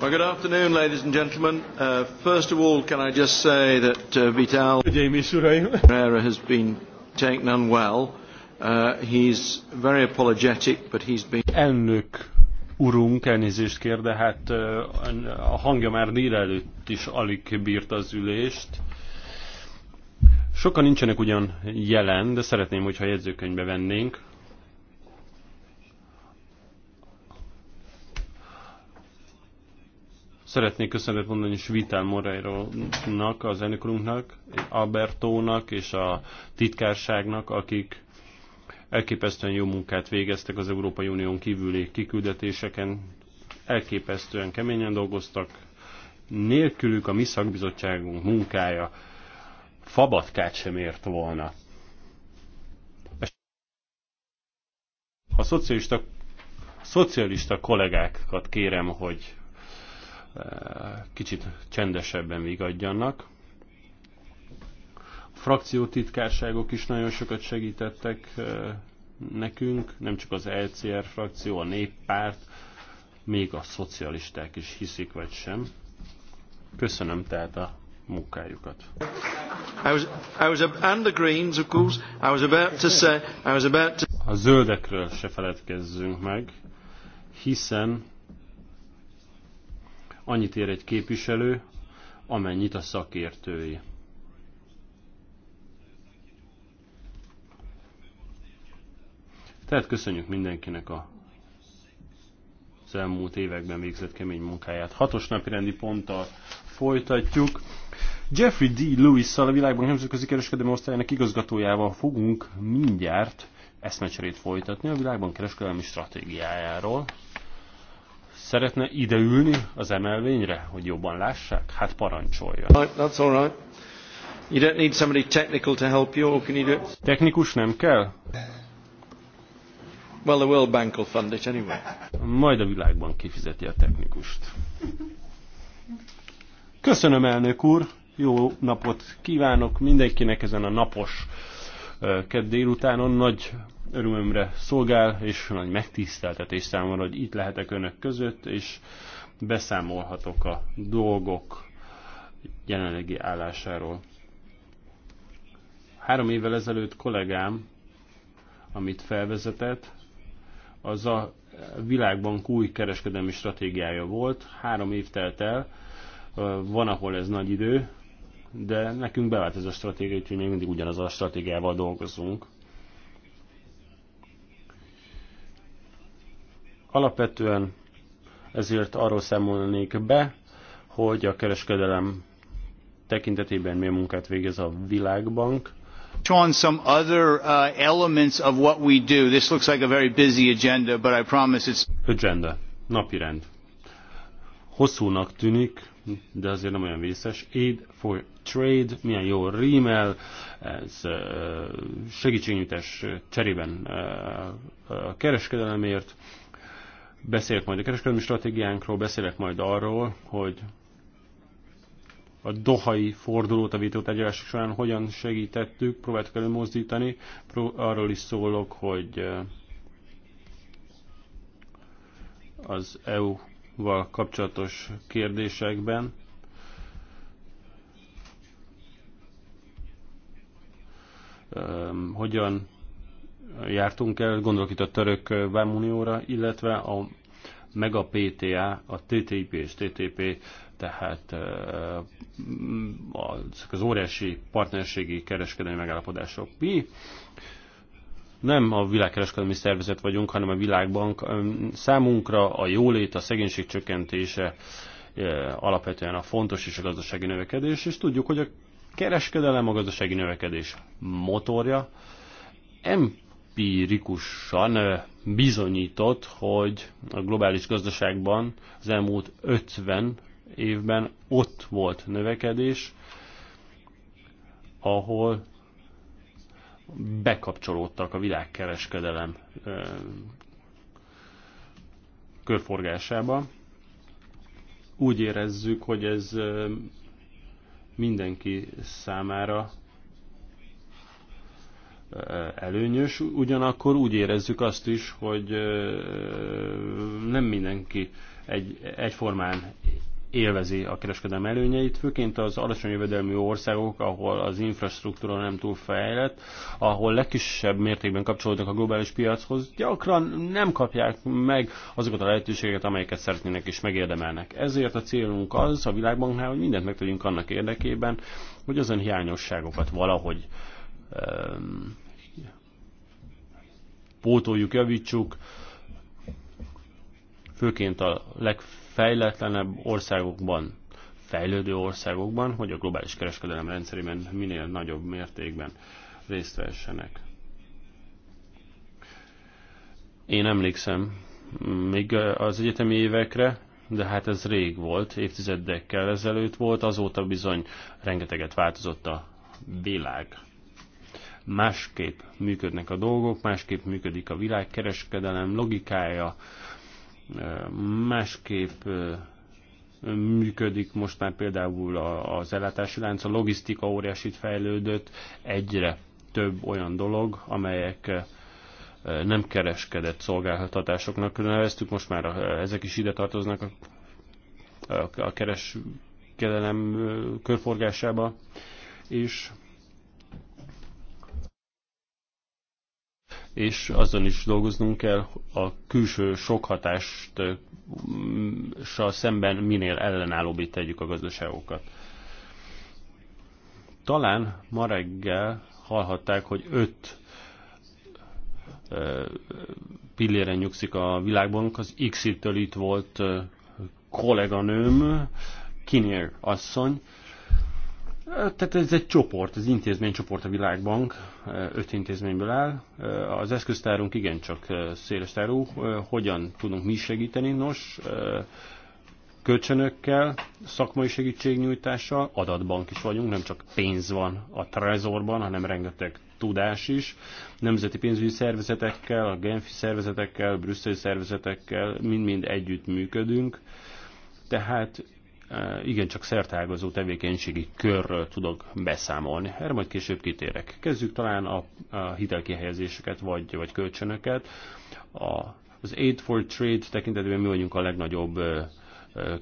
Well, good afternoon, ladies and gentlemen. Uh, first of all, can I just say that uh, Vital has been taken unwell. Uh, he's very apologetic, but he's been... Elnök urunk, elnézést kér, de hát uh, a hangja már délelőtt is alig bírt az ülést. Sokan nincsenek ugyan jelen, de szeretném, hogyha jegyzőkönyvbe vennénk, Szeretnék köszönetet mondani Svitál Moreirónak, az elnökünknek, Albertónak és a titkárságnak, akik elképesztően jó munkát végeztek az Európai Unión kívüli kiküldetéseken, elképesztően keményen dolgoztak, nélkülük a mi szakbizottságunk munkája fabatkát sem ért volna. A szocialista, szocialista kollégákat kérem, hogy kicsit csendesebben vigadjanak. A frakció titkárságok is nagyon sokat segítettek eh, nekünk, nem csak az LCR e frakció, a néppárt, még a szocialisták is hiszik vagy sem. Köszönöm tehát a munkájukat. Greens, of course. I was about to say, I was about to... A zöldekről se feledkezzünk meg, hiszen Annyit ér egy képviselő, amennyit a szakértői. Tehát köszönjük mindenkinek a az elmúlt években végzett kemény munkáját. Hatos napi rendi ponttal folytatjuk. Jeffrey D. Lewis-szal a világban nemzetközi kereskedelmi osztályának igazgatójával fogunk mindjárt eszmecserét folytatni a világban kereskedelmi stratégiájáról. Szeretne ideülni az emelvényre, hogy jobban lássák? Hát parancsoljon. That's all right. You don't need somebody technical to help you, or can you do it? Technikus nem kell? Well, the World Bank will fund it anyway. Majd a világban kifizeti a technikust. Köszönöm, elnök úr! Jó napot kívánok mindenkinek ezen a napos kedd délutánon. Nagy örömömre szolgál, és nagy megtiszteltetés számomra, hogy itt lehetek önök között, és beszámolhatok a dolgok jelenlegi állásáról. Három évvel ezelőtt kollégám, amit felvezetett, az a világbank új kereskedelmi stratégiája volt. Három év telt el, van ahol ez nagy idő, de nekünk bevált ez a stratégia, úgyhogy még mindig ugyanaz a stratégiával dolgozunk. Alapvetően ezért arról számolnék be, hogy a kereskedelem tekintetében milyen munkát végez a Világbank. On some other uh, elements of what we do. This looks like a very busy agenda, but I promise it's... Agenda. Napirend. Hosszúnak tűnik, de azért nem olyan vészes. Aid for Trade, milyen jó rímel, ez uh, segítségnyújtás cserében uh, uh, kereskedelemért. Beszélek majd a kereskedelmi stratégiánkról, beszélek majd arról, hogy a dohai fordulót a vitótárgyalások során hogyan segítettük, próbáltuk előmozdítani. Arról is szólok, hogy eh, az EU-val kapcsolatos kérdésekben eh, hogyan jártunk el, gondolok itt a török vámunióra, illetve a mega PTA, a TTIP és TTP, tehát mm, az, az óriási partnerségi kereskedelmi megállapodások. Mi nem a világkereskedelmi szervezet vagyunk, hanem a világbank. Számunkra a jólét, a szegénység csökkentése alapvetően a fontos és a gazdasági növekedés, és tudjuk, hogy a kereskedelem a gazdasági növekedés motorja. Nem empirikusan bizonyított, hogy a globális gazdaságban az elmúlt 50 évben ott volt növekedés, ahol bekapcsolódtak a világkereskedelem körforgásába. Úgy érezzük, hogy ez mindenki számára előnyös, ugyanakkor úgy érezzük azt is, hogy nem mindenki egy, egyformán élvezi a kereskedelem előnyeit, főként az alacsony jövedelmű országok, ahol az infrastruktúra nem túl fejlett, ahol legkisebb mértékben kapcsolódnak a globális piachoz, gyakran nem kapják meg azokat a lehetőségeket, amelyeket szeretnének és megérdemelnek. Ezért a célunk az a világbanknál, hogy mindent megtegyünk annak érdekében, hogy azon hiányosságokat valahogy pótoljuk, javítsuk, főként a legfejletlenebb országokban, fejlődő országokban, hogy a globális kereskedelem rendszerében minél nagyobb mértékben részt vessenek. Én emlékszem még az egyetemi évekre, de hát ez rég volt, évtizedekkel ezelőtt volt, azóta bizony rengeteget változott a világ másképp működnek a dolgok, másképp működik a világkereskedelem logikája, másképp működik most már például az ellátási lánc, a logisztika óriásit fejlődött, egyre több olyan dolog, amelyek nem kereskedett szolgáltatásoknak neveztük, most már ezek is ide tartoznak a, a kereskedelem körforgásába, és és azon is dolgoznunk kell a külső sok hatást szemben minél ellenállóbbé tegyük a gazdaságokat. Talán ma reggel hallhatták, hogy öt pilléren nyugszik a világban, Az X-től itt volt kolléganőm, Kinnér asszony, tehát ez egy csoport, az intézménycsoport a világbank, öt intézményből áll. Az eszköztárunk igencsak széles tárú. Hogyan tudunk mi segíteni? Nos, kölcsönökkel, szakmai segítségnyújtással, adatbank is vagyunk, nem csak pénz van a trezorban, hanem rengeteg tudás is. Nemzeti pénzügyi szervezetekkel, a genfi szervezetekkel, brüsszeli szervezetekkel mind-mind együtt működünk. Tehát Eh, igencsak szertágazó tevékenységi körről tudok beszámolni. Erre majd később kitérek. Kezdjük talán a, a hitelkihelyezéseket vagy, vagy kölcsönöket. A, az Aid for Trade tekintetében mi vagyunk a legnagyobb ö, eh, ö, eh,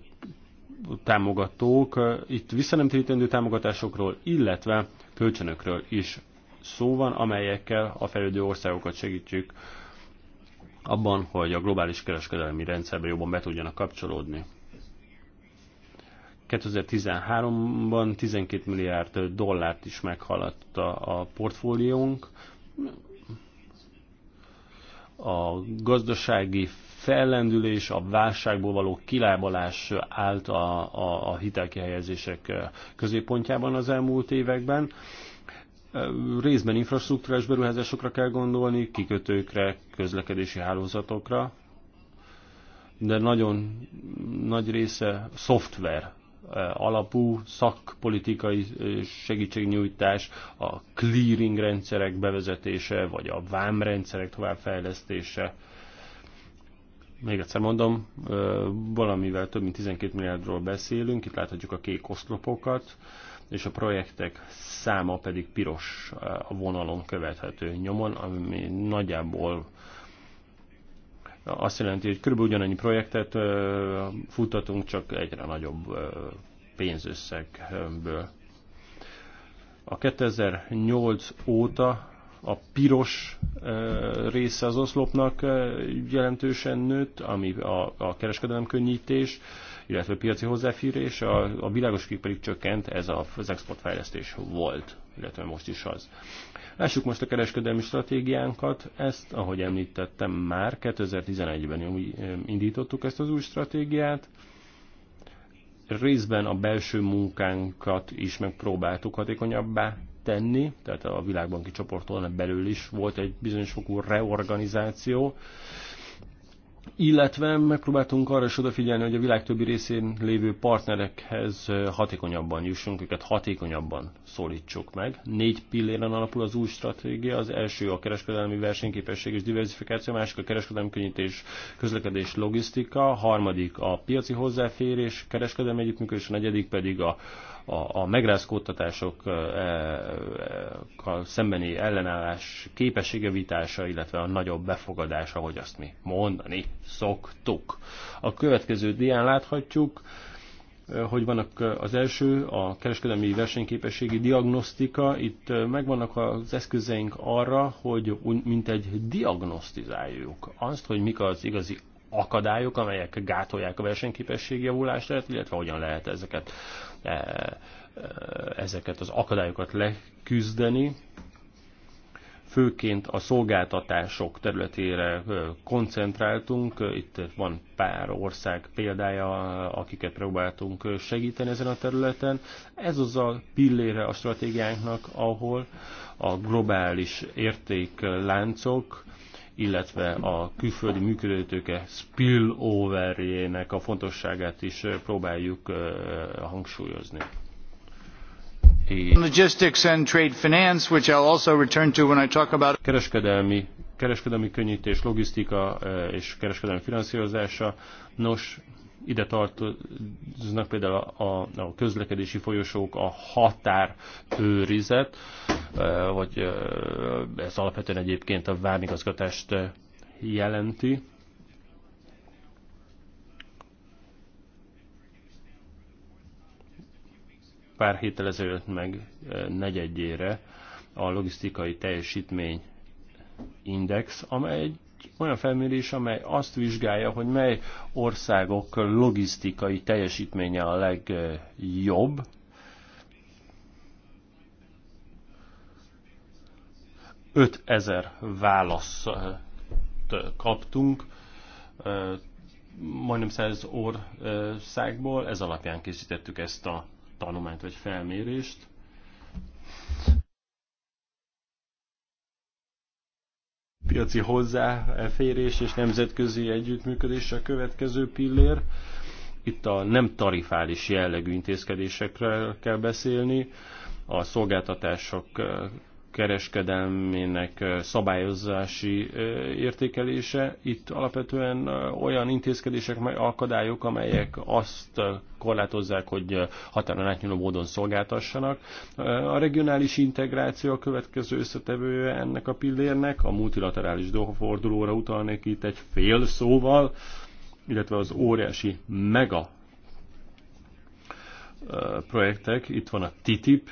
támogatók. Itt visszanemtérítendő támogatásokról, illetve kölcsönökről is szó van, amelyekkel a fejlődő országokat segítjük abban, hogy a globális kereskedelmi rendszerbe jobban be tudjanak kapcsolódni. 2013-ban 12 milliárd dollárt is meghaladta a portfóliónk. A gazdasági fellendülés, a válságból való kilábalás állt a, a, a hitelkihelyezések középpontjában az elmúlt években. Részben infrastruktúrás beruházásokra kell gondolni, kikötőkre, közlekedési hálózatokra, de nagyon nagy része szoftver Eh, alapú szakpolitikai eh, segítségnyújtás, a clearing rendszerek bevezetése, vagy a vámrendszerek továbbfejlesztése. Még egyszer mondom, eh, valamivel több mint 12 milliárdról beszélünk, itt láthatjuk a kék oszlopokat, és a projektek száma pedig piros a vonalon követhető nyomon, ami nagyjából azt jelenti, hogy kb. ugyanannyi projektet futtatunk, csak egyre nagyobb pénzösszegből. A 2008 óta a piros része az oszlopnak jelentősen nőtt, ami a, a kereskedelem könnyítés, illetve a piaci hozzáférés, a, a világos pedig csökkent, ez az exportfejlesztés volt, illetve most is az. Lássuk most a kereskedelmi stratégiánkat, ezt, ahogy említettem már, 2011-ben indítottuk ezt az új stratégiát, részben a belső munkánkat is megpróbáltuk hatékonyabbá tenni, tehát a világbanki csoporton belül is volt egy bizonyos fokú reorganizáció, illetve megpróbáltunk arra is odafigyelni, hogy a világ többi részén lévő partnerekhez hatékonyabban jussunk, őket hatékonyabban szólítsuk meg. Négy pilléren alapul az új stratégia, az első a kereskedelmi versenyképesség és diversifikáció, a másik a kereskedelmi könnyítés, közlekedés, logisztika, a harmadik a piaci hozzáférés, kereskedelmi együttműködés, a negyedik pedig a a, a megrázkódtatásokkal e, e, szembeni ellenállás vitása illetve a nagyobb befogadás, ahogy azt mi mondani szoktuk. A következő dián láthatjuk, hogy vannak az első, a kereskedelmi versenyképességi diagnosztika. Itt megvannak az eszközeink arra, hogy mint egy diagnosztizáljuk azt, hogy mik az igazi akadályok, amelyek gátolják a versenyképesség javulását, illetve hogyan lehet ezeket E, e, ezeket az akadályokat leküzdeni, főként a szolgáltatások területére e, koncentráltunk. Itt van pár ország példája, akiket próbáltunk segíteni ezen a területen. Ez az a pillére a stratégiánknak, ahol a globális értékláncok illetve a külföldi működőtőke spilloverjének a fontosságát is próbáljuk hangsúlyozni. Logistics and trade finance, which I'll also return to when I talk about kereskedelmi, kereskedelmi könnyítés, logisztika és kereskedelmi finanszírozása. Nos, ide tartoznak például a, a közlekedési folyosók, a határőrizet, vagy ez alapvetően egyébként a vámigazgatást jelenti. Pár héttel ezelőtt meg negyedjére a logisztikai teljesítmény index, amely egy olyan felmérés, amely azt vizsgálja, hogy mely országok logisztikai teljesítménye a legjobb. Öt ezer választ kaptunk, majdnem száz országból, ez alapján készítettük ezt a tanulmányt vagy felmérést. piaci hozzáférés és nemzetközi együttműködés a következő pillér. Itt a nem tarifális jellegű intézkedésekről kell beszélni, a szolgáltatások kereskedelmének szabályozási értékelése. Itt alapvetően olyan intézkedések, meg akadályok, amelyek azt korlátozzák, hogy határon átnyúló módon szolgáltassanak. A regionális integráció a következő összetevője ennek a pillérnek. A multilaterális fordulóra utalnék itt egy fél szóval, illetve az óriási mega projektek. Itt van a TTIP,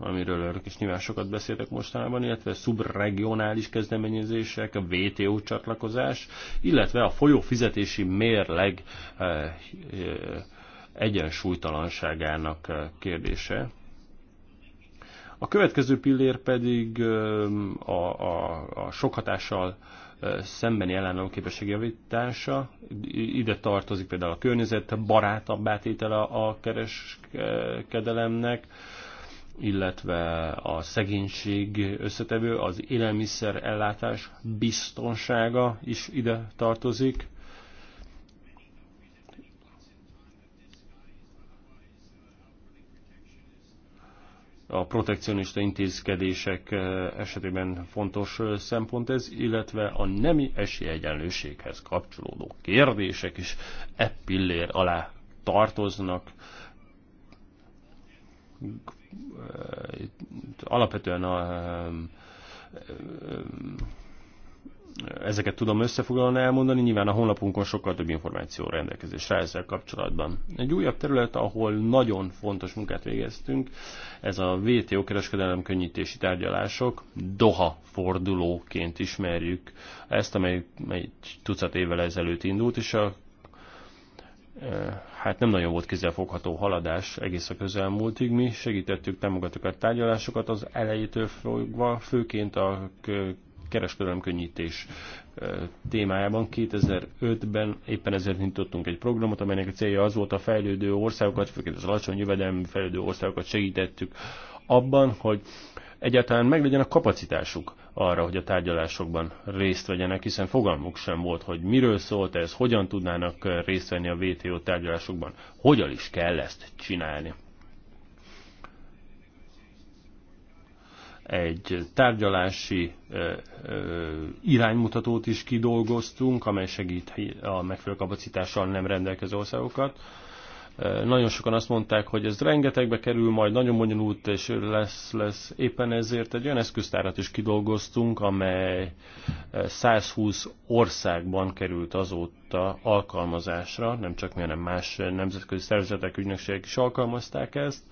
amiről örök is nyilván sokat beszéltek mostanában, illetve szubregionális kezdeményezések, a WTO csatlakozás, illetve a folyófizetési mérleg eh, eh, egyensúlytalanságának eh, kérdése. A következő pillér pedig a, a, a sok hatással szembeni ellenálló képesség javítása. Ide tartozik például a környezet barátabb átétele a kereskedelemnek, illetve a szegénység összetevő, az élelmiszer ellátás biztonsága is ide tartozik. a protekcionista intézkedések eh, esetében fontos eh, szempont ez, illetve a nemi esélyegyenlőséghez kapcsolódó kérdések is e pillér alá tartoznak alapvetően a, ezeket tudom összefoglalni elmondani, nyilván a honlapunkon sokkal több információ rendelkezésre ezzel kapcsolatban. Egy újabb terület, ahol nagyon fontos munkát végeztünk, ez a WTO kereskedelem könnyítési tárgyalások, Doha fordulóként ismerjük ezt, amely egy tucat évvel ezelőtt indult, és a Eh, hát nem nagyon volt kézzelfogható haladás egész a közelmúltig. Mi segítettük, támogattuk a tárgyalásokat az elejétől fogva, főként a kereskedelemkönnyítés eh, témájában. 2005-ben éppen ezért nyitottunk egy programot, amelynek a célja az volt a fejlődő országokat, főként az alacsony jövedelmi fejlődő országokat segítettük abban, hogy egyáltalán meglegyen a kapacitásuk arra, hogy a tárgyalásokban részt vegyenek, hiszen fogalmuk sem volt, hogy miről szólt ez, hogyan tudnának részt venni a WTO tárgyalásokban, hogyan is kell ezt csinálni. Egy tárgyalási ö, ö, iránymutatót is kidolgoztunk, amely segít a megfelelő kapacitással nem rendelkező országokat nagyon sokan azt mondták, hogy ez rengetegbe kerül, majd nagyon bonyolult, és lesz, lesz. Éppen ezért egy olyan eszköztárat is kidolgoztunk, amely 120 országban került azóta alkalmazásra, nem csak mi, hanem más nemzetközi szervezetek, ügynökségek is alkalmazták ezt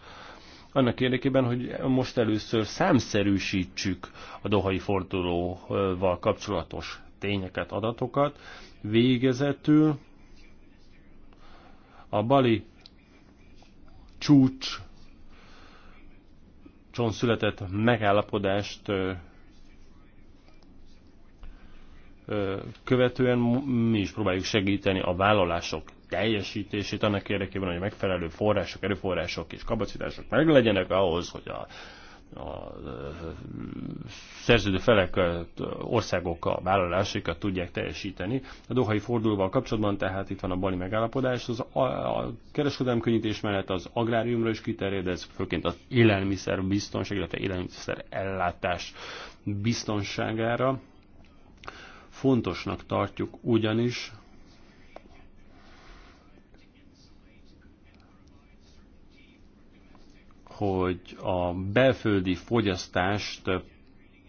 annak érdekében, hogy most először számszerűsítsük a dohai fordulóval kapcsolatos tényeket, adatokat. Végezetül a Bali csúcs született megállapodást követően mi is próbáljuk segíteni a vállalások teljesítését annak érdekében, hogy megfelelő források, erőforrások és kapacitások meglegyenek ahhoz, hogy a a szerződő felek országok a vállalásaikat tudják teljesíteni. A dohai fordulóval kapcsolatban tehát itt van a bali megállapodás, az a, a kereskedelmi könnyítés mellett az agráriumra is kiterjed, ez főként az élelmiszer biztonság, illetve élelmiszer ellátás biztonságára. Fontosnak tartjuk ugyanis, hogy a belföldi fogyasztást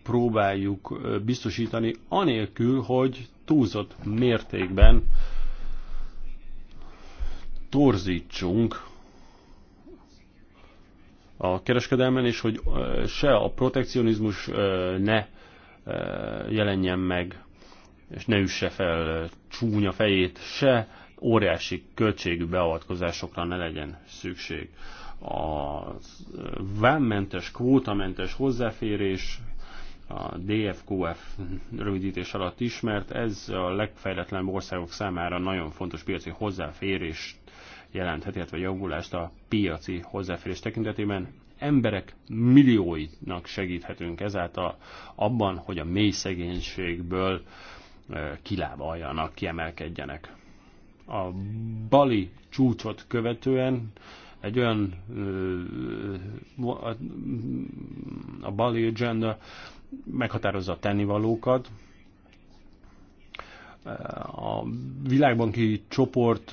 próbáljuk biztosítani, anélkül, hogy túlzott mértékben torzítsunk a kereskedelmen, és hogy se a protekcionizmus ne jelenjen meg, és ne üsse fel csúnya fejét, se óriási költségű beavatkozásokra ne legyen szükség a vámmentes, kvótamentes hozzáférés, a DFQF rövidítés alatt ismert, ez a legfejletlenebb országok számára nagyon fontos piaci hozzáférés jelentheti, illetve javulást a piaci hozzáférés tekintetében. Emberek millióinak segíthetünk ezáltal abban, hogy a mély szegénységből kilábaljanak, kiemelkedjenek. A bali csúcsot követően egy olyan a Bali Agenda meghatározza a tennivalókat, a világbanki csoport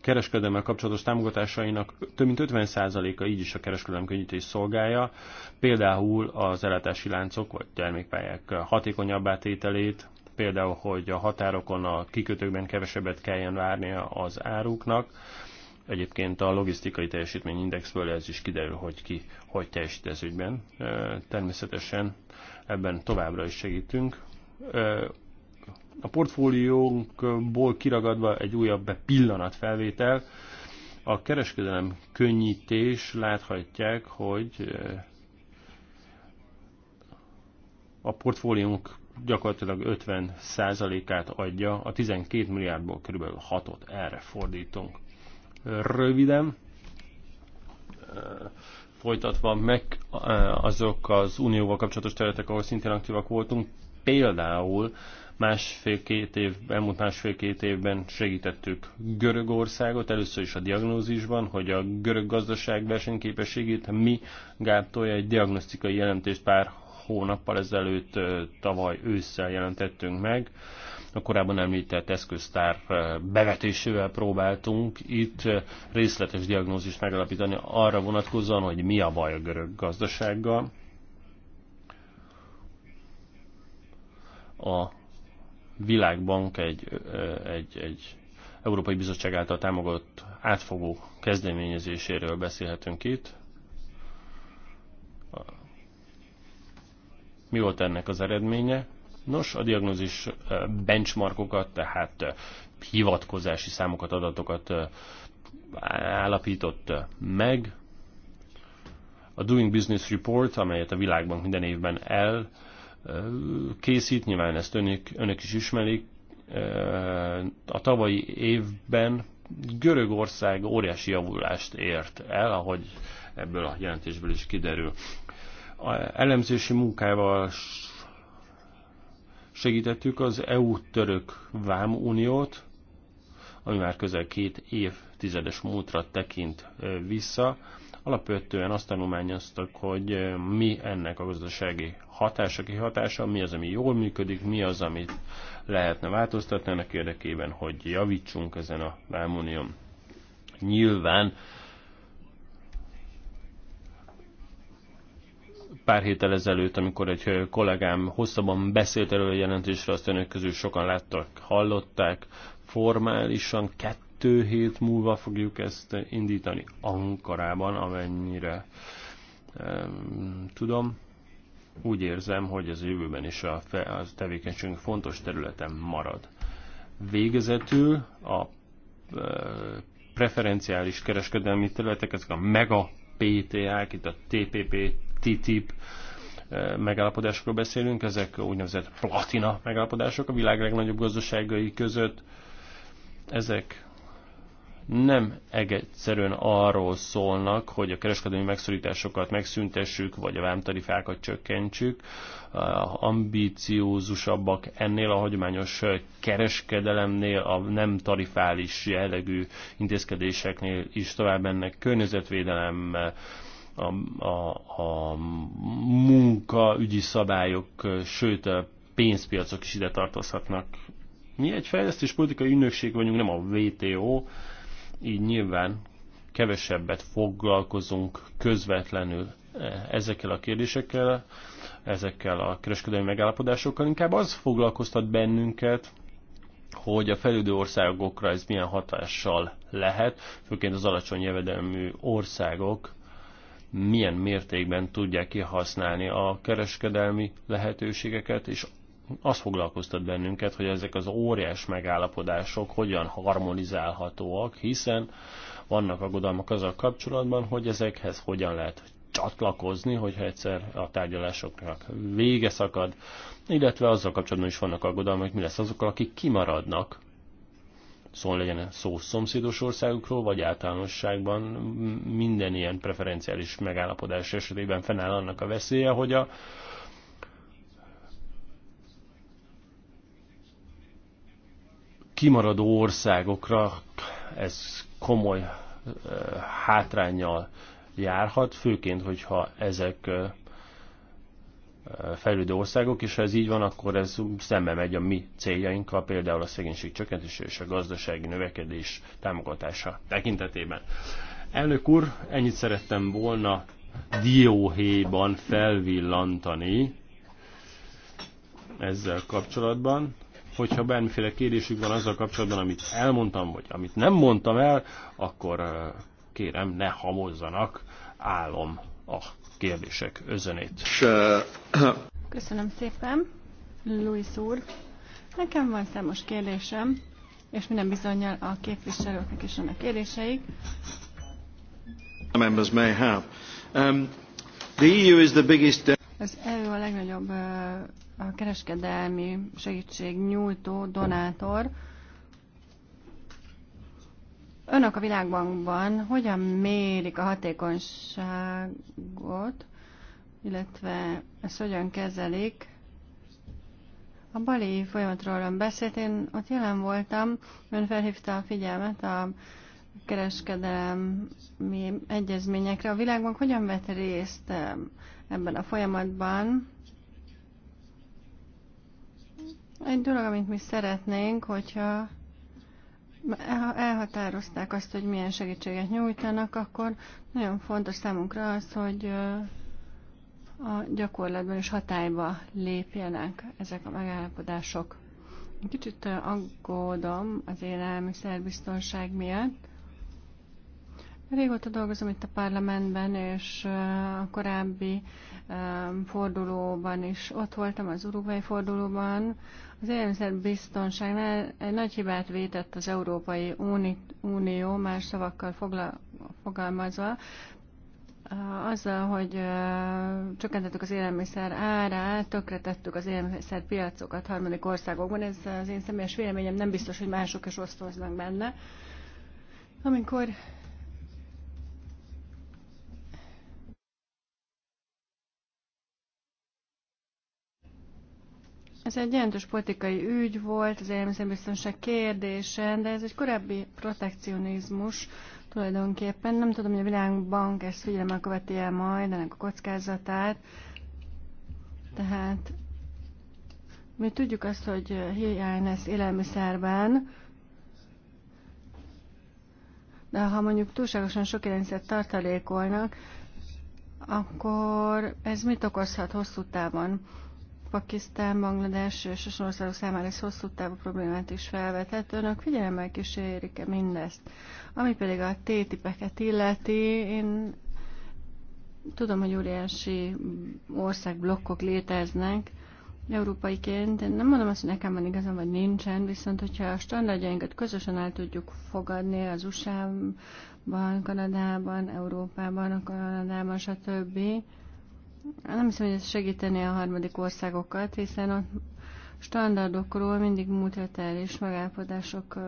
kereskedelemmel kapcsolatos támogatásainak több mint 50%-a így is a kereskedelem könnyítés szolgálja, például az ellátási láncok vagy termékpályák hatékonyabb átételét, például, hogy a határokon, a kikötőkben kevesebbet kelljen várnia az áruknak, Egyébként a logisztikai teljesítményindexből ez is kiderül, hogy ki hogy teljesít ez ügyben. Természetesen ebben továbbra is segítünk. A portfóliónkból kiragadva egy újabb pillanatfelvétel. A kereskedelem könnyítés láthatják, hogy a portfóliónk gyakorlatilag 50%-át adja, a 12 milliárdból kb. 6-ot erre fordítunk röviden folytatva meg azok az unióval kapcsolatos területek, ahol szintén aktívak voltunk, például másfél-két év, elmúlt másfél-két évben segítettük Görögországot, először is a diagnózisban, hogy a görög gazdaság versenyképességét mi gátolja, egy diagnosztikai jelentést pár hónappal ezelőtt tavaly ősszel jelentettünk meg a korábban említett eszköztár eh, bevetésével próbáltunk itt eh, részletes diagnózist megalapítani arra vonatkozóan, hogy mi a baj a görög gazdasággal. A Világbank egy, eh, egy, egy Európai Bizottság által támogatott átfogó kezdeményezéséről beszélhetünk itt. Mi volt ennek az eredménye? Nos, a diagnózis benchmarkokat, tehát hivatkozási számokat, adatokat állapított meg. A Doing Business Report, amelyet a világbank minden évben el készít, nyilván ezt önök, önök is ismerik, a tavalyi évben Görögország óriási javulást ért el, ahogy ebből a jelentésből is kiderül. A elemzési munkával segítettük az EU-török vámuniót, ami már közel két évtizedes múltra tekint vissza. Alapvetően azt tanulmányoztak, hogy mi ennek a gazdasági hatása, kihatása, mi az, ami jól működik, mi az, amit lehetne változtatni ennek érdekében, hogy javítsunk ezen a vámunión. Nyilván pár héttel ezelőtt, amikor egy kollégám hosszabban beszélt erről a jelentésről, azt önök közül sokan láttak, hallották, formálisan kettő hét múlva fogjuk ezt indítani Ankarában, amennyire um, tudom. Úgy érzem, hogy az jövőben is a, fe, a tevékenységünk fontos területen marad. Végezetül a preferenciális kereskedelmi területek, ezek a mega PTA-k, itt a TPP TTIP eh, megállapodásokról beszélünk, ezek úgynevezett platina megállapodások a világ legnagyobb gazdaságai között. Ezek nem egyszerűen arról szólnak, hogy a kereskedelmi megszorításokat megszüntessük, vagy a vámtarifákat csökkentsük, ambíciózusabbak ennél a hagyományos kereskedelemnél, a nem tarifális jellegű intézkedéseknél is tovább ennek környezetvédelem, a, a, a munkaügyi szabályok, sőt a pénzpiacok is ide tartozhatnak. Mi egy fejlesztés politikai ünnökség vagyunk, nem a WTO, így nyilván kevesebbet foglalkozunk közvetlenül eh, ezekkel a kérdésekkel, ezekkel a kereskedelmi megállapodásokkal. Inkább az foglalkoztat bennünket, hogy a fejlődő országokra ez milyen hatással lehet, főként az alacsony jövedelmű országok milyen mértékben tudják kihasználni a kereskedelmi lehetőségeket, és az foglalkoztat bennünket, hogy ezek az óriás megállapodások hogyan harmonizálhatóak, hiszen vannak aggodalmak azzal kapcsolatban, hogy ezekhez hogyan lehet csatlakozni, hogyha egyszer a tárgyalásoknak vége szakad, illetve azzal kapcsolatban is vannak aggodalmak, hogy mi lesz azokkal, akik kimaradnak szól legyen szó szomszédos országokról, vagy általánosságban minden ilyen preferenciális megállapodás esetében fennáll annak a veszélye, hogy a kimaradó országokra ez komoly hátrányjal járhat, főként, hogyha ezek fejlődő országok, és ha ez így van, akkor ez szembe megy a mi céljainkkal, például a szegénység csökkentése és a gazdasági növekedés támogatása tekintetében. Elnök úr, ennyit szerettem volna dióhéjban felvillantani ezzel kapcsolatban. Hogyha bármiféle kérdésük van azzal kapcsolatban, amit elmondtam, vagy amit nem mondtam el, akkor kérem, ne hamozzanak, állom a kérdések özönét. Köszönöm szépen, Luis úr. Nekem van számos kérdésem, és minden bizonyal a képviselőknek is vannak kérdéseik. Members may have. Um, the EU is the biggest... Uh, Az EU a legnagyobb uh, a kereskedelmi segítség nyújtó donátor. Önök a világbankban hogyan mérik a hatékonyságot, illetve ezt hogyan kezelik? A bali folyamatról ön beszélt, én ott jelen voltam, ön felhívta a figyelmet a kereskedelmi egyezményekre. A világban hogyan vett részt eh, ebben a folyamatban? Egy dolog, amit mi szeretnénk, hogyha elhatározták azt, hogy milyen segítséget nyújtanak, akkor nagyon fontos számunkra az, hogy a gyakorlatban is hatályba lépjenek ezek a megállapodások. Kicsit aggódom az élelmiszerbiztonság miatt. Régóta dolgozom itt a parlamentben, és a korábbi fordulóban is ott voltam, az uruguay fordulóban, az élelmiszerbiztonságnál egy nagy hibát vétett az Európai Unió, más szavakkal fogla, fogalmazva, azzal, hogy csökkentettük az élelmiszer árát, tökretettük az élelmiszer piacokat harmadik országokban. Ez az én személyes véleményem nem biztos, hogy mások is osztoznak benne. Amikor Ez egy jelentős politikai ügy volt, az élelmiszerbiztonság kérdése, de ez egy korábbi protekcionizmus tulajdonképpen. Nem tudom, hogy a Világbank ezt figyelemmel követi el majd, ennek a kockázatát. Tehát mi tudjuk azt, hogy hiány lesz élelmiszerben, de ha mondjuk túlságosan sok élelmiszert tartalékolnak, akkor ez mit okozhat hosszú távon? Pakisztán, Banglades és az országok számára ez hosszú távú problémát is felvetett. Önök figyelemmel kísérik -e mindezt? Ami pedig a tétipeket illeti, én tudom, hogy óriási országblokkok léteznek, Európaiként én nem mondom azt, hogy nekem van igazam, vagy nincsen, viszont hogyha a standardjainkat közösen el tudjuk fogadni az USA-ban, Kanadában, Európában, a Kanadában, stb., nem hiszem, hogy ez segíteni a harmadik országokat, hiszen a standardokról mindig multilaterális megállapodások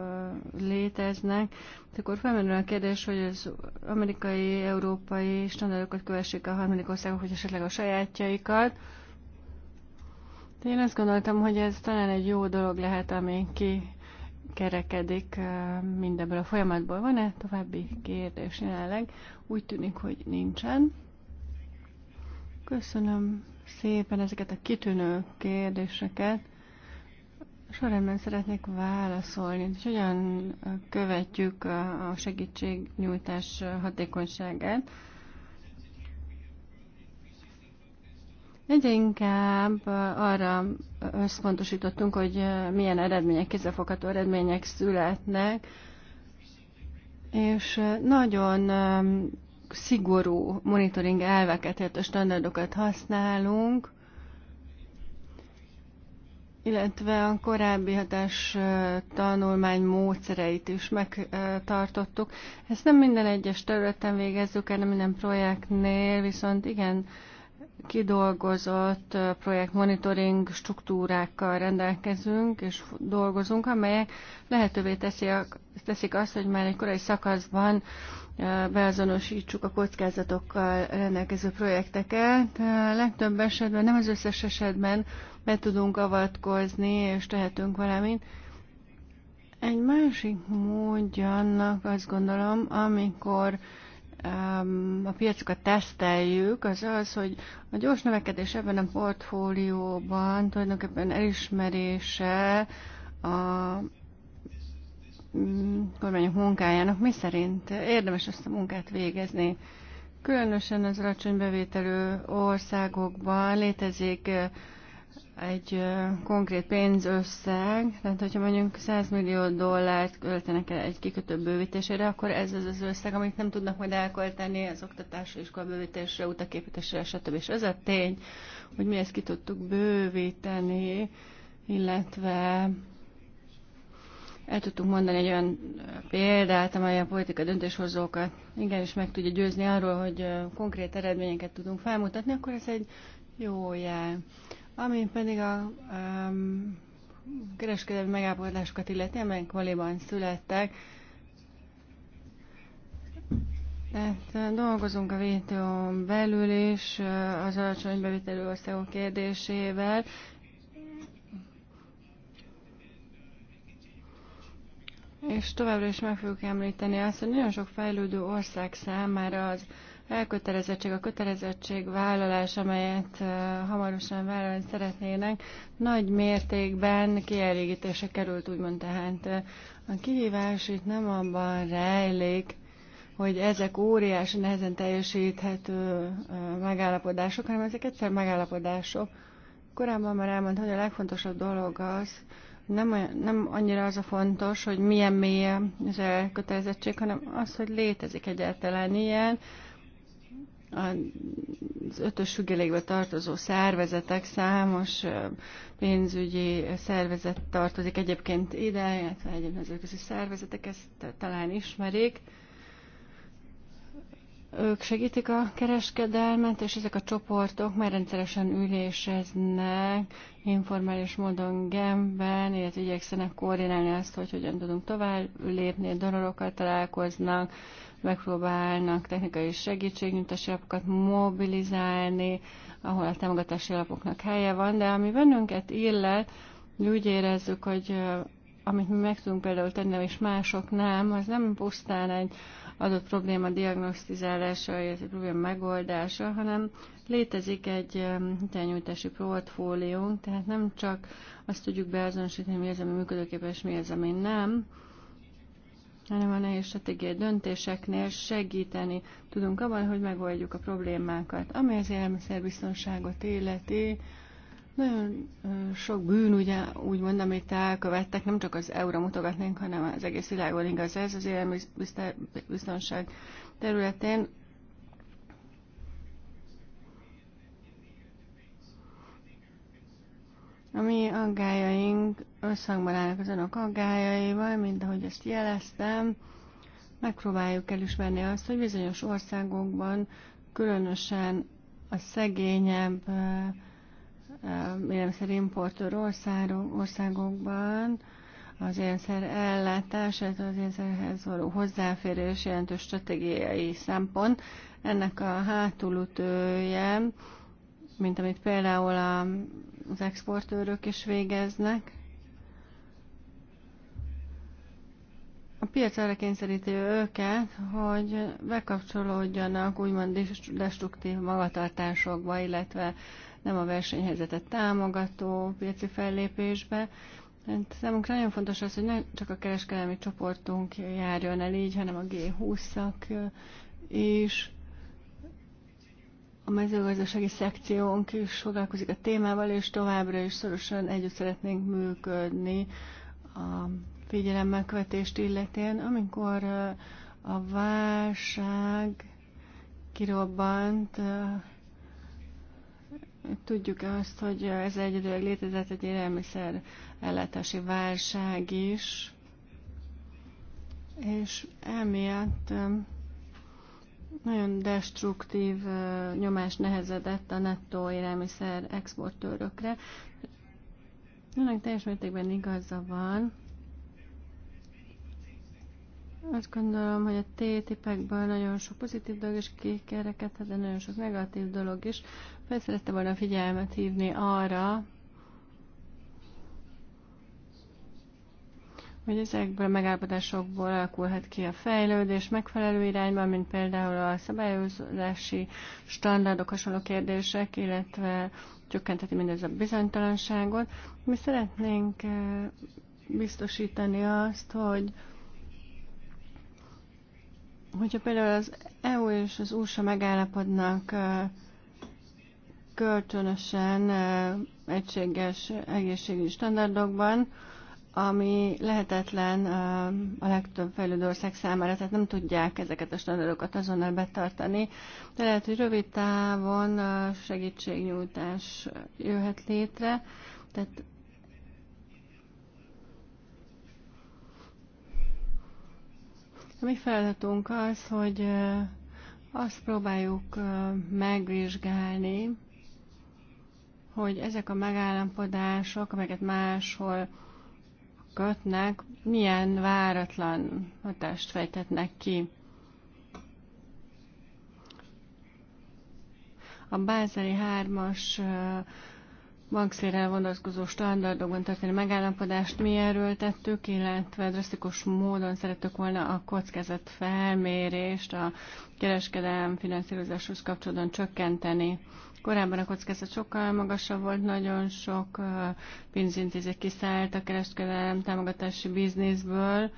léteznek. De akkor felmerül a kérdés, hogy az amerikai, európai standardokat kövessék a harmadik országok, hogy esetleg a sajátjaikat. De én azt gondoltam, hogy ez talán egy jó dolog lehet, ami ki kerekedik mindebből a folyamatból. Van-e további kérdés jelenleg? Úgy tűnik, hogy nincsen. Köszönöm szépen ezeket a kitűnő kérdéseket. Sorrendben szeretnék válaszolni, hogy hogyan követjük a segítségnyújtás hatékonyságát. Egyre inkább arra összpontosítottunk, hogy milyen eredmények, kézzelfogható eredmények születnek, és nagyon szigorú monitoring elveket, illetve standardokat használunk, illetve a korábbi hatás tanulmány módszereit is megtartottuk. Ezt nem minden egyes területen végezzük el, nem minden projektnél, viszont igen, kidolgozott projektmonitoring struktúrákkal rendelkezünk és dolgozunk, amelyek lehetővé teszik, teszik azt, hogy már egy korai szakaszban beazonosítsuk a kockázatokkal rendelkező projekteket. A legtöbb esetben, nem az összes esetben be tudunk avatkozni, és tehetünk valamit. Egy másik módja annak azt gondolom, amikor a piacokat teszteljük, az az, hogy a gyors növekedés ebben a portfólióban tulajdonképpen elismerése a kormányok munkájának, mi szerint érdemes ezt a munkát végezni. Különösen az alacsony bevételű országokban létezik egy konkrét pénzösszeg, tehát hogyha mondjuk 100 millió dollárt költenek el egy kikötő bővítésére, akkor ez az az összeg, amit nem tudnak majd elkölteni az oktatásra, iskola bővítésre, utaképítésre, stb. És az a tény, hogy mi ezt ki tudtuk bővíteni, illetve el tudtunk mondani egy olyan példát, amely a politika döntéshozókat igenis meg tudja győzni arról, hogy konkrét eredményeket tudunk felmutatni, akkor ez egy jó jel. Ami pedig a um, kereskedelmi megállapodásokat illeti, amelyek valóban születtek, tehát dolgozunk a WTO-n belül is az alacsony bevitelő országok kérdésével, És továbbra is meg fogjuk említeni azt, hogy nagyon sok fejlődő ország számára az elkötelezettség, a kötelezettség vállalás, amelyet hamarosan vállalni szeretnének, nagy mértékben kielégítése került, úgymond tehát. A kihívás itt nem abban rejlik, hogy ezek óriási, nehezen teljesíthető megállapodások, hanem ezek egyszer megállapodások. Korábban már elmondtam, hogy a legfontosabb dolog az, nem, olyan, nem annyira az a fontos, hogy milyen mély az elkötelezettség, hanem az, hogy létezik egyáltalán ilyen. Az ötös függelékbe tartozó szervezetek, számos pénzügyi szervezet tartozik egyébként ide, illetve egyéb az szervezetek, ezt talán ismerik. Ők segítik a kereskedelmet, és ezek a csoportok már rendszeresen üléseznek, informális módon Genben, illetve igyekszenek koordinálni azt, hogy hogyan tudunk tovább lépni, a donorokkal találkoznak, megpróbálnak technikai segítségnyújtási alapokat mobilizálni, ahol a támogatási alapoknak helye van, de ami bennünket illet, úgy érezzük, hogy amit mi meg tudunk például tenni, és mások nem, az nem pusztán egy adott probléma diagnosztizálása, illetve probléma megoldása, hanem létezik egy hitelnyújtási portfóliónk, tehát nem csak azt tudjuk beazonosítani, mi az, ami működőképes, mi az, ami nem, hanem a nehéz stratégiai döntéseknél segíteni tudunk abban, hogy megoldjuk a problémákat, ami az élelmiszerbiztonságot életi, nagyon sok bűn, ugye, mondom, amit elkövettek, nem csak az EU-ra mutogatnénk, hanem az egész világon igaz ez, az élelmiszerbiztonság területén. A mi aggájaink összhangban állnak az önök aggájaival, mint ahogy ezt jeleztem. Megpróbáljuk elismerni azt, hogy bizonyos országokban, különösen a szegényebb élelmiszerimportőr országokban az élelmiszer ellátás, az élelmiszerhez való hozzáférés jelentős stratégiai szempont. Ennek a hátulütője, mint amit például az exportőrök is végeznek, a piac arra kényszeríti őket, hogy bekapcsolódjanak úgymond destruktív magatartásokba, illetve nem a versenyhelyzetet támogató piaci fellépésbe. Hát számunkra nagyon fontos az, hogy ne csak a kereskedelmi csoportunk járjon el így, hanem a G20-ak is. A mezőgazdasági szekciónk is foglalkozik a témával, és továbbra is szorosan együtt szeretnénk működni a figyelemmel követést illetén. Amikor a válság kirobbant, tudjuk azt, hogy ez egyedül létezett egy élelmiszer ellátási válság is, és emiatt nagyon destruktív nyomás nehezedett a nettó élelmiszer exportőrökre. Önnek teljes mértékben igaza van. Azt gondolom, hogy a T-tipekből nagyon sok pozitív dolog is kikerekedhet, de nagyon sok negatív dolog is. Felszerette volna figyelmet hívni arra, hogy ezekből a megállapodásokból alakulhat ki a fejlődés megfelelő irányban, mint például a szabályozási standardok, hasonló kérdések, illetve csökkenteti mindez a bizonytalanságot. Mi szeretnénk eh, biztosítani azt, hogy hogyha például az EU és az USA megállapodnak eh, kölcsönösen egységes egészségügyi standardokban, ami lehetetlen a legtöbb fejlődő ország számára, tehát nem tudják ezeket a standardokat azonnal betartani. De lehet, hogy rövid távon segítségnyújtás jöhet létre, tehát A mi feladatunk az, hogy azt próbáljuk megvizsgálni, hogy ezek a megállapodások, amelyeket máshol kötnek, milyen váratlan hatást fejtetnek ki. A Bázeli 3-as bankszérrel vonatkozó standardokban történő megállapodást mi erőltettük, illetve drasztikus módon szerettük volna a kockázat felmérést a kereskedelem finanszírozáshoz kapcsolatban csökkenteni. Korábban a kockázat sokkal magasabb volt, nagyon sok pénzintézet kiszállt a kereskedelem támogatási bizniszből,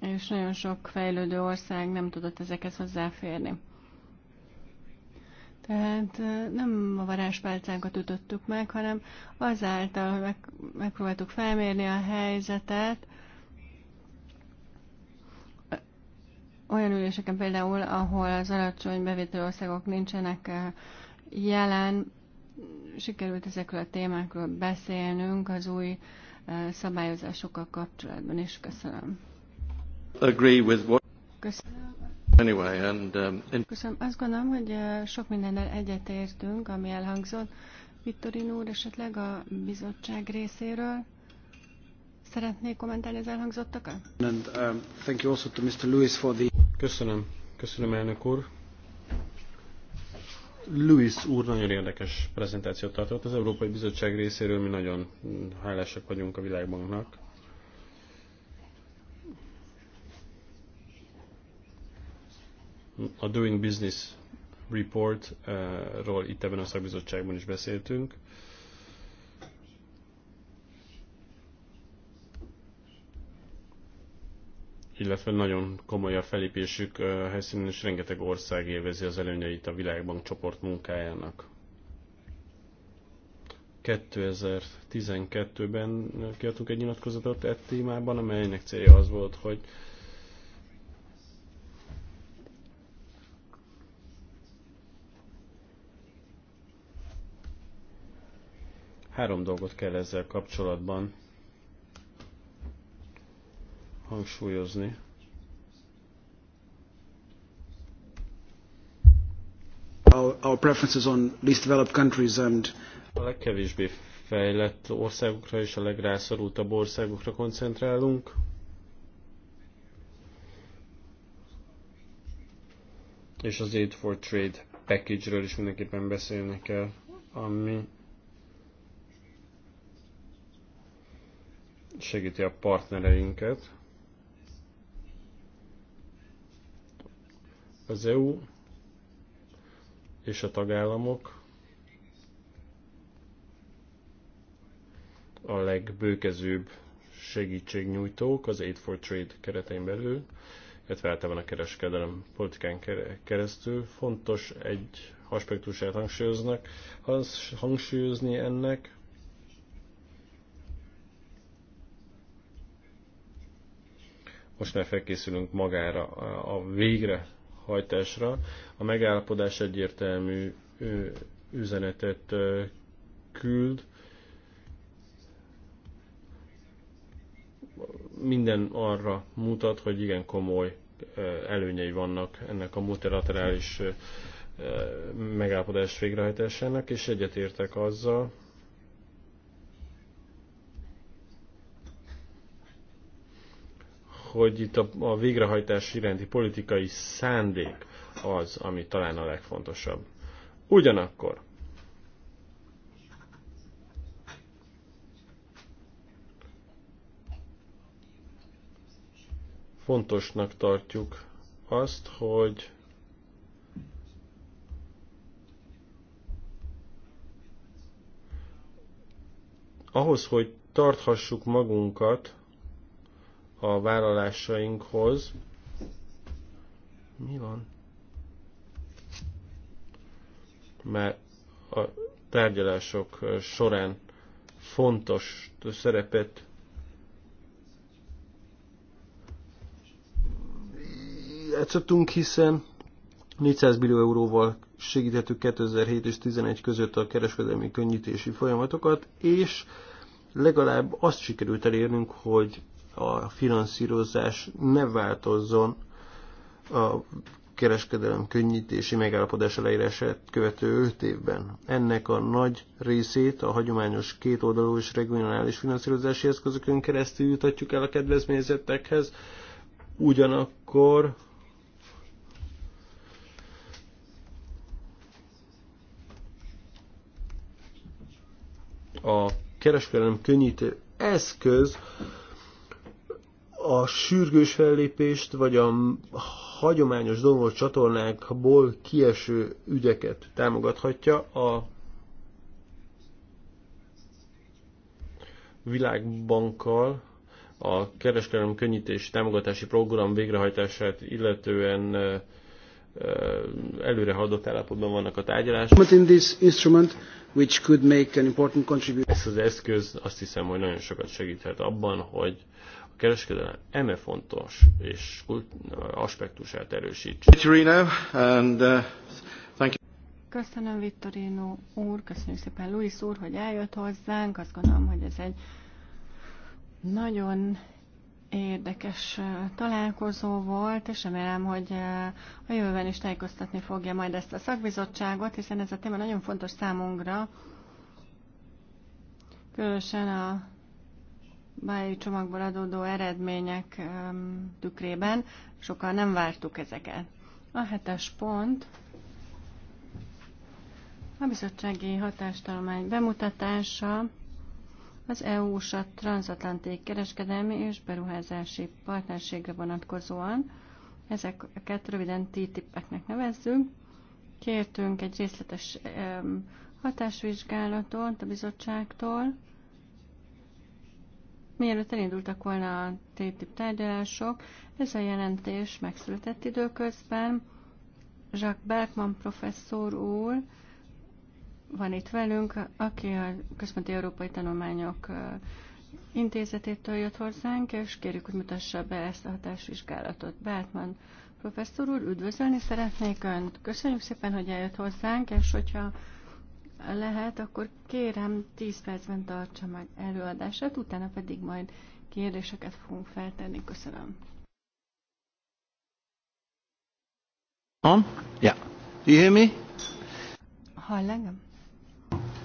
és nagyon sok fejlődő ország nem tudott ezekhez hozzáférni. Tehát nem a varázspálcánkat ütöttük meg, hanem azáltal, hogy meg, megpróbáltuk felmérni a helyzetet, olyan üléseken például, ahol az alacsony bevételű országok nincsenek eh, jelen, sikerült ezekről a témákról beszélnünk az új eh, szabályozásokkal kapcsolatban is. Köszönöm. Agree with what... Köszönöm. Anyway, and, um, in... Köszönöm. Azt gondolom, hogy eh, sok mindennel egyetértünk, ami elhangzott. Viktorin úr esetleg a bizottság részéről. Szeretnék kommentálni az elhangzottakat? Um, Köszönöm. Köszönöm, elnök úr. Louis úr nagyon érdekes prezentációt tartott. Az Európai Bizottság részéről mi nagyon hálásak vagyunk a világbanknak. A Doing Business Report-ról eh, itt ebben a szakbizottságban is beszéltünk. illetve nagyon komoly a felépésük helyszínen, és rengeteg ország élvezi az előnyeit a Világbank csoport munkájának. 2012-ben kiadtunk egy nyilatkozatot e témában, amelynek célja az volt, hogy három dolgot kell ezzel kapcsolatban hangsúlyozni. Our, our preferences on least developed countries and a legkevésbé fejlett országokra és a legrászorultabb országokra koncentrálunk. És az Aid for Trade package-ről is mindenképpen beszélni kell, ami segíti a partnereinket. Az EU és a tagállamok a legbőkezőbb segítségnyújtók az Aid for Trade keretein belül, illetve általában a kereskedelem politikán keresztül. Fontos egy aspektusát hangsúlyoznak, hangsúlyozni ennek, most már felkészülünk magára a végre hajtásra. A megállapodás egyértelmű üzenetet küld. Minden arra mutat, hogy igen komoly előnyei vannak ennek a multilaterális megállapodás végrehajtásának, és egyetértek azzal, hogy itt a, a végrehajtás iránti politikai szándék az, ami talán a legfontosabb. Ugyanakkor fontosnak tartjuk azt, hogy ahhoz, hogy tarthassuk magunkat a vállalásainkhoz. Mi van? Mert a tárgyalások során fontos szerepet játszottunk, hiszen 400 millió euróval segíthetük 2007 és 2011 között a kereskedelmi könnyítési folyamatokat, és legalább azt sikerült elérnünk, hogy a finanszírozás ne változzon a kereskedelem könnyítési megállapodás leírását követő 5 évben. Ennek a nagy részét a hagyományos kétoldalú és regionális finanszírozási eszközökön keresztül jutatjuk el a kedvezményezettekhez, ugyanakkor a kereskedelem könnyítő eszköz a sürgős fellépést, vagy a hagyományos dongolt csatornákból kieső ügyeket támogathatja a világbankkal a kereskedelmi könnyítési támogatási program végrehajtását illetően előre haladott állapotban vannak a tárgyalások. Ez az eszköz azt hiszem, hogy nagyon sokat segíthet abban, hogy kereskedelem eme fontos és aspektusát erősíts. and, uh, thank you. Köszönöm Vittorino úr, köszönjük szépen Luis úr, hogy eljött hozzánk. Azt gondolom, hogy ez egy nagyon érdekes uh, találkozó volt, és remélem, hogy uh, a jövőben is tájékoztatni fogja majd ezt a szakbizottságot, hiszen ez a téma nagyon fontos számunkra, különösen a báli csomagból adódó eredmények tükrében. sokkal nem vártuk ezeket. A hetes pont a bizottsági hatástalomány bemutatása az EU-s a transatlanti kereskedelmi és beruházási partnerségre vonatkozóan. Ezeket röviden TTIP-eknek nevezzük. Kértünk egy részletes hatásvizsgálatot a bizottságtól, Mielőtt elindultak volna a TTIP tárgyalások, ez a jelentés megszületett időközben. Jacques Bergman professzor úr van itt velünk, aki a Központi Európai Tanulmányok intézetétől jött hozzánk, és kérjük, hogy mutassa be ezt a hatásvizsgálatot. Bertman professzor úr, üdvözölni szeretnék Önt. Köszönjük szépen, hogy eljött hozzánk, és hogyha lehet, akkor kérem 10 percben tartsa meg előadását, utána pedig majd kérdéseket fogunk feltenni. Köszönöm. On? Yeah. Do you hear me? Hallengem.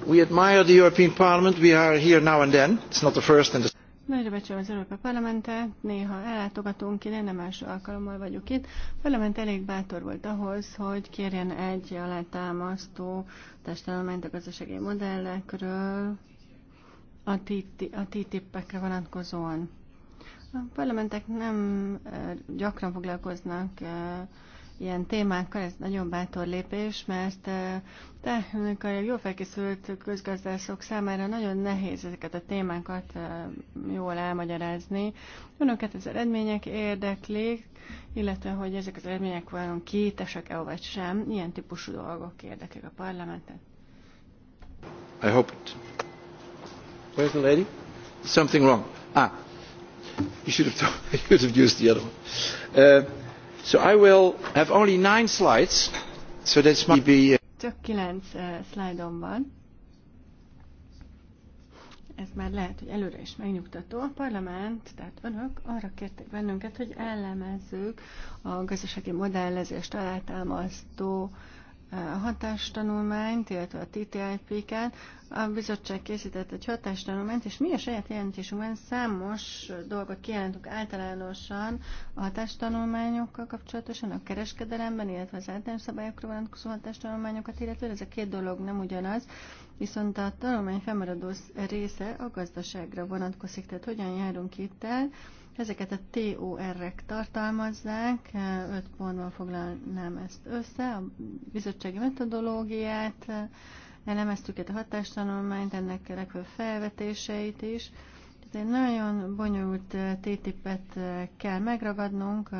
We admire the European Parliament. We are here now and then. It's not the first and the Nagyra becsülöm az Európa Parlamentet, néha ellátogatunk ide, nem első alkalommal vagyok itt. A parlament elég bátor volt ahhoz, hogy kérjen egy alátámasztó testállományt a gazdasági modellekről a TTIP-ekre vonatkozóan. A parlamentek nem gyakran foglalkoznak ilyen témákkal, ez nagyon bátor lépés, mert eh, amikor a jó felkészült közgazdászok számára nagyon nehéz ezeket a témákat eh, jól elmagyarázni. Önöket az eredmények érdeklik, illetve hogy ezek az eredmények vajon kétesek-e vagy sem. Ilyen típusú dolgok érdeklik a parlamentet. I hope it. Where's the lady? Something wrong. Ah, you should have, told, you should have used the other one. Uh, I will have only nine slides, so uh, Csak kilenc uh, szlájdom van. Ez már lehet, hogy előre is megnyugtató. A parlament, tehát önök arra kértek bennünket, hogy ellemezzük a gazdasági modellezést alátámasztó uh, a hatástanulmányt, illetve a TTIP-ket. A bizottság készített egy hatástanulmányt, és mi a saját jelentésünkben számos dolgot kijelentünk általánosan a hatástanulmányokkal kapcsolatosan, a kereskedelemben, illetve az általános szabályokra vonatkozó hatástanulmányokat, illetve ez a két dolog nem ugyanaz, viszont a tanulmány felmaradó része a gazdaságra vonatkozik, tehát hogyan járunk itt el, Ezeket a TOR-ek tartalmazzák, öt pontban foglalnám ezt össze, a bizottsági metodológiát, elemeztük itt a hatástanulmányt, ennek legfőbb felvetéseit is. Tehát egy nagyon bonyolult eh, TTIP-et eh, kell megragadnunk. Eh,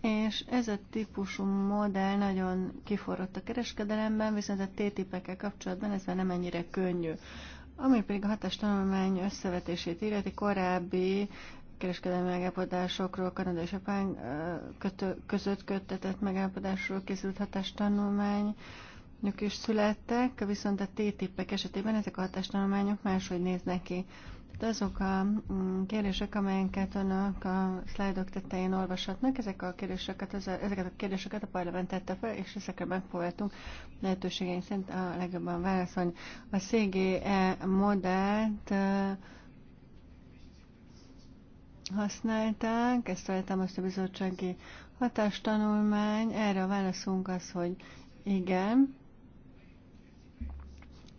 és ez a típusú modell nagyon kiforrott a kereskedelemben, viszont a TTIP-ekkel kapcsolatban ez már nem ennyire könnyű. Ami pedig a hatás tanulmány összevetését illeti, korábbi kereskedelmi megállapodásokról, Kanada és Japán között köttetett megállapodásról készült hatástanulmány, ők is születtek, viszont a TTIP-ek esetében ezek a hatástanulmányok máshogy néznek ki. De azok a mm, kérdések, amelyeket önök a szlájdok tetején olvashatnak, ezek a kérdéseket, az, ezeket a kérdéseket a parlament tette fel, és ezekre megpróbáltunk lehetőségeink szerint a legjobban válaszolni. A CGE modellt használták, ezt találtam azt a bizottsági hatástanulmány, erre a válaszunk az, hogy igen,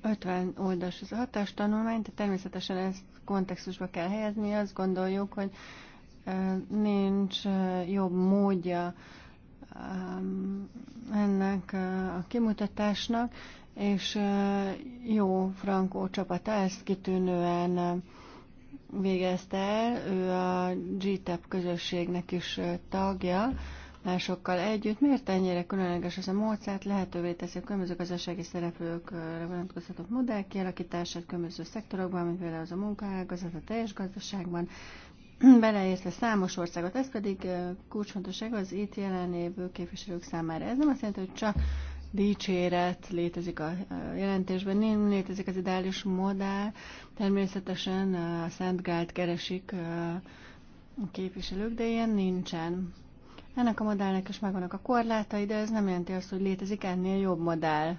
50 oldas ez a hatástanulmány, de természetesen ezt kontextusba kell helyezni. Azt gondoljuk, hogy nincs jobb módja ennek a kimutatásnak, és jó Frankó csapata ezt kitűnően végezte el, ő a GTEP közösségnek is tagja, másokkal együtt. Miért ennyire különleges ez a módszert? Lehetővé teszi a különböző gazdasági szereplőkre vonatkozható modell kialakítását különböző szektorokban, mint például az a munkaágazat, a teljes gazdaságban, beleértve számos országot. Ez pedig kulcsfontosság az itt jelenlévő képviselők számára. Ez nem azt jelenti, hogy csak dicséret létezik a jelentésben, nem létezik az ideális modell, természetesen a Szent Gált keresik a képviselők, de ilyen nincsen. Ennek a modellnek is megvannak a korlátai, de ez nem jelenti azt, hogy létezik ennél jobb modell.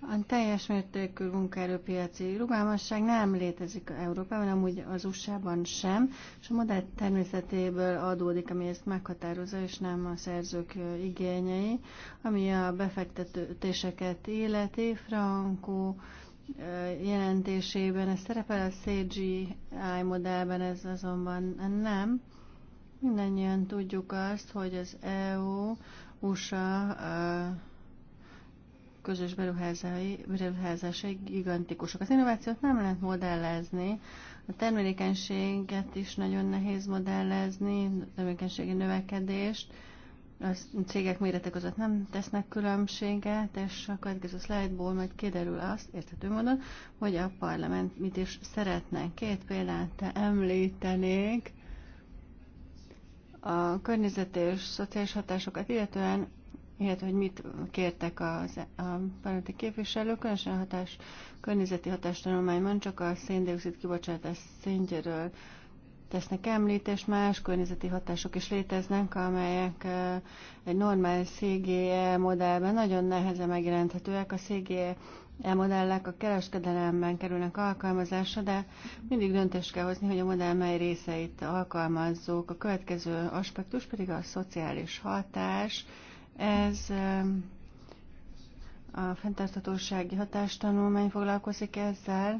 A teljes mértékű munkaerőpiaci rugalmasság nem létezik Európában, amúgy az USA-ban sem, és a modell természetéből adódik, ami ezt meghatározza, és nem a szerzők igényei, ami a befektetéseket illeti. Frankó eh, jelentésében ez szerepel, a CGI modellben ez azonban nem. Mindennyian tudjuk azt, hogy az EU, USA közös beruházásai gigantikusok. Az innovációt nem lehet modellezni, a termelékenységet is nagyon nehéz modellezni, a termelékenységi növekedést, a cégek mérete között nem tesznek különbséget, és a következő szlájdból majd kiderül azt, érthető módon, hogy a parlament mit is szeretne. Két példát említenék a környezet és szociális hatásokat illetően, illetve hogy mit kértek az, a parlamenti képviselők, különösen a hatás, környezeti hatástanulmányban csak a széndiokszid kibocsátás szintjéről tesznek említést, más környezeti hatások is léteznek, amelyek egy normál CGE modellben nagyon nehezen megjelenthetőek. A CGE E modellek a kereskedelemben kerülnek alkalmazásra, de mindig döntés kell hozni, hogy a modell mely részeit alkalmazzuk. A következő aspektus pedig a szociális hatás. Ez a fenntarthatósági hatástanulmány foglalkozik ezzel.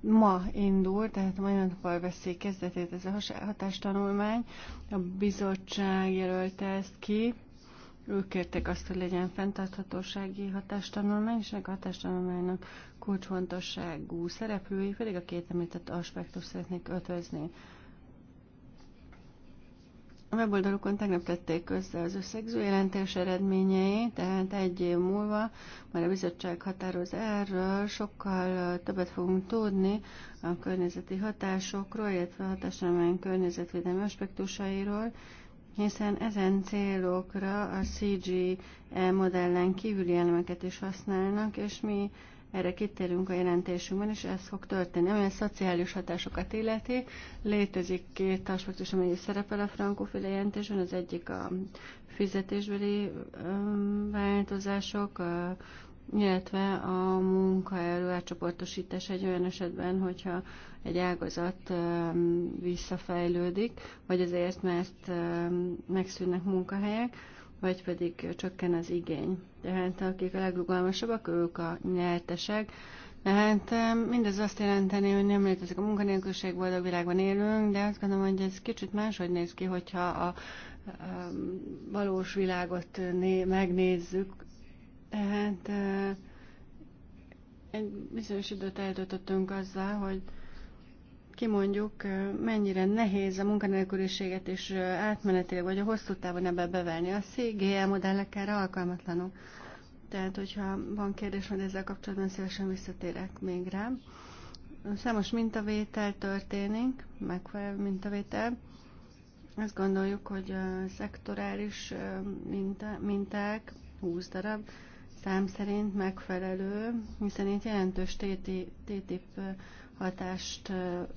Ma indul, tehát mai napon veszi kezdetét ez a hatástanulmány. A bizottság jelölte ezt ki ők kérték azt, hogy legyen fenntarthatósági hatástanulmány, és a hatástanulmánynak kulcsfontosságú szereplői pedig a két említett aspektus szeretnék ötvözni. A weboldalukon tegnap tették össze az összegző jelentés eredményei, tehát egy év múlva már a bizottság határoz erről, sokkal többet fogunk tudni a környezeti hatásokról, illetve a hatásra környezetvédelmi aspektusairól, hiszen ezen célokra a CG modellen kívüli elemeket is használnak, és mi erre kitérünk a jelentésünkben, és ez fog történni. Ami a szociális hatásokat illeti, létezik két aspektus, amely szerepel a frankofil jelentésben, az egyik a fizetésbeli változások, a illetve a munkaerő átcsoportosítás egy olyan esetben, hogyha egy ágazat visszafejlődik, vagy azért, mert megszűnnek munkahelyek, vagy pedig csökken az igény. Tehát akik a legrugalmasabbak, ők a nyertesek. Tehát mindez azt jelenteni, hogy nem létezik a munkanélküliség, boldog világban élünk, de azt gondolom, hogy ez kicsit máshogy néz ki, hogyha a valós világot né- megnézzük, tehát egy bizonyos időt eltöltöttünk azzal, hogy kimondjuk, mennyire nehéz a munkanélküliséget és átmenetileg vagy a hosszú távon ebbe bevelni. A CGL modellek erre alkalmatlanok. Tehát, hogyha van kérdés, majd ezzel kapcsolatban szívesen visszatérek még rám. Számos mintavétel történik, megfelelő mintavétel. Azt gondoljuk, hogy a szektorális minta, minták, 20 darab, szám szerint megfelelő, hiszen itt jelentős TTIP hatást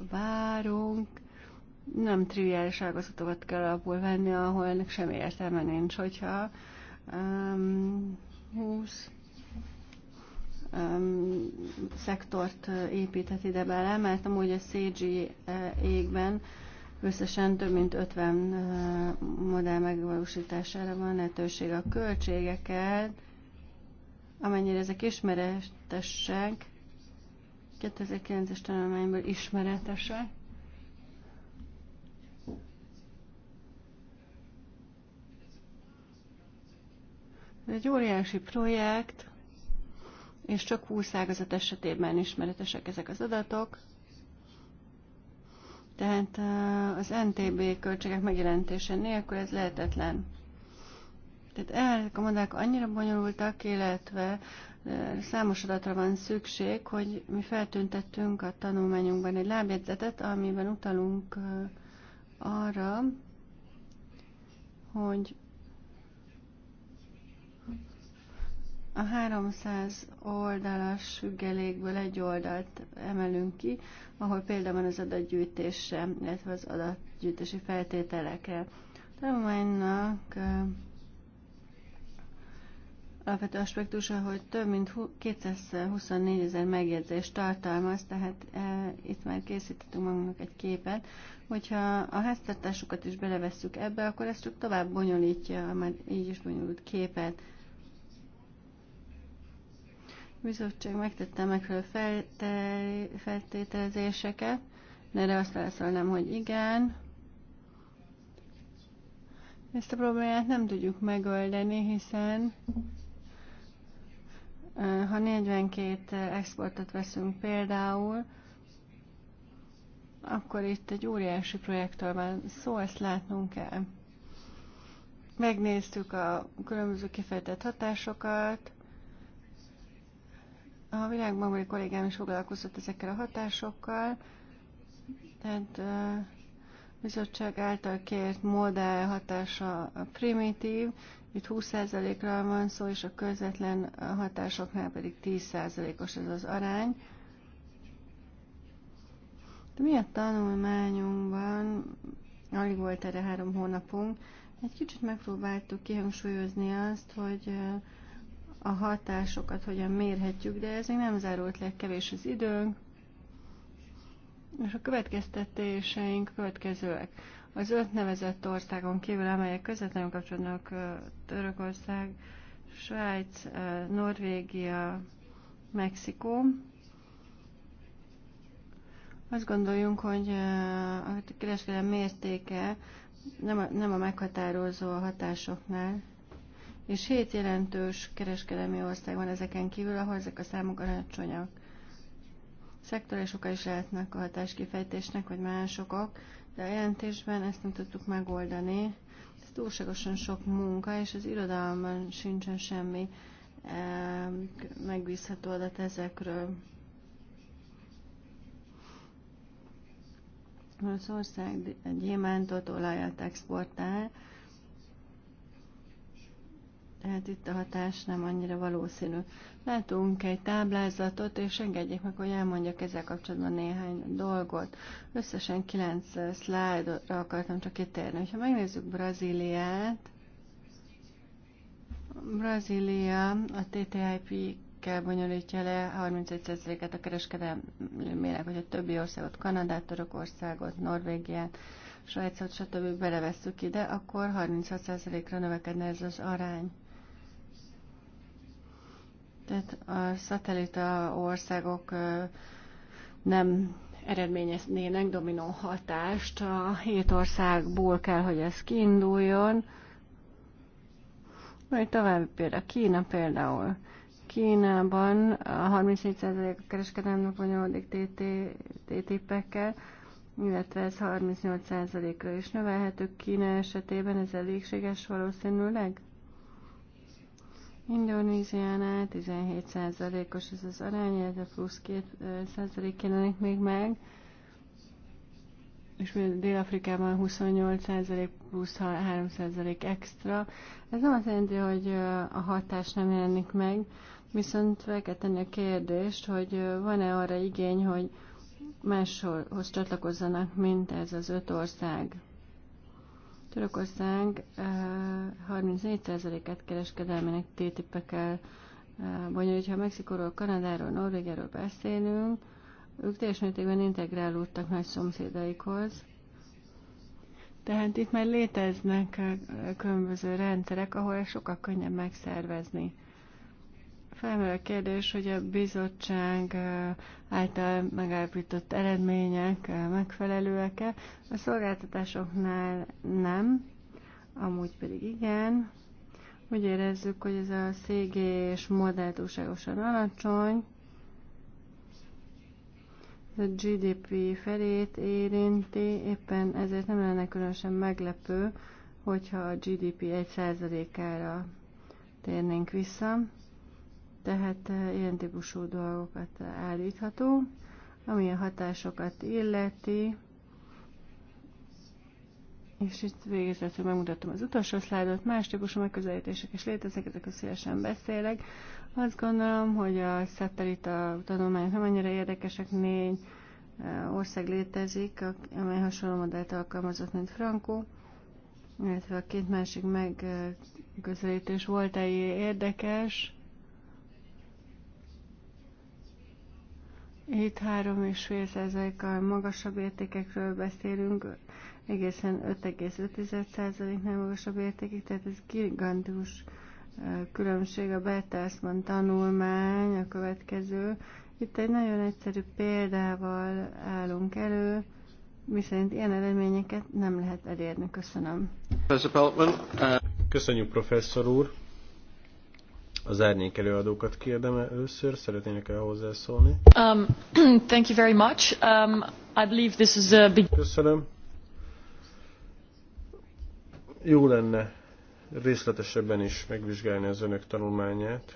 várunk, nem triviális ágazatokat kell abból venni, ahol ennek semmi értelme nincs, hogyha um, 20 um, szektort építheti ide bele, mert amúgy a CG égben összesen több mint 50 modell megvalósítására van lehetőség a költségeket, amennyire ezek ismeretesek, 2009-es tanulmányból ismeretesek, Ez egy óriási projekt, és csak 20 ágazat esetében ismeretesek ezek az adatok. Tehát az NTB költségek megjelentése nélkül ez lehetetlen. Tehát ezek a modellek annyira bonyolultak, illetve számos adatra van szükség, hogy mi feltüntettünk a tanulmányunkban egy lábjegyzetet, amiben utalunk arra, hogy a 300 oldalas függelékből egy oldalt emelünk ki, ahol például van az adatgyűjtésre, illetve az adatgyűjtési feltételekre. A tanulmánynak alapvető aspektusa, hogy több mint 224 ezer megjegyzést tartalmaz, tehát e, itt már készítettünk magunknak egy képet. Hogyha a háztartásokat is belevesszük ebbe, akkor ez csak tovább bonyolítja a már így is bonyolult képet. A bizottság megtette megfelelő feltételezéseket, de erre azt válaszolnám, hogy igen. Ezt a problémát nem tudjuk megoldani, hiszen ha 42 exportot veszünk például, akkor itt egy óriási projektor van szó, szóval ezt látnunk kell. Megnéztük a különböző kifejtett hatásokat. A világban vagy kollégám is foglalkozott ezekkel a hatásokkal, tehát a bizottság által kért modell hatása primitív, itt 20%-ra van szó, és a közvetlen hatásoknál pedig 10%-os ez az arány. De mi a tanulmányunkban, alig volt erre három hónapunk, egy kicsit megpróbáltuk kihangsúlyozni azt, hogy eh, a hatásokat hogyan mérhetjük, de ez még nem zárult le, kevés az időnk, és a következtetéseink következőek. Az öt nevezett országon kívül, amelyek közvetlenül kapcsolódnak Törökország, Svájc, Norvégia, Mexikó. Azt gondoljunk, hogy a kereskedelem mértéke nem a, nem a meghatározó a hatásoknál, és hét jelentős kereskedelmi ország van ezeken kívül, ahol ezek a számok alacsonyak. Szektorai soka is lehetnek a hatáskifejtésnek, vagy másokok, de a jelentésben ezt nem tudtuk megoldani. Ez túlságosan sok munka, és az irodalomban sincsen semmi e, megbízható adat ezekről. Oroszország gyémántot, olajat exportál, tehát itt a hatás nem annyira valószínű. Látunk egy táblázatot, és engedjék meg, hogy elmondjak ezzel kapcsolatban néhány dolgot. Összesen kilenc szlájdra akartam csak kitérni. Ha megnézzük Brazíliát, Brazília a TTIP kell bonyolítja le 31%-et a kereskedelmének, hogy a többi országot, Kanadát, Törökországot, Norvégiát, Svájcot, stb. belevesszük ide, akkor 36%-ra növekedne ez az arány. Tehát a szatellita országok nem eredményeznének dominó hatást. A hét országból kell, hogy ez kiinduljon. Vagy további példa, Kína például. Kínában a 37% a kereskedelmnek bonyolódik TTIP-ekkel, illetve ez 38%-ra is növelhető. Kína esetében ez elégséges valószínűleg? Indonéziánál 17%-os ez az arány, illetve plusz 2% jelenik még meg, és Dél-Afrikában 28% plusz 3% extra. Ez nem azt jelenti, hogy a hatás nem jelenik meg, viszont fel kell tenni a kérdést, hogy van-e arra igény, hogy máshoz csatlakozzanak, mint ez az öt ország. Törökország 34%-át kereskedelmének TTIP-ekkel bonyolítja, ha Mexikóról, Kanadáról, Norvégiáról beszélünk, ők teljes mértékben integrálódtak nagy szomszédaikhoz. Tehát itt már léteznek különböző rendszerek, ahol sokkal könnyebb megszervezni Felmerül a kérdés, hogy a bizottság által megállapított eredmények megfelelőek-e. A szolgáltatásoknál nem, amúgy pedig igen. Úgy érezzük, hogy ez a CG és modell túlságosan alacsony. Ez a GDP felét érinti, éppen ezért nem lenne különösen meglepő, hogyha a GDP 1%-ára térnénk vissza tehát eh, ilyen típusú dolgokat állítható. Ami a hatásokat illeti, és itt végezetül megmutatom az utolsó szlájdot, más típusú megközelítések is léteznek, ezekről szívesen beszélek. Azt gondolom, hogy a szatellita tanulmányok nem annyira érdekesek, négy eh, ország létezik, amely hasonló modellt alkalmazott, mint Franco, illetve a két másik megközelítés volt -e érdekes, Itt három és fél a magasabb értékekről beszélünk, egészen 5,5%-nál magasabb értékek, tehát ez gigantikus különbség. A Bertelsmann tanulmány a következő. Itt egy nagyon egyszerű példával állunk elő, miszerint ilyen eredményeket nem lehet elérni. Köszönöm. Uh, Köszönjük, professzor úr. Az árnyék előadókat kérdem először, szeretnének el hozzászólni? Um, thank you very much. Um, I believe this is a big... Köszönöm. Jó lenne részletesebben is megvizsgálni az önök tanulmányát.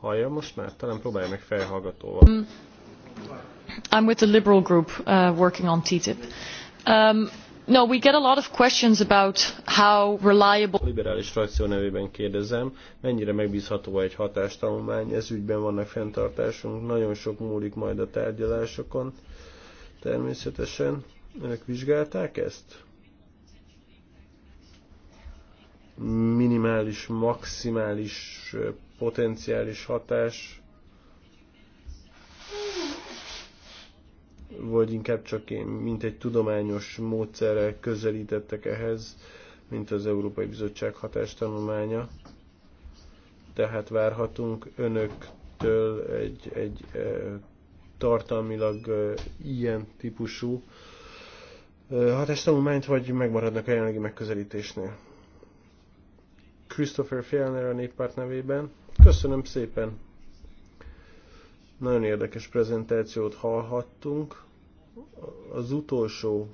Hallja most már? Talán próbálja meg felhallgatóval. Um, I'm with the Liberal Group uh, working on TTIP. Um, No, a lot of liberális frakció nevében kérdezem, mennyire megbízható egy hatástanulmány, ez ügyben vannak fenntartásunk, nagyon sok múlik majd a tárgyalásokon. Természetesen, önök vizsgálták ezt? Minimális, maximális, potenciális hatás vagy inkább csak én, mint egy tudományos módszerrel közelítettek ehhez, mint az Európai Bizottság hatástanulmánya. Tehát várhatunk önöktől egy, egy tartalmilag ilyen típusú hatástanulmányt, vagy megmaradnak a jelenlegi megközelítésnél. Christopher Fjellner a néppárt nevében. Köszönöm szépen! Nagyon érdekes prezentációt hallhattunk. Az utolsó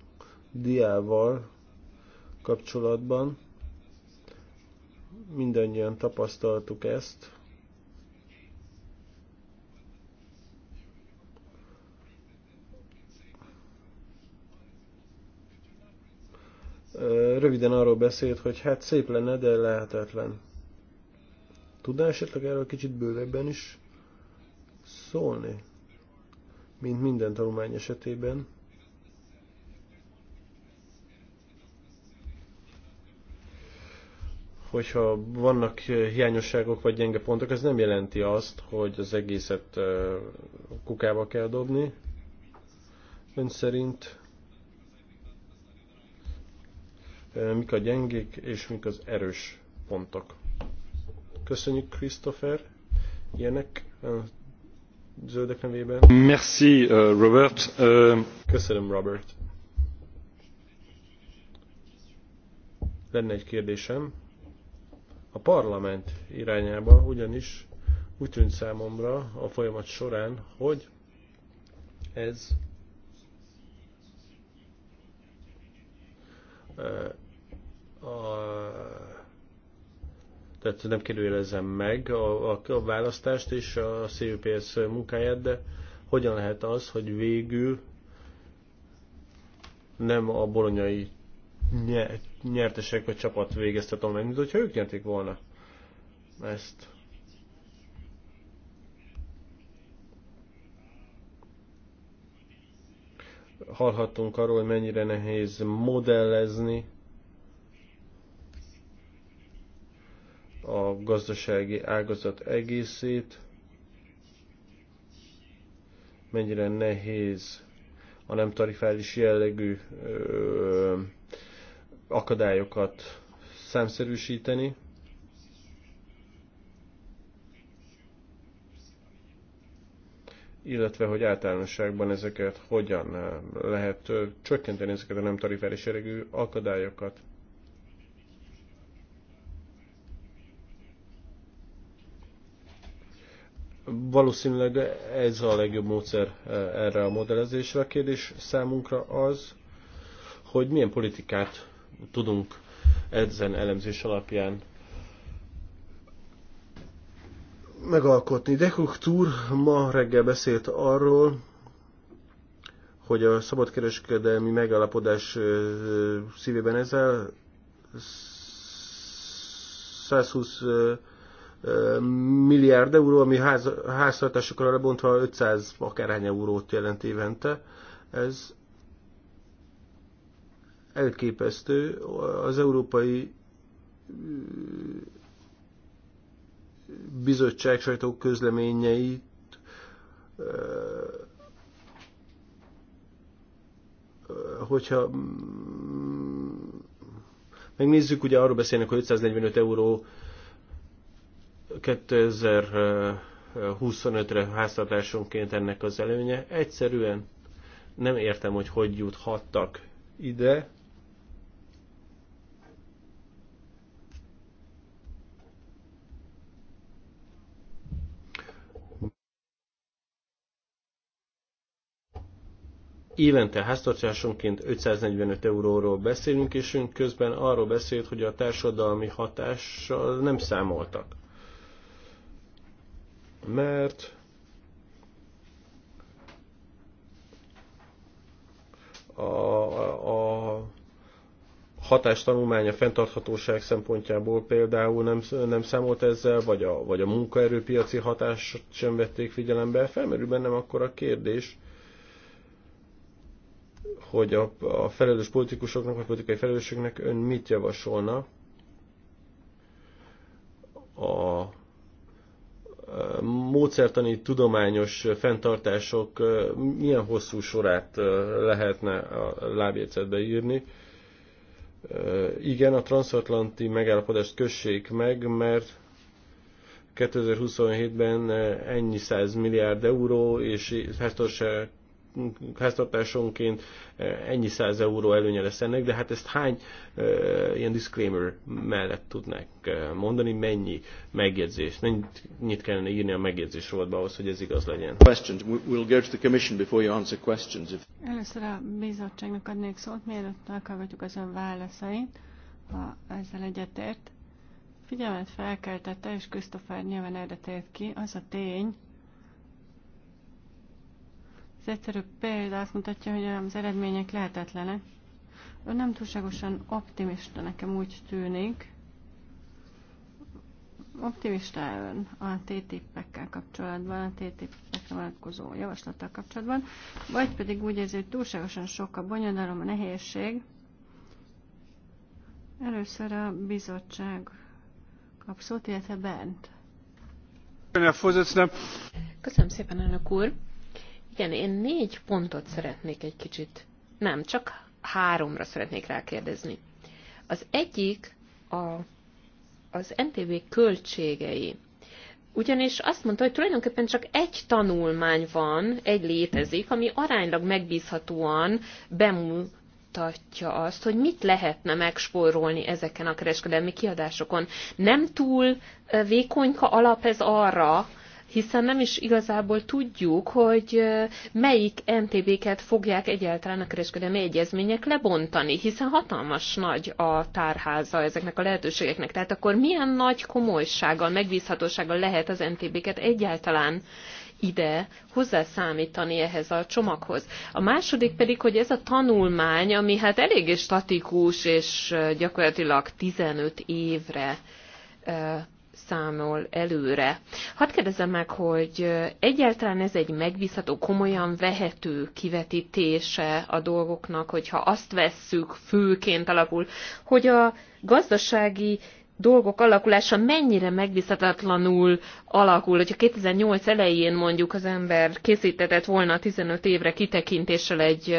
diával kapcsolatban mindannyian tapasztaltuk ezt. Röviden arról beszélt, hogy hát szép lenne, de lehetetlen. Tudná esetleg erről kicsit bővebben is szólni, mint minden tanulmány esetében. Hogyha vannak hiányosságok vagy gyenge pontok, ez nem jelenti azt, hogy az egészet kukába kell dobni. Ön szerint mik a gyengék és mik az erős pontok. Köszönjük, Christopher! Ilyenek zöldek nevében. Merci, uh, Robert. Uh, Köszönöm, Robert. Lenne egy kérdésem. A parlament irányába ugyanis úgy tűnt számomra a folyamat során, hogy ez uh, a tehát nem kérdőjelezem meg a, a, a választást és a CUPS munkáját, de hogyan lehet az, hogy végül nem a bolonyai nyertesek vagy csapat végezte a tanulmányt, mint hogyha ők nyerték volna ezt. Hallhattunk arról, hogy mennyire nehéz modellezni a gazdasági ágazat egészét, mennyire nehéz a nem tarifális jellegű ö, akadályokat számszerűsíteni. illetve hogy általánosságban ezeket hogyan lehet csökkenteni ezeket a nem tarifális eregű akadályokat. Valószínűleg ez a legjobb módszer e, erre a modellezésre. A kérdés számunkra az, hogy milyen politikát tudunk ezen elemzés alapján megalkotni. Dekuktúr ma reggel beszélt arról, hogy a szabadkereskedelmi megállapodás e, szívében ezzel 120 milliárd euró, ami ház, háztartásokra lebontva 500 akárhány eurót jelent évente. Ez elképesztő. Az Európai Bizottság sajtó közleményeit hogyha mm, megnézzük, ugye arról beszélnek, hogy 545 euró 2025-re háztartásonként ennek az előnye. Egyszerűen nem értem, hogy hogy juthattak ide. Évente háztartásonként 545 euróról beszélünk, és ön közben arról beszélt, hogy a társadalmi hatással nem számoltak mert a, a hatástanulmány a fenntarthatóság szempontjából például nem, nem számolt ezzel, vagy a, vagy a munkaerőpiaci hatást sem vették figyelembe. Felmerül bennem akkor a kérdés, hogy a, a felelős politikusoknak, vagy politikai felelősségnek ön mit javasolna a módszertani, tudományos fenntartások milyen hosszú sorát lehetne a lábjegyzetbe írni. Igen, a transatlanti megállapodást kössék meg, mert 2027-ben ennyi 100 milliárd euró és háztarság háztartásonként eh, ennyi száz euró előnye lesz ennek, de hát ezt hány eh, ilyen disclaimer mellett tudnák eh, mondani, mennyi megjegyzés, mennyit kellene írni a megjegyzés rovatba ahhoz, hogy ez igaz legyen. Először a bizottságnak adnék szót, mielőtt meghallgatjuk az ön válaszait, ha ezzel egyetért. Figyelmet felkeltette, és Christopher nyilván erre tért ki, az a tény, az egyszerű példa azt mutatja, hogy az eredmények lehetetlenek. Ő nem túlságosan optimista, nekem úgy tűnik. Optimista ön a TTIP-ekkel kapcsolatban, a TTIP-ekre vonatkozó javaslattal kapcsolatban, vagy pedig úgy érzi, hogy túlságosan sok a bonyodalom, a nehézség. Először a bizottság kap szót, illetve Bent. Köszönöm szépen, elnök úr! Igen, én négy pontot szeretnék egy kicsit. Nem, csak háromra szeretnék rákérdezni. Az egyik a, az NTV költségei. Ugyanis azt mondta, hogy tulajdonképpen csak egy tanulmány van, egy létezik, ami aránylag megbízhatóan bemutatja, azt, hogy mit lehetne megspórolni ezeken a kereskedelmi kiadásokon. Nem túl vékonyka alap ez arra, hiszen nem is igazából tudjuk, hogy melyik MTB-ket fogják egyáltalán a kereskedelmi egyezmények lebontani, hiszen hatalmas nagy a tárháza ezeknek a lehetőségeknek. Tehát akkor milyen nagy komolysággal, megbízhatósággal lehet az MTB-ket egyáltalán ide hozzászámítani ehhez a csomaghoz. A második pedig, hogy ez a tanulmány, ami hát eléggé statikus, és gyakorlatilag 15 évre számol előre. Hadd kérdezem meg, hogy egyáltalán ez egy megbízható, komolyan vehető kivetítése a dolgoknak, hogyha azt vesszük főként alapul, hogy a gazdasági dolgok alakulása mennyire megbízhatatlanul alakul. Hogyha 2008 elején mondjuk az ember készítetett volna 15 évre kitekintéssel egy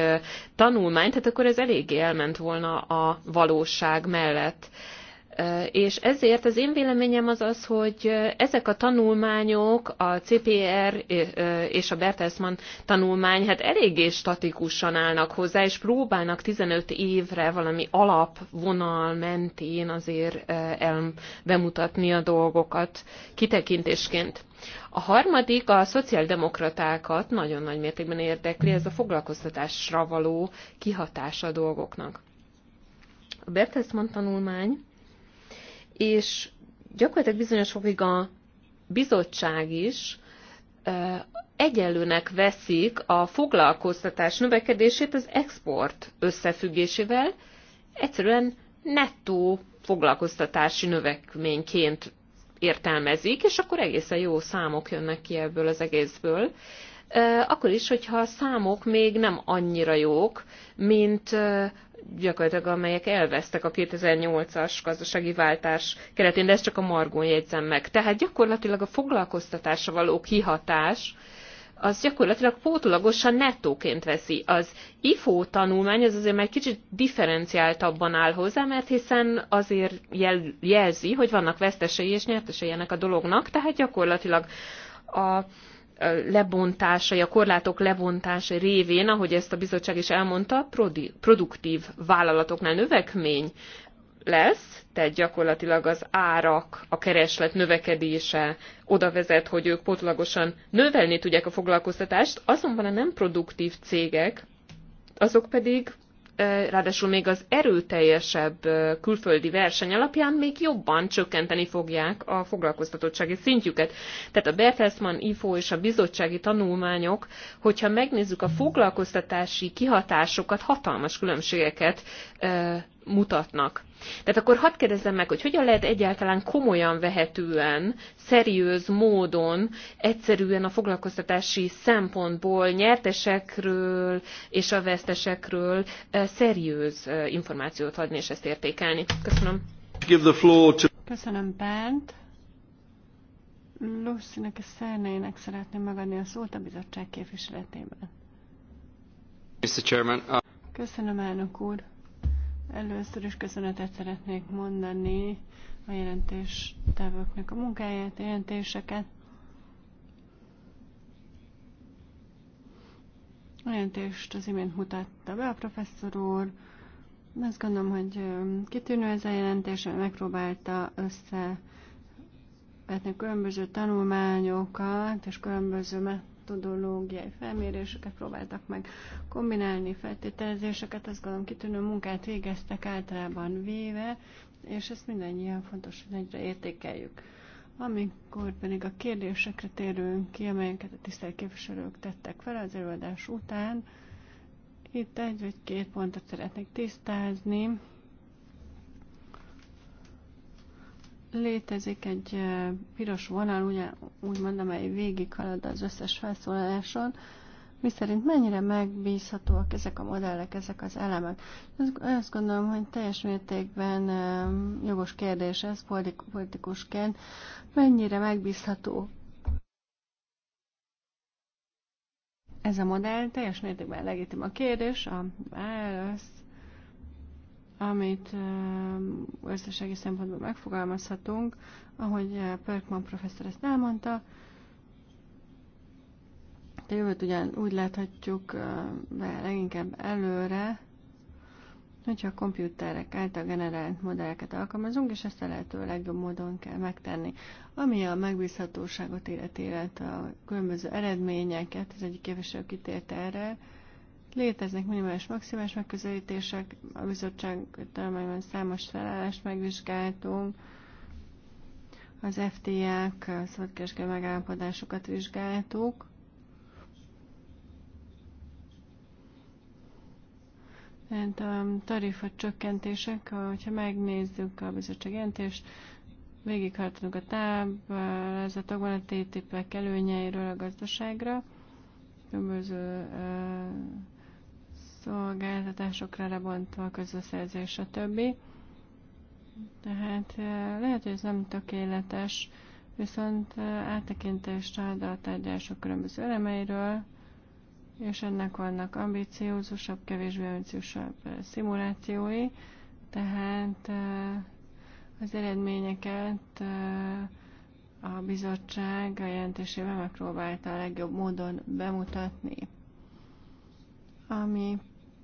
tanulmányt, tehát akkor ez eléggé elment volna a valóság mellett. És ezért az én véleményem az az, hogy ezek a tanulmányok, a CPR és a Bertelsmann tanulmány hát eléggé statikusan állnak hozzá, és próbálnak 15 évre valami alapvonal mentén azért el bemutatni a dolgokat kitekintésként. A harmadik a szociáldemokratákat nagyon nagy mértékben érdekli, ez a foglalkoztatásra való kihatása a dolgoknak. A Bertelsmann tanulmány és gyakorlatilag bizonyos fokig a bizottság is egyenlőnek veszik a foglalkoztatás növekedését az export összefüggésével, egyszerűen nettó foglalkoztatási növekményként értelmezik, és akkor egészen jó számok jönnek ki ebből az egészből. Akkor is, hogyha a számok még nem annyira jók, mint gyakorlatilag amelyek elvesztek a 2008-as gazdasági váltás keretén, de ezt csak a margón jegyzem meg. Tehát gyakorlatilag a foglalkoztatásra való kihatás, az gyakorlatilag pótolagosan nettóként veszi. Az IFO tanulmány az azért már kicsit differenciáltabban áll hozzá, mert hiszen azért jel, jelzi, hogy vannak vesztesei és nyertesei ennek a dolognak, tehát gyakorlatilag a lebontásai, a korlátok lebontása révén, ahogy ezt a bizottság is elmondta, produktív vállalatoknál növekmény lesz, tehát gyakorlatilag az árak, a kereslet növekedése oda vezet, hogy ők potlagosan növelni tudják a foglalkoztatást, azonban a nem produktív cégek, azok pedig ráadásul még az erőteljesebb külföldi verseny alapján még jobban csökkenteni fogják a foglalkoztatottsági szintjüket. Tehát a Bertelsmann IFO és a bizottsági tanulmányok, hogyha megnézzük a foglalkoztatási kihatásokat, hatalmas különbségeket mutatnak. Tehát akkor hadd kérdezzem meg, hogy hogyan lehet egyáltalán komolyan vehetően, szeriőz módon, egyszerűen a foglalkoztatási szempontból nyertesekről és a vesztesekről eh, szeriőz eh, információt adni és ezt értékelni. Köszönöm. Give the floor to... Köszönöm, Bent. Lucy-nek és Szernének szeretném megadni a szót a bizottság képviseletében. Mr. Chairman, uh... Köszönöm, elnök úr. Először is köszönetet szeretnék mondani a jelentéstevőknek a munkáját, a jelentéseket. A jelentést az imént mutatta be a professzor úr. Azt gondolom, hogy kitűnő ez a jelentés, megpróbálta össze vetni különböző tanulmányokat és különböző metodológiai felméréseket próbáltak meg kombinálni, feltételezéseket, azt gondolom kitűnő munkát végeztek általában véve, és ezt mindannyian fontos, hogy egyre értékeljük. Amikor pedig a kérdésekre térünk ki, amelyeket a tisztelt képviselők tettek fel az előadás után, itt egy vagy két pontot szeretnék tisztázni. Létezik egy piros vonal, ugye, úgymond, amely végighalad az összes felszólaláson, mi szerint mennyire megbízhatóak ezek a modellek, ezek az elemek. Azt gondolom, hogy teljes mértékben jogos kérdés ez politikusként, mennyire megbízható ez a modell, teljes mértékben legitim a kérdés, a válasz amit gazdasági szempontból megfogalmazhatunk, ahogy Perkman professzor ezt elmondta, a jövőt ugyan úgy láthatjuk be leginkább előre, hogyha a kompjúterek által generált modelleket alkalmazunk, és ezt a lehető legjobb módon kell megtenni. Ami a megbízhatóságot illeti, illetve a különböző eredményeket, az egyik képviselő kitért erre, Léteznek minimális maximális megközelítések, a bizottság tanulmányban számos felállást megvizsgáltunk, az FTA-k, szabadkereskedő megállapodásokat vizsgáltuk, Tehát a tarifa csökkentések, hogyha megnézzük a bizottság jelentést, végighartunk a táblázatokban a ttp ek előnyeiről a gazdaságra, különböző szolgáltatásokra lebontva, közbeszerzés, többi, Tehát eh, lehet, hogy ez nem tökéletes, viszont eh, áttekintést ad a tárgyalások különböző elemeiről, és ennek vannak ambiciózusabb, kevésbé ambiciózusabb eh, szimulációi, tehát az eredményeket a bizottság a jelentésében megpróbálta a legjobb módon bemutatni ami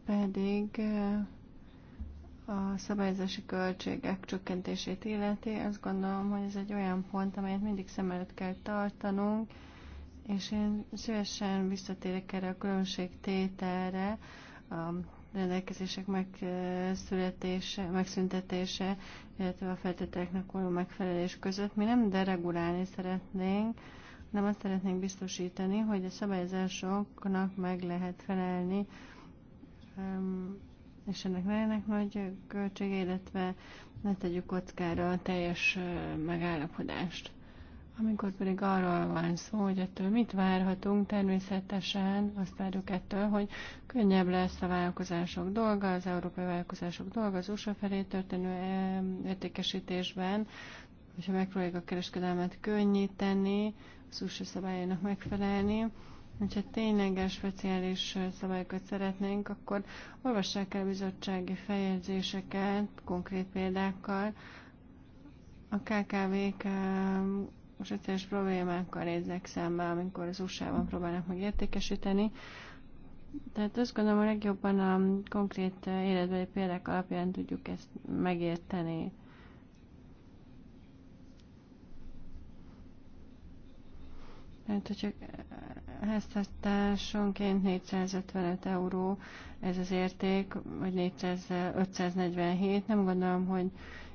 pedig eh, a szabályozási költségek csökkentését illeti, azt gondolom, hogy ez egy olyan pont, amelyet mindig szem előtt kell tartanunk, és én szívesen visszatérek erre a különbségtételre, a rendelkezések megszületése, megszüntetése, illetve a feltételeknek való megfelelés között. Mi nem deregulálni szeretnénk, nem azt szeretnénk biztosítani, hogy a szabályozásoknak meg lehet felelni, és ennek lennek nagy költsége, illetve ne tegyük kockára a teljes megállapodást. Amikor pedig arról van szó, hogy ettől mit várhatunk, természetesen azt várjuk ettől, hogy könnyebb lesz a vállalkozások dolga, az európai vállalkozások dolga az USA felé történő értékesítésben, hogyha megpróbáljuk a kereskedelmet könnyíteni, szűső szabályainak megfelelni. Hogyha tényleges speciális szabályokat szeretnénk, akkor olvassák el bizottsági feljegyzéseket konkrét példákkal. A KKV-k um, egyszerűs problémákkal nézzek szembe, amikor az USA-ban próbálnak meg értékesíteni. Tehát azt gondolom, a legjobban a konkrét életbeli példák alapján tudjuk ezt megérteni. Mert hát, hogy csak eh, háztartásonként 455 euró ez az érték, vagy 400, 547, nem gondolom, hogy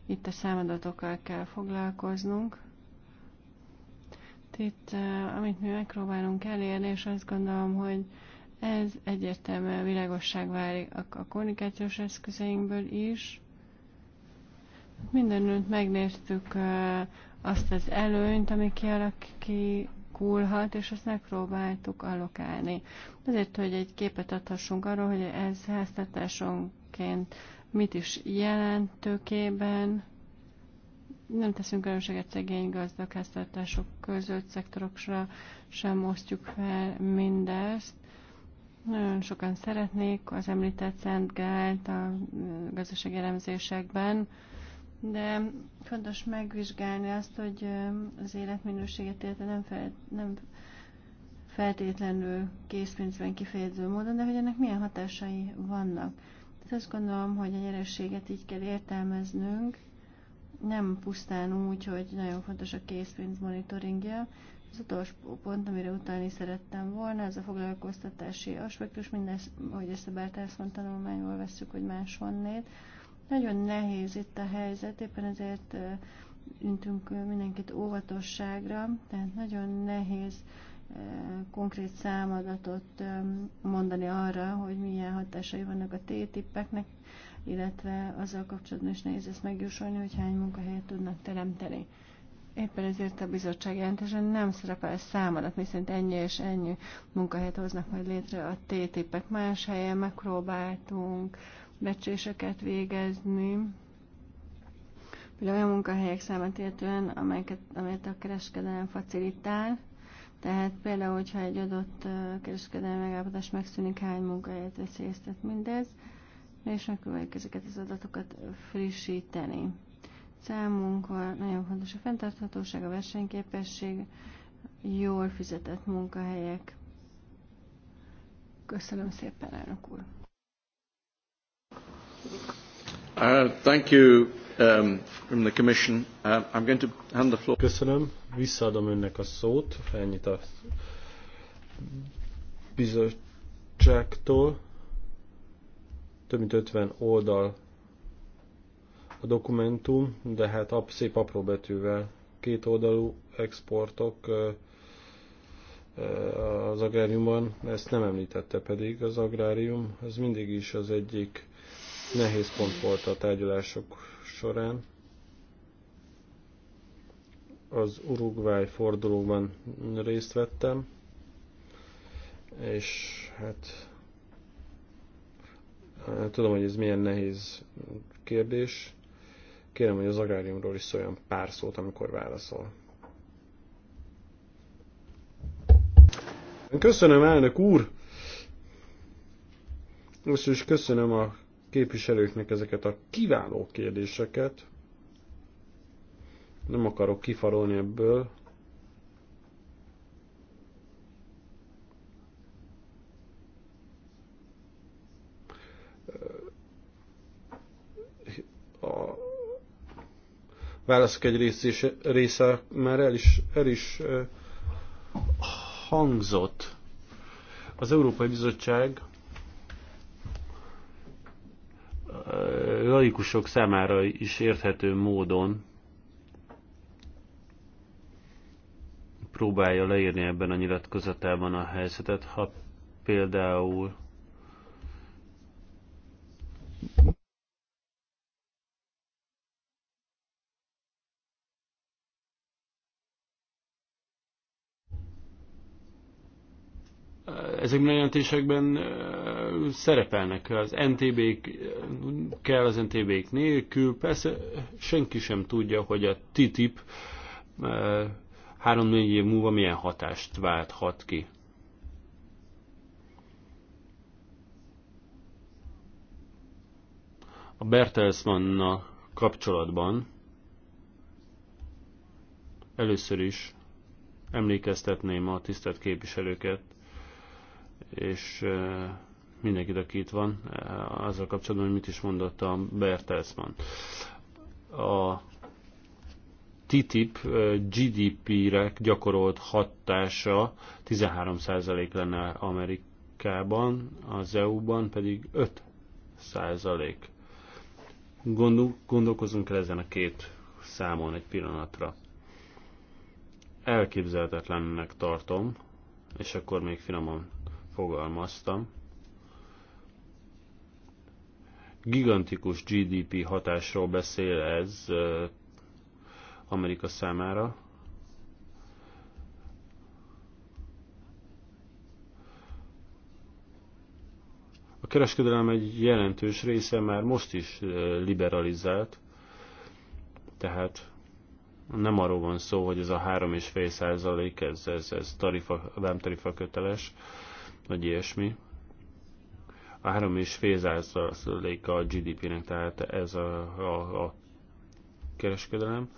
itt a számadatokkal kell foglalkoznunk. Itt, eh, amit mi megpróbálunk elérni, és azt gondolom, hogy ez egyértelmű világosság válik a kommunikációs eszközeinkből is. Mindenütt megnéztük eh, azt az előnyt, ami kialakít alakulhat, és ezt megpróbáltuk allokálni. Azért, hogy egy képet adhassunk arról, hogy ez háztartásonként mit is jelent tőkében, nem teszünk különbséget szegény gazdag háztartások között, szektorokra sem osztjuk fel mindezt. Nagyon sokan szeretnék az említett Szent Gált a gazdasági elemzésekben, de fontos megvizsgálni azt, hogy az életminőséget, érte nem, fel, nem feltétlenül készpénzben kifejező módon, de hogy ennek milyen hatásai vannak. Tehát azt gondolom, hogy a nyerességet így kell értelmeznünk, nem pusztán úgy, hogy nagyon fontos a készpénz monitoringja. Az utolsó pont, amire utalni szerettem volna, ez a foglalkoztatási aspektus, mindez, hogy ezt a Bertelszon tanulmányból veszük, hogy máshonnét. Nagyon nehéz itt a helyzet, éppen ezért üntünk mindenkit óvatosságra, tehát nagyon nehéz konkrét számadatot mondani arra, hogy milyen hatásai vannak a T-tippeknek, illetve azzal kapcsolatban is nehéz ezt megjósolni, hogy hány munkahelyet tudnak teremteni. Éppen ezért a bizottság jelentésen nem szerepel számadat, miszerint ennyi és ennyi munkahelyet hoznak majd létre a T-tippek. Más helyen megpróbáltunk becséseket végezni, például olyan munkahelyek számát illetően, amelyeket, amelyet a kereskedelem facilitál, tehát például, hogyha egy adott kereskedelmi megállapodás megszűnik, hány munkahelyet veszélyeztet mindez, és megpróbáljuk ezeket az adatokat frissíteni. Számunkra nagyon fontos a fenntarthatóság, a versenyképesség, jól fizetett munkahelyek. Köszönöm szépen, elnök úr! Köszönöm. Visszaadom önnek a szót. Ennyit a bizottságtól. Több mint 50 oldal a dokumentum, de hát szép apró betűvel. Két oldalú exportok az agráriumban, ezt nem említette pedig az agrárium, ez mindig is az egyik nehéz pont volt a tárgyalások során. Az Uruguay fordulóban részt vettem, és hát, hát tudom, hogy ez milyen nehéz kérdés. Kérem, hogy az agráriumról is szóljon pár szót, amikor válaszol. Köszönöm, elnök úr! Most is köszönöm a képviselőknek ezeket a kiváló kérdéseket. Nem akarok kifarolni ebből. A válaszok egy része, része már el is, el is eh, hangzott. Az Európai Bizottság laikusok számára is érthető módon próbálja leírni ebben a nyilatkozatában a helyzetet, ha például ezekben a jelentésekben szerepelnek az ntb kell az NTB-k nélkül, persze senki sem tudja, hogy a TTIP eh, három-négy év múlva milyen hatást válthat ki. A Bertelsmann kapcsolatban először is emlékeztetném a tisztelt képviselőket, és eh, mindenkit, aki itt van, eh, azzal kapcsolatban, hogy mit is mondott a Bertelsmann. A TTIP eh, GDP-re gyakorolt hatása 13% lenne Amerikában, az EU-ban pedig 5%. Gondol, gondolkozunk el ezen a két számon egy pillanatra. Elképzelhetetlennek tartom, és akkor még finoman fogalmaztam, Gigantikus GDP hatásról beszél ez Amerika számára. A kereskedelem egy jelentős része már most is liberalizált, tehát nem arról van szó, hogy ez a 3,5 százalék, ez, ez, ez tarifa, vámtarifa köteles, vagy ilyesmi a 3,5% a GDP-nek, tehát ez a, a, a kereskedelem.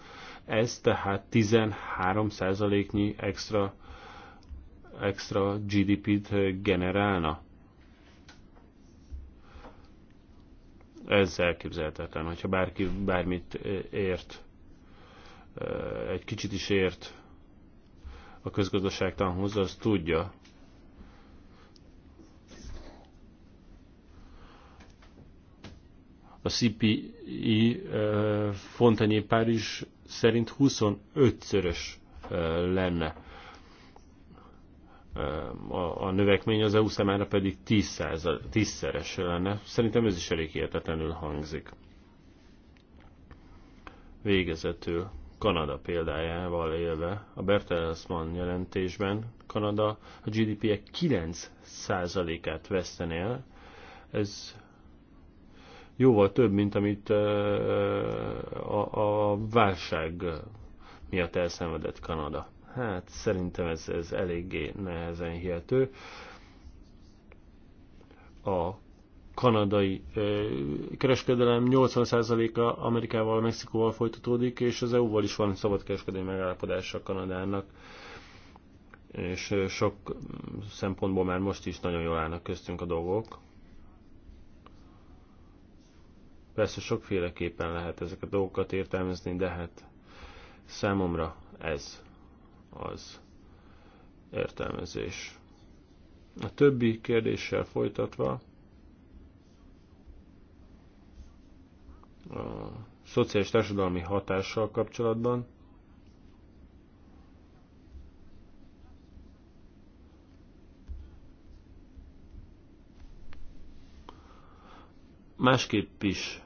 Ez tehát 13%-nyi extra, extra GDP-t generálna. Ez elképzelhetetlen, hogyha bárki bármit ért, egy kicsit is ért a közgazdaságtanhoz, az tudja, A CPI e, Fontanyé Párizs szerint 25-szörös lenne a, növekmény, az EU számára pedig 10-szeres lenne. Szerintem ez is elég értetlenül hangzik. Végezetül Kanada példájával élve, a Bertelsmann jelentésben Kanada a GDP-je 9%-át vesztené el, ez jóval több, mint amit a, a válság miatt elszenvedett Kanada. Hát szerintem ez, ez eléggé nehezen hihető. A kanadai kereskedelem 80%-a Amerikával, Mexikóval folytatódik, és az EU-val is van szabadkereskedelmi a Kanadának és sok mm, szempontból már most is nagyon jól állnak köztünk a dolgok. Persze sokféleképpen lehet ezeket a dolgokat értelmezni, de hát számomra ez az értelmezés. A többi kérdéssel folytatva a szociális társadalmi hatással kapcsolatban másképp is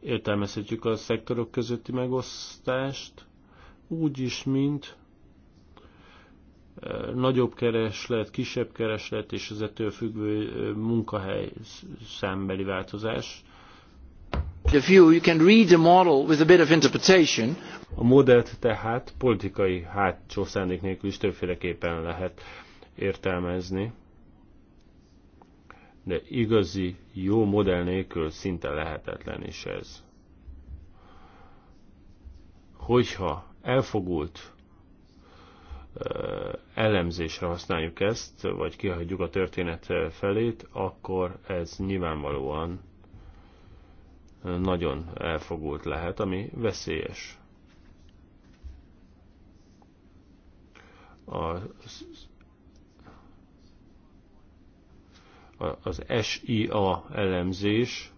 értelmezhetjük a szektorok közötti megosztást, úgy is, mint e, nagyobb kereslet, kisebb kereslet és az ettől függő e, munkahely számbeli változás. a A modellt tehát politikai hátsó szándék nélkül is többféleképpen lehet értelmezni de igazi, jó modell nélkül szinte lehetetlen is ez. Hogyha elfogult elemzésre használjuk ezt, vagy kihagyjuk a történet felét, akkor ez nyilvánvalóan nagyon elfogult lehet, ami veszélyes. A az SIA elemzés,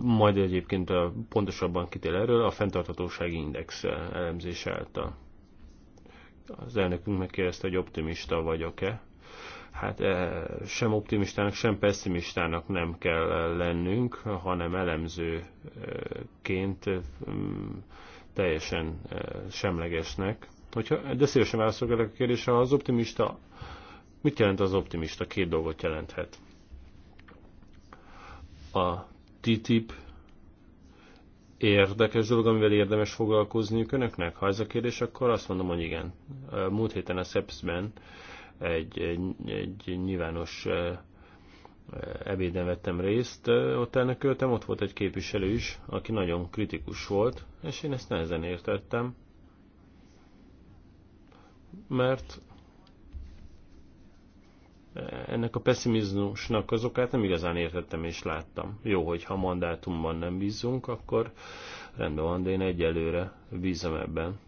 majd egyébként a pontosabban kitél erről a fenntarthatósági index elemzés által. Az elnökünk megkérdezte, hogy optimista vagyok-e. Hát sem optimistának, sem pessimistának nem kell lennünk, hanem elemzőként teljesen semlegesnek. Hogyha, de szívesen válaszolok a kérdésre, az optimista Mit jelent az optimista? Két dolgot jelenthet. A TTIP érdekes dolog, amivel érdemes foglalkozniuk önöknek? Ha ez a kérdés, akkor azt mondom, hogy igen. Múlt héten a SEPS-ben egy, egy, egy nyilvános ebéden vettem részt, ott elnököltem, ott volt egy képviselő is, aki nagyon kritikus volt, és én ezt nehezen értettem, mert ennek a pessimizmusnak az okát nem igazán értettem és láttam. Jó, hogy ha mandátumban nem bízunk, akkor rendben van, de én egyelőre bízom ebben.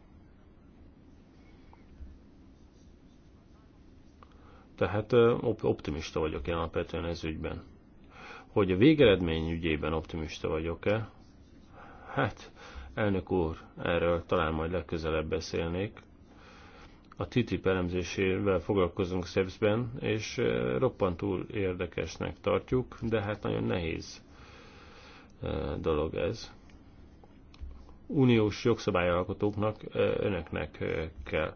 Tehát optimista vagyok én alapvetően ez ügyben. Hogy a végeredmény ügyében optimista vagyok-e? Hát, elnök úr, erről talán majd legközelebb beszélnék a TTIP elemzésével foglalkozunk SEBS-ben, és roppantul érdekesnek tartjuk, de hát nagyon nehéz dolog ez. Uniós jogszabályalkotóknak, önöknek kell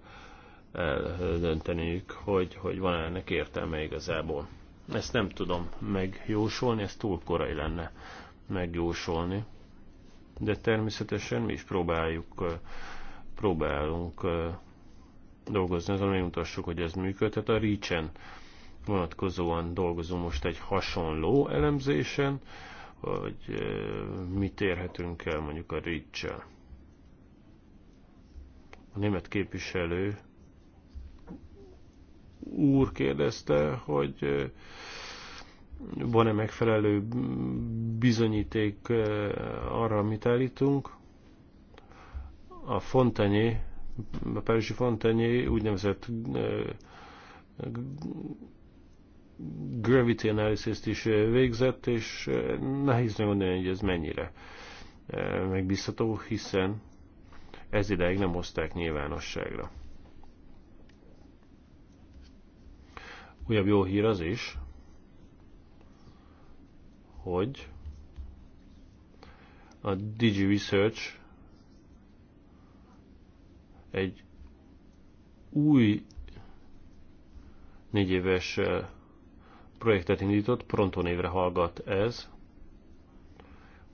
eldönteniük, hogy, hogy van -e ennek értelme igazából. Ezt nem tudom megjósolni, ez túl korai lenne megjósolni. De természetesen mi is próbáljuk, próbálunk dolgozni azon, hogy hogy ez működhet. A Reach-en vonatkozóan dolgozunk most egy hasonló elemzésen, hogy eh, mit érhetünk el mondjuk a reach -el. A német képviselő úr kérdezte, hogy eh, van-e megfelelő bizonyíték eh, arra, amit állítunk. A Fontanyé a Párizsi Fontenyi úgynevezett eh, gravity analysis is végzett, és eh, nehéz megmondani, hogy ez mennyire eh, megbízható, hiszen ez ideig nem hozták nyilvánosságra. Újabb jó hír az is, hogy a Digi Research egy új négy éves projektet indított, Pronto névre hallgat ez.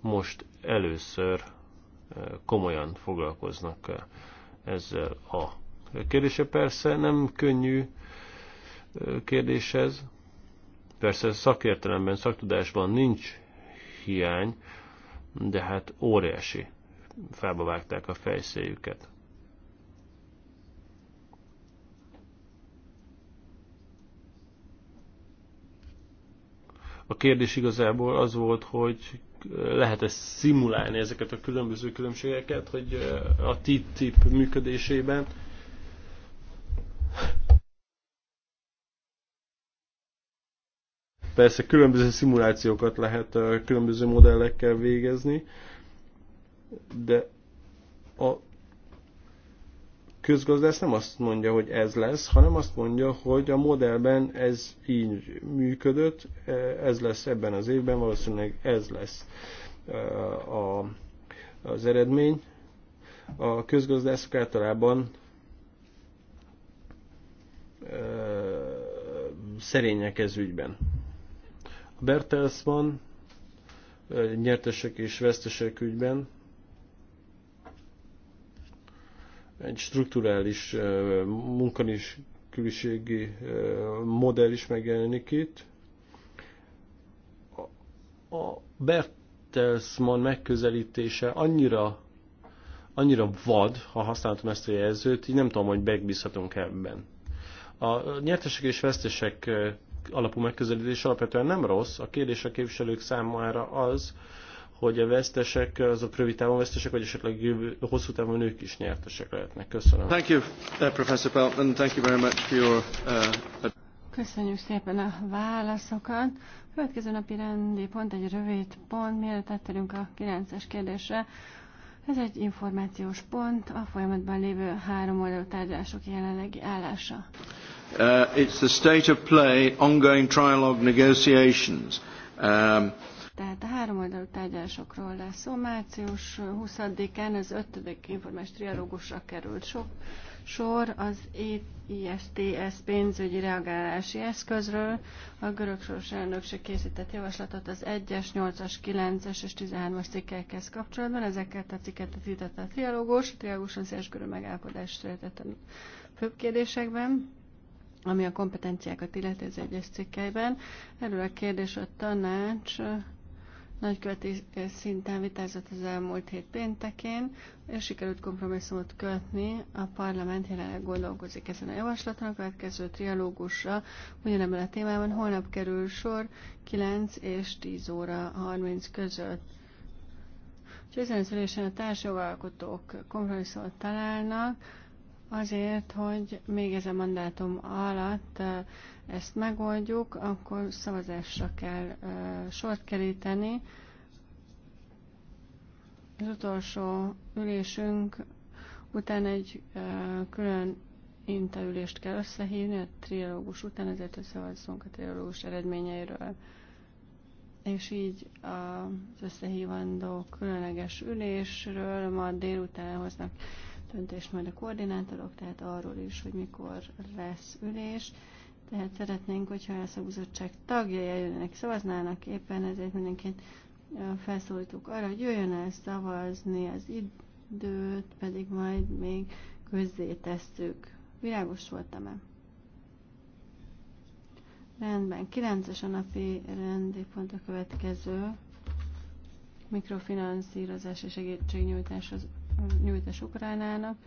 Most először komolyan foglalkoznak ezzel a kérdése. Persze nem könnyű kérdés ez. Persze szakértelemben, szaktudásban nincs hiány, de hát óriási fába vágták a fejszéjüket. A kérdés igazából az volt, hogy lehet-e szimulálni ezeket a különböző különbségeket, hogy a TTIP működésében Persze különböző szimulációkat lehet különböző modellekkel végezni, de a közgazdász nem azt mondja, hogy ez lesz, hanem azt mondja, hogy a modellben ez így működött, e, ez lesz ebben az évben, valószínűleg ez lesz e, a, az eredmény. A közgazdászok általában e, szerények ez ügyben. A Bertelsmann nyertesek és vesztesek ügyben egy strukturális külségi modell is megjelenik itt. A Bertelsmann megközelítése annyira, annyira vad, ha használtam ezt a jelzőt, így nem tudom, hogy megbízhatunk ebben. A nyertesek és vesztesek alapú megközelítés alapvetően nem rossz, a kérdés a képviselők számára az, hogy a vesztesek, azok rövid távon vesztesek, vagy esetleg hosszú távon ők is nyertesek lehetnek. Köszönöm. Thank you, uh, Professor Peltman. thank you very much for your... Uh... Köszönjük szépen a válaszokat. Következő napi rendi pont, egy rövid pont, mielőtt átterünk a 9-es kérdésre. Ez egy információs pont, a folyamatban lévő három oldalú tárgyalások jelenlegi állása. Uh, it's the state of play, ongoing trialogue negotiations. Um, tehát a háromoldalú tárgyalásokról lesz szó. Március 20-án az ötödik informális trialógusra került sok sor az e ISTS pénzügyi reagálási eszközről. A görög soros elnökség készített javaslatot az 1-es, 8-as, 9-es és 13-as cikkekhez kapcsolatban. Ezeket a cikket vitatta a trialógus. A trialóguson széles körül megállapodást született a főbb kérdésekben ami a kompetenciákat illeti az egyes cikkeiben. Erről a kérdés a tanács nagyköveti szinten vitázott az elmúlt hét péntekén, és sikerült kompromisszumot kötni. A parlament jelenleg gondolkozik ezen a javaslaton, a következő trialógusra ugyanebben a témában holnap kerül sor 9 és 10 óra 30 között. Úgyhogy ezen a társjogalkotók kompromisszumot találnak, Azért, hogy még ez a mandátum alatt ezt megoldjuk, akkor szavazásra kell sort keríteni. Az utolsó ülésünk után egy külön interülést kell összehívni a triológus után, ezért hogy szavazzunk a triológus eredményeiről. És így az összehívandó különleges ülésről ma délután hoznak döntést majd a koordinátorok, tehát arról is, hogy mikor lesz ülés. Tehát szeretnénk, hogyha a bizottság tagjai eljönnek, szavaznának éppen, ezért mindenként felszólítuk arra, hogy jöjjön el szavazni az időt, pedig majd még közzé tesszük. Világos voltam-e? Rendben, 9-es a napi rendi pont a következő mikrofinanszírozás és segítségnyújtás az nyújtás Ukránának.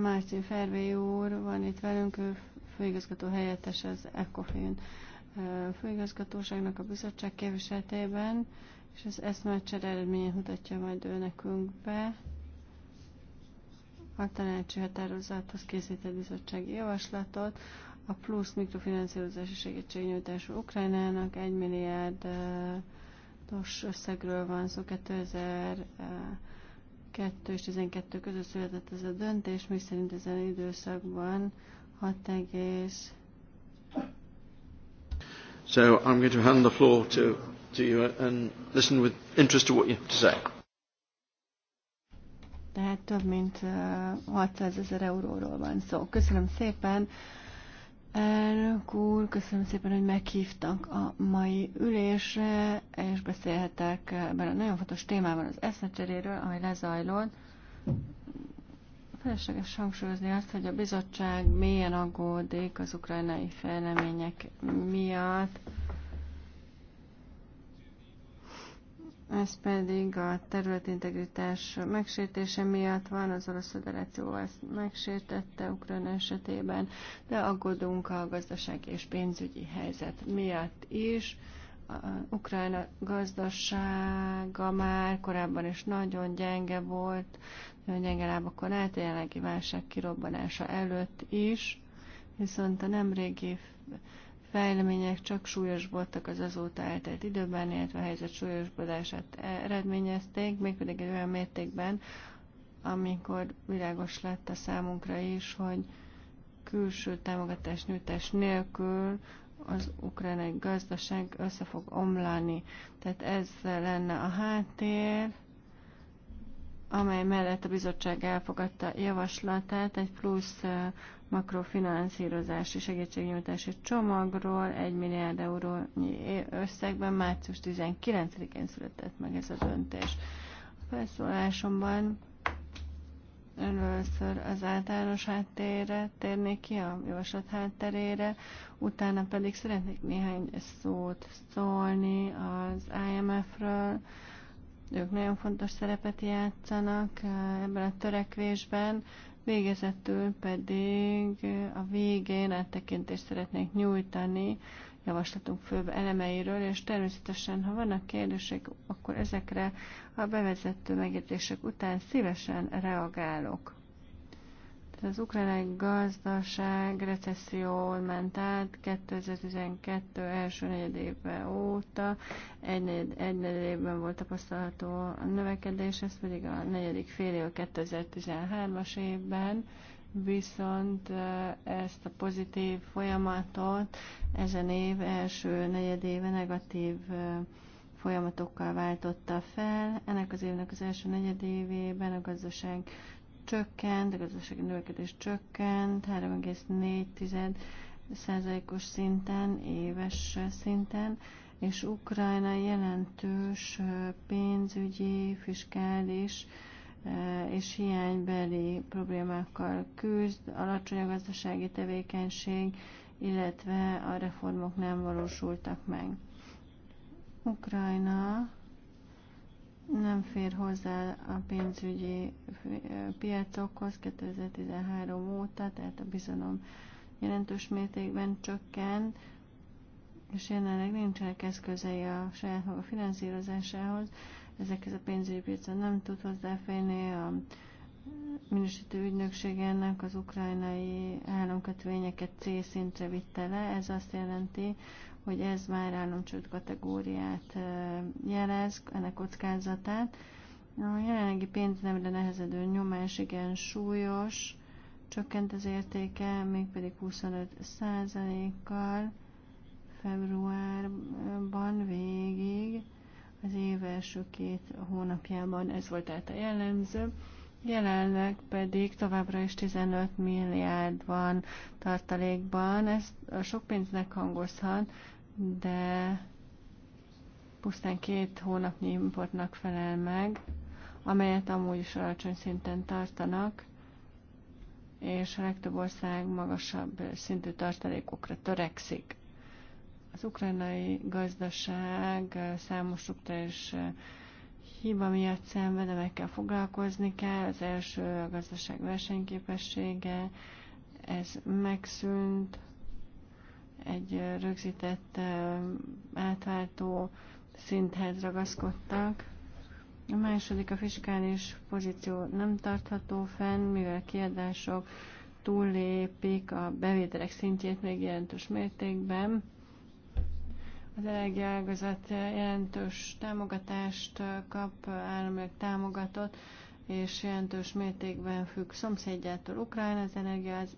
Márcin Fervé úr van itt velünk, ő főigazgató helyettes az ECOFIN főigazgatóságnak a bizottság képviseletében, és az eszmecsere eredménye mutatja majd ő nekünk be. A tanácsi határozathoz készített bizottsági javaslatot, a plusz mikrofinanszírozási segítségnyújtás Ukrajnának 1 milliárd milliárdos összegről van szó, 2002 és 12 között született ez a döntés, mi szerint ezen időszakban 6, So I'm going to hand the floor to, to you and listen with interest to what you have to say. Tehát több mint 600 ezer euróról van szó. Köszönöm szépen. Elnök úr, köszönöm szépen, hogy meghívtak a mai ülésre, és beszélhetek ebben a nagyon fontos témában az eszmecseréről, ami lezajlott. Felesleges hangsúlyozni azt, hogy a bizottság mélyen aggódik az ukrajnai fejlemények miatt. Ez pedig a területintegritás megsértése miatt van, az Orosz Federáció ezt megsértette Ukrajna esetében, de aggódunk a gazdasági és pénzügyi helyzet miatt is. A Ukrajna gazdasága már korábban is nagyon gyenge volt, nagyon gyenge lábakon állt, a jelenlegi válság kirobbanása előtt is, viszont a nemrégi fejlemények csak voltak az azóta eltelt időben, illetve a helyzet súlyosbodását eredményezték, mégpedig egy olyan mértékben, amikor világos lett a számunkra is, hogy külső támogatás nyújtás nélkül az ukrán gazdaság össze fog omlani. Tehát ez lenne a háttér, amely mellett a bizottság elfogadta javaslatát egy plusz makrofinanszírozási segítségnyújtási csomagról 1 milliárd eurónyi összegben március 19-én született meg ez a döntés. A felszólásomban először az általános háttérre térnék ki, a javaslat hátterére, utána pedig szeretnék néhány szót szólni az IMF-ről, ők nagyon fontos szerepet játszanak eh, ebben a törekvésben, végezetül pedig eh, a végén áttekintést szeretnék nyújtani javaslatunk főbb elemeiről, és természetesen, ha vannak kérdések, akkor ezekre a bevezető megértések után szívesen reagálok. Az ukrán gazdaság recesszió ment át 2012 első negyedébe óta, egy, negyed, egy évben volt tapasztalható a növekedés, ez pedig a negyedik fél év 2013-as évben, viszont ezt a pozitív folyamatot ezen év első negyedéve negatív folyamatokkal váltotta fel. Ennek az évnek az első negyedévében a gazdaság csökkent, a gazdasági növekedés csökkent 3,4 százalékos szinten, éves szinten, és Ukrajna jelentős pénzügyi, fiskális és hiánybeli problémákkal küzd, alacsony a gazdasági tevékenység, illetve a reformok nem valósultak meg. Ukrajna nem fér hozzá a pénzügyi eh, piacokhoz 2013 óta, tehát a bizalom jelentős mértékben csökken, és jelenleg nincsenek eszközei a saját maga finanszírozásához, ezekhez a pénzügyi piacon nem tud hozzáférni a minősítő ügynökség ennek az ukrajnai államkötvényeket C szintre vitte le. Ez azt jelenti, hogy ez már államcsőd kategóriát jelez, ennek kockázatát. A jelenlegi pénznemre nehezedő nyomás igen súlyos, csökkent az értéke, mégpedig 25%-kal februárban végig, az év első két hónapjában ez volt tehát a jellemző. Jelenleg pedig továbbra is 15 milliárd van tartalékban. Ez sok pénznek hangozhat, de pusztán két hónapnyi importnak felel meg, amelyet amúgy is alacsony szinten tartanak, és a legtöbb ország magasabb szintű tartalékokra törekszik. Az ukrajnai gazdaság számos struktúrális és hiba miatt szenvedemekkel foglalkozni kell. Az első a gazdaság versenyképessége, ez megszűnt, egy rögzített átváltó szinthez ragaszkodtak. A második a fiskális pozíció nem tartható fenn, mivel a kiadások túllépik a bevételek szintjét még jelentős mértékben. Az energiaágazat jelentős támogatást kap, államilag támogatott, és jelentős mértékben függ szomszédjától Ukrajna az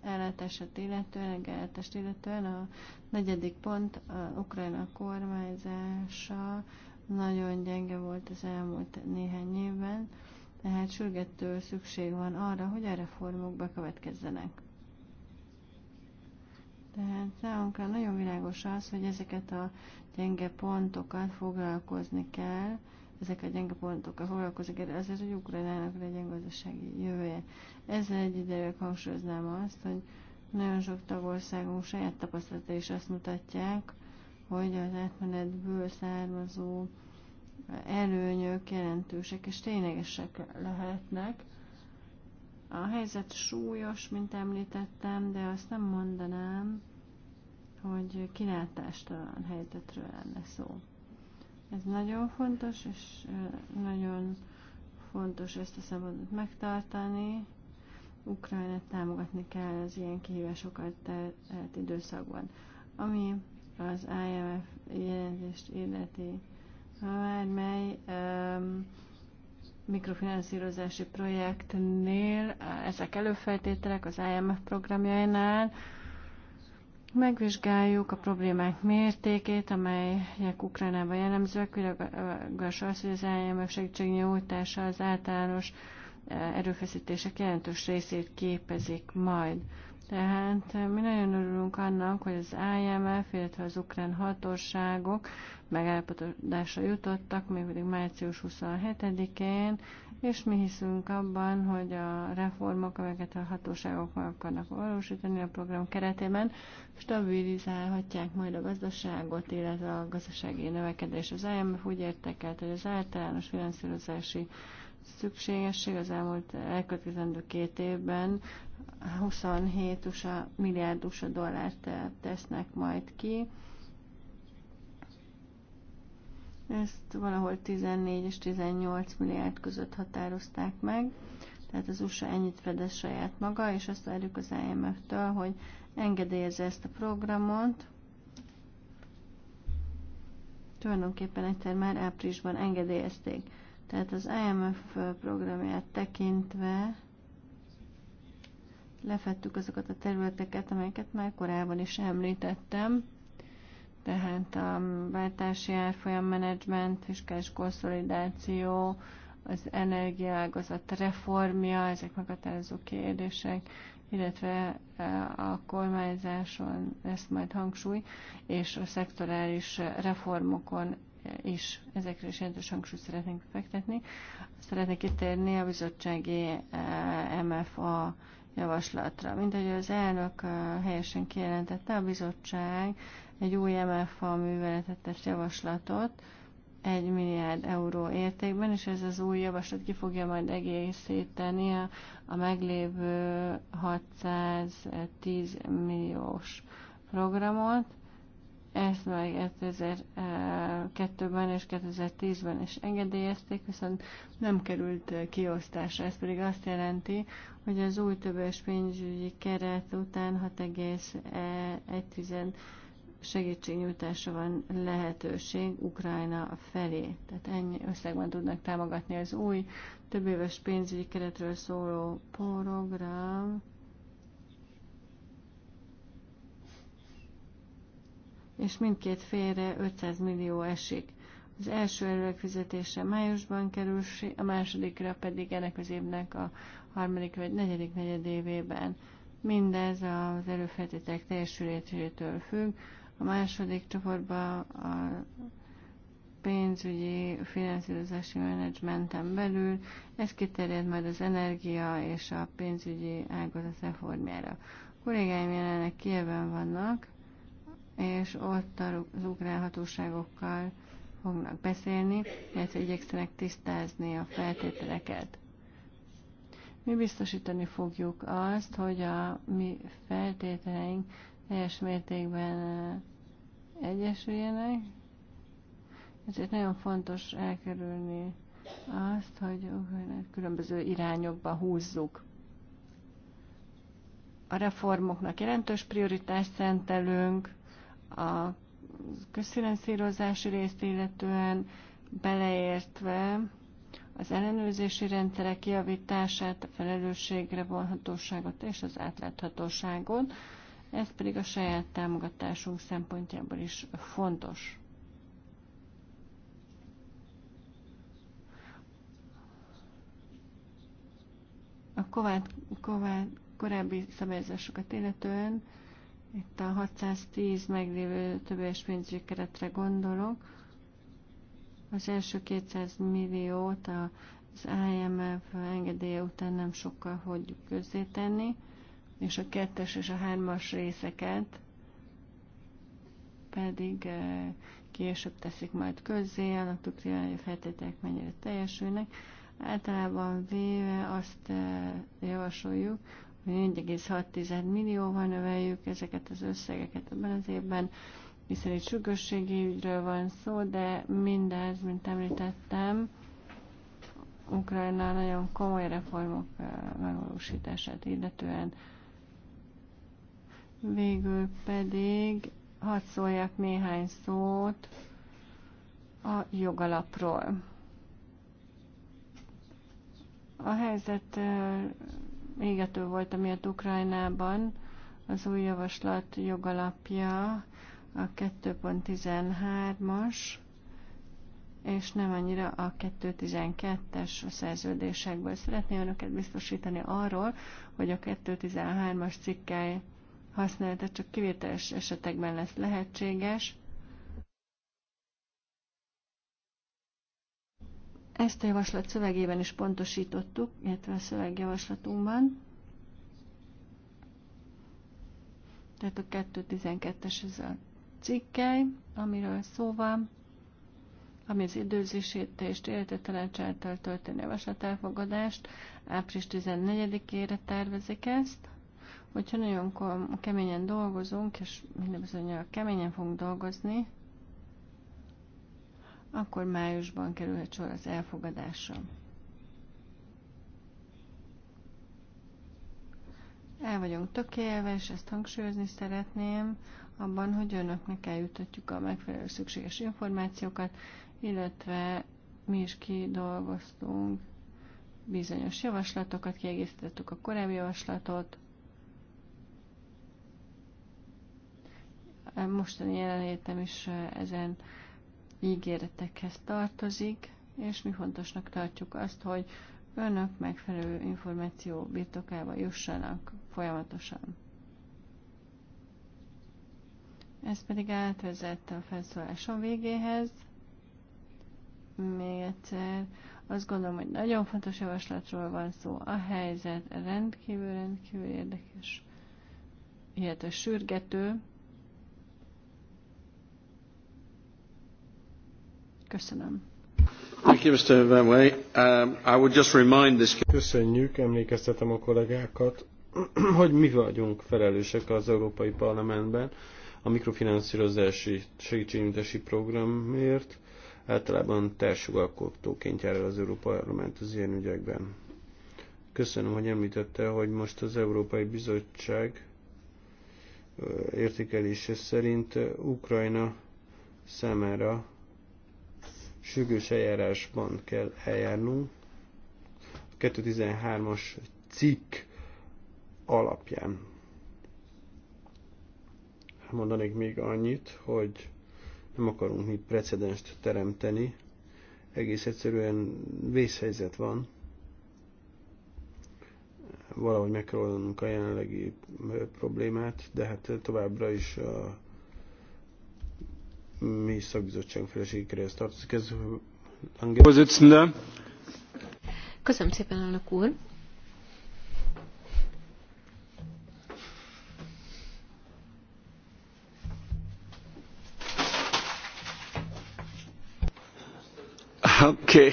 ellátását illetően, energiállátást illetően. A negyedik pont, a Ukrajna kormányzása nagyon gyenge volt az elmúlt néhány évben, tehát sürgető szükség van arra, hogy a reformok bekövetkezzenek. Tehát számunkra nagyon világos az, hogy ezeket a gyenge pontokat foglalkozni kell, ezek a gyenge pontokkal foglalkozik, azért, hogy Ukrajnának legyen gazdasági jövője. Ezzel egyidejűleg hangsúlyoznám azt, hogy nagyon sok tagországunk saját tapasztalata is azt mutatják, hogy az átmenetből származó előnyök jelentősek és ténylegesek lehetnek, a helyzet súlyos, mint említettem, de azt nem mondanám, hogy kilátástalan helyzetről lenne szó. Ez nagyon fontos, és nagyon fontos ezt a szabadot megtartani. Ukrajnát támogatni kell az ilyen kihívásokat telt hát időszakban. Ami az IMF jelentést illeti, már mely um, mikrofinanszírozási projektnél, ezek előfeltételek az IMF programjainál, Megvizsgáljuk a problémák mértékét, amelyek Ukrajnában jellemzőek, világos az, hogy az IMF segítségnyújtása az általános erőfeszítések jelentős részét képezik majd. Tehát eh, mi nagyon örülünk annak, hogy az IMF, illetve az ukrán hatóságok megállapodásra jutottak, pedig március 27-én, és mi hiszünk abban, hogy a reformok, amelyeket a hatóságok meg akarnak valósítani a program keretében, stabilizálhatják majd a gazdaságot, illetve a gazdasági növekedés. Az IMF úgy értekelt, hogy az általános finanszírozási szükségesség az elmúlt elkövetkezendő két évben 27 USA, milliárd USA dollárt tesznek majd ki. Ezt valahol 14 és 18 milliárd között határozták meg, tehát az USA ennyit fedez saját maga, és azt várjuk az IMF-től, hogy engedélyezze ezt a programot. Tulajdonképpen egyszer már áprilisban engedélyezték. Tehát az IMF programját tekintve lefettük azokat a területeket, amelyeket már korábban is említettem, tehát a váltási árfolyam menedzsment, fiskális konszolidáció, az energiaágazat reformja, ezek meghatározó kérdések, illetve e, a kormányzáson lesz majd hangsúly, és a szektorális reformokon is ezekre is jelentős hangsúlyt szeretnénk fektetni. Szeretnék kitérni a bizottsági e, MFA javaslatra. Mint ahogy az elnök helyesen kijelentette, a bizottság egy új MFA műveletettes javaslatot, 1 milliárd euró értékben, és ez az új javaslat ki fogja majd egészíteni a, a meglévő 610 milliós programot. Ezt már 2002-ben és 2010-ben is engedélyezték, viszont nem került kiosztásra. Ez pedig azt jelenti, hogy az új többes pénzügyi keret után 6,1 e- segítségnyújtásra van lehetőség Ukrajna felé. Tehát ennyi összegben tudnak támogatni az új többéves pénzügyi keretről szóló program. és mindkét félre 500 millió esik. Az első előfizetése májusban kerül, a másodikra pedig ennek az évnek a harmadik vagy negyedik negyedévében. Mindez az előfeltételek teljesülésétől függ. A második csoportban a pénzügyi finanszírozási menedzsmenten belül, ez kiterjed majd az energia és a pénzügyi ágazat reformjára. A kollégáim jelenleg Kievben vannak, és ott az ukrán hatóságokkal fognak beszélni, illetve igyekszenek tisztázni a feltételeket. Mi biztosítani fogjuk azt, hogy a mi feltételeink teljes mértékben eh, egyesüljenek, ezért nagyon fontos elkerülni azt, hogy különböző irányokba húzzuk. A reformoknak jelentős prioritást szentelünk, a közfinanszírozási részt illetően beleértve az ellenőrzési rendszerek javítását, a felelősségre vonhatóságot és az átláthatóságot, ez pedig a saját támogatásunk szempontjából is fontos. A kovát, kovát, korábbi szabályozásokat illetően itt a 610 meglévő többes pénzügyi keretre gondolok, az első 200 milliót az IMF engedélye után nem sokkal hagyjuk közzétenni, és a kettes és a hármas részeket pedig eh, később teszik majd közzé, annak tükrében, hogy a feltételek mennyire teljesülnek. Általában véve azt eh, javasoljuk, hogy 1,6 millióval növeljük ezeket az összegeket ebben az évben, hiszen itt sürgősségi ügyről van szó, de mindez, mint említettem, Ukrajna nagyon komoly reformok megvalósítását illetően. Végül pedig hadd szóljak néhány szót a jogalapról. A helyzet égető volt, amiatt Ukrajnában az új javaslat jogalapja a 2.13-as, és nem annyira a 2.12-es szerződésekből. Szeretném önöket biztosítani arról, hogy a 2.13-as cikkely használata csak kivételes esetekben lesz lehetséges. Ezt a javaslat szövegében is pontosítottuk, illetve a szövegjavaslatunkban. Tehát a 2.12-es ez a cikkely, amiről szó van, ami az és életetelencse csártal történő javaslat elfogadást április 14-ére tervezik ezt. Hogyha nagyon keményen dolgozunk, és minden bizonyal keményen fogunk dolgozni, akkor májusban kerülhet sor az elfogadásra. El vagyunk tökélve, és ezt hangsúlyozni szeretném, abban, hogy önöknek eljutatjuk a megfelelő szükséges információkat, illetve mi is kidolgoztunk bizonyos javaslatokat, kiegészítettük a korábbi javaslatot. A mostani jelenlétem is ezen ígéretekhez tartozik, és mi fontosnak tartjuk azt, hogy önök megfelelő információ birtokába jussanak folyamatosan. Ez pedig átvezett a felszólásom végéhez. Még egyszer, azt gondolom, hogy nagyon fontos javaslatról van szó. A helyzet rendkívül, rendkívül érdekes, illetve sürgető. Köszönöm. Mr. Um, I would just remind this. Köszönjük, emlékeztetem a kollégákat, hogy mi vagyunk felelősek az Európai Parlamentben a mikrofinanszírozási segítségnyújtási programért, általában társjogalkotóként jár el az Európai Parlament az ilyen ügyekben. Köszönöm, hogy említette, hogy most az Európai Bizottság értékelése szerint Ukrajna számára sürgős eljárásban kell eljárnunk. A 2013 as cikk alapján mondanék még annyit, hogy nem akarunk mi precedenst teremteni, egész egyszerűen vészhelyzet van, valahogy kell a jelenlegi problémát, de hát továbbra is a mi szakbizottság feleségéhez tartozik. Ez Köszönöm szépen, elnök úr! Okay.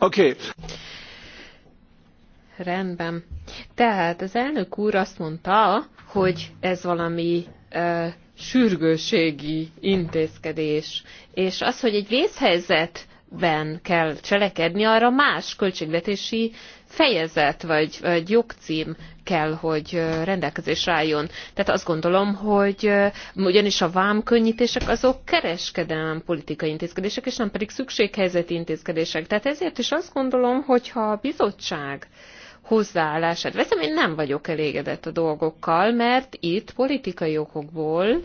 Okay. Rendben. Tehát az elnök úr azt mondta, hogy ez valami e, sürgőségi intézkedés, és az, hogy egy vészhelyzetben kell cselekedni, arra más költségvetési fejezet vagy, vagy jogcím kell, hogy rendelkezés álljon. Tehát azt gondolom, hogy ugyanis a vámkönnyítések azok kereskedelmi politikai intézkedések, és nem pedig szükséghelyzeti intézkedések. Tehát ezért is azt gondolom, hogyha a bizottság hozzáállását veszem, én nem vagyok elégedett a dolgokkal, mert itt politikai okokból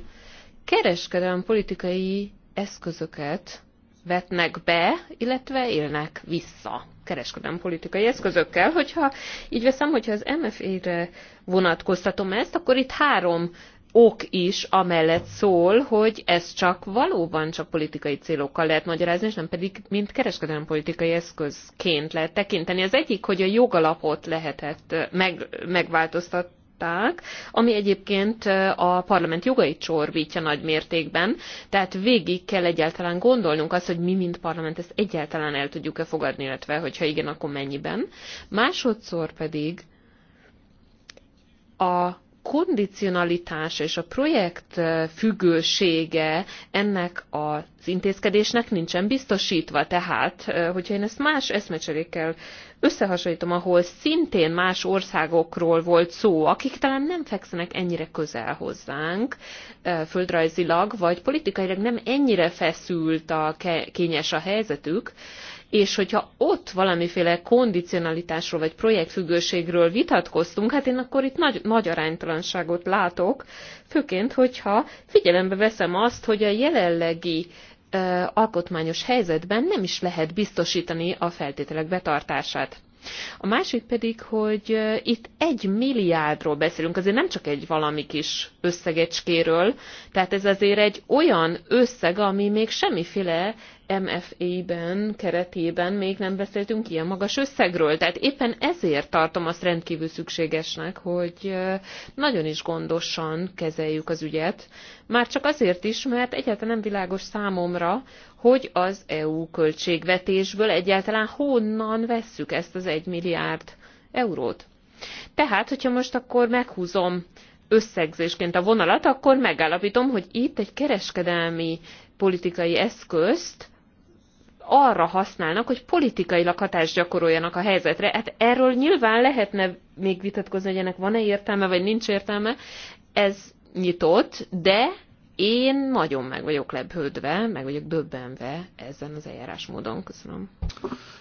kereskedelmi politikai eszközöket vetnek be, illetve élnek vissza kereskedelmi politikai eszközökkel. Hogyha így veszem, hogyha az MFA-re vonatkoztatom ezt, akkor itt három ok is amellett szól, hogy ez csak valóban csak politikai célokkal lehet magyarázni, és nem pedig mint kereskedelmi politikai eszközként lehet tekinteni. Az egyik, hogy a jogalapot lehetett meg, megváltoztat, megtámadták, ami egyébként a parlament jogait csorbítja nagy mértékben, tehát végig kell egyáltalán gondolnunk azt, hogy mi, mint parlament ezt egyáltalán el tudjuk-e fogadni, illetve hogyha igen, akkor mennyiben. Másodszor pedig a kondicionalitása és a projekt függősége ennek az intézkedésnek nincsen biztosítva. Tehát, hogyha én ezt más eszmecserékkel összehasonlítom, ahol szintén más országokról volt szó, akik talán nem fekszenek ennyire közel hozzánk földrajzilag, vagy politikailag nem ennyire feszült a kényes a helyzetük, és hogyha ott valamiféle kondicionalitásról vagy projektfüggőségről vitatkoztunk, hát én akkor itt nagy, nagy aránytalanságot látok, főként, hogyha figyelembe veszem azt, hogy a jelenlegi ö, alkotmányos helyzetben nem is lehet biztosítani a feltételek betartását. A másik pedig, hogy itt egy milliárdról beszélünk, azért nem csak egy valami kis összegecskéről, tehát ez azért egy olyan összeg, ami még semmiféle MFA-ben, keretében még nem beszéltünk ilyen magas összegről. Tehát éppen ezért tartom azt rendkívül szükségesnek, hogy nagyon is gondosan kezeljük az ügyet. Már csak azért is, mert egyáltalán nem világos számomra, hogy az EU költségvetésből egyáltalán honnan vesszük ezt az egy milliárd eurót. Tehát, hogyha most akkor meghúzom összegzésként a vonalat, akkor megállapítom, hogy itt egy kereskedelmi politikai eszközt arra használnak, hogy politikailag hatást gyakoroljanak a helyzetre. Hát erről nyilván lehetne még vitatkozni, hogy ennek van-e értelme, vagy nincs értelme. Ez nyitott, de én nagyon meg vagyok lebhődve, meg vagyok döbbenve ezen az eljárásmódon. Köszönöm.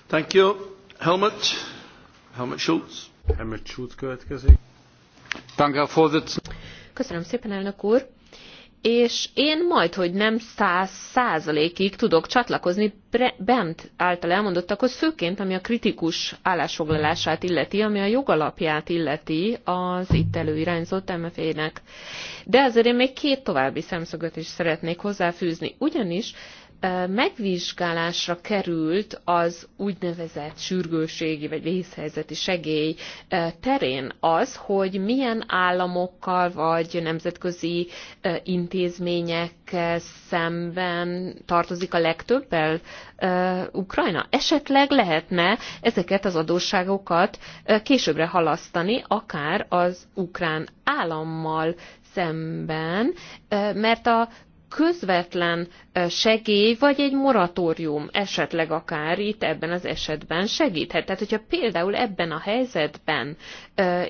Thank you. Helmut. Helmut Schultz. Helmut Schultz következik. Köszönöm szépen, elnök úr és én majd, hogy nem száz százalékig tudok csatlakozni Bent által elmondottakhoz, főként ami a kritikus állásfoglalását illeti, ami a jogalapját illeti az itt előirányzott MFA-nek. De azért én még két további szemszögöt is szeretnék hozzáfűzni, ugyanis megvizsgálásra került az úgynevezett sürgőségi vagy vészhelyzeti segély terén az, hogy milyen államokkal vagy nemzetközi intézményekkel szemben tartozik a legtöbbel Ukrajna. Esetleg lehetne ezeket az adósságokat későbbre halasztani, akár az ukrán állammal szemben, mert a közvetlen segély, vagy egy moratórium esetleg akár itt ebben az esetben segíthet. Tehát, hogyha például ebben a helyzetben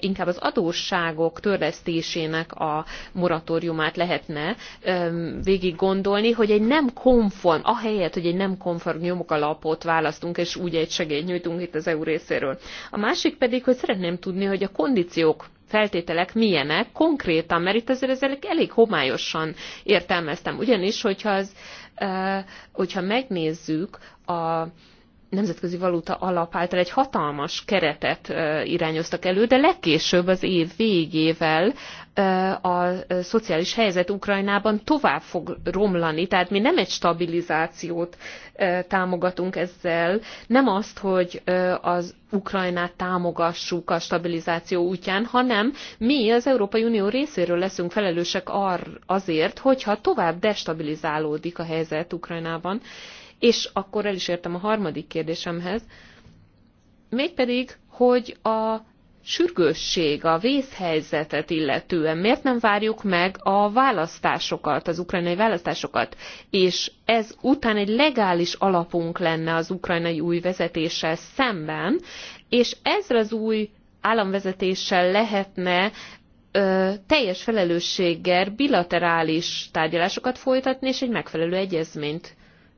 inkább az adósságok törlesztésének a moratóriumát lehetne végig gondolni, hogy egy nem konform, ahelyett, hogy egy nem konform nyomokalapot választunk, és úgy egy segélyt nyújtunk itt az EU részéről. A másik pedig, hogy szeretném tudni, hogy a kondíciók feltételek milyenek konkrétan, mert itt azért ezzel elég homályosan értelmeztem. Ugyanis, hogyha, az, hogyha megnézzük a Nemzetközi Valuta Alap által egy hatalmas keretet irányoztak elő, de legkésőbb az év végével a szociális helyzet Ukrajnában tovább fog romlani, tehát mi nem egy stabilizációt támogatunk ezzel, nem azt, hogy az Ukrajnát támogassuk a stabilizáció útján, hanem mi az Európai Unió részéről leszünk felelősek azért, hogyha tovább destabilizálódik a helyzet Ukrajnában, és akkor el is értem a harmadik kérdésemhez, mégpedig, hogy a sürgősség a vészhelyzetet illetően, miért nem várjuk meg a választásokat, az ukrajnai választásokat, és ez után egy legális alapunk lenne az ukrajnai új vezetéssel szemben, és ez az új államvezetéssel lehetne ö, teljes felelősséggel bilaterális tárgyalásokat folytatni, és egy megfelelő egyezményt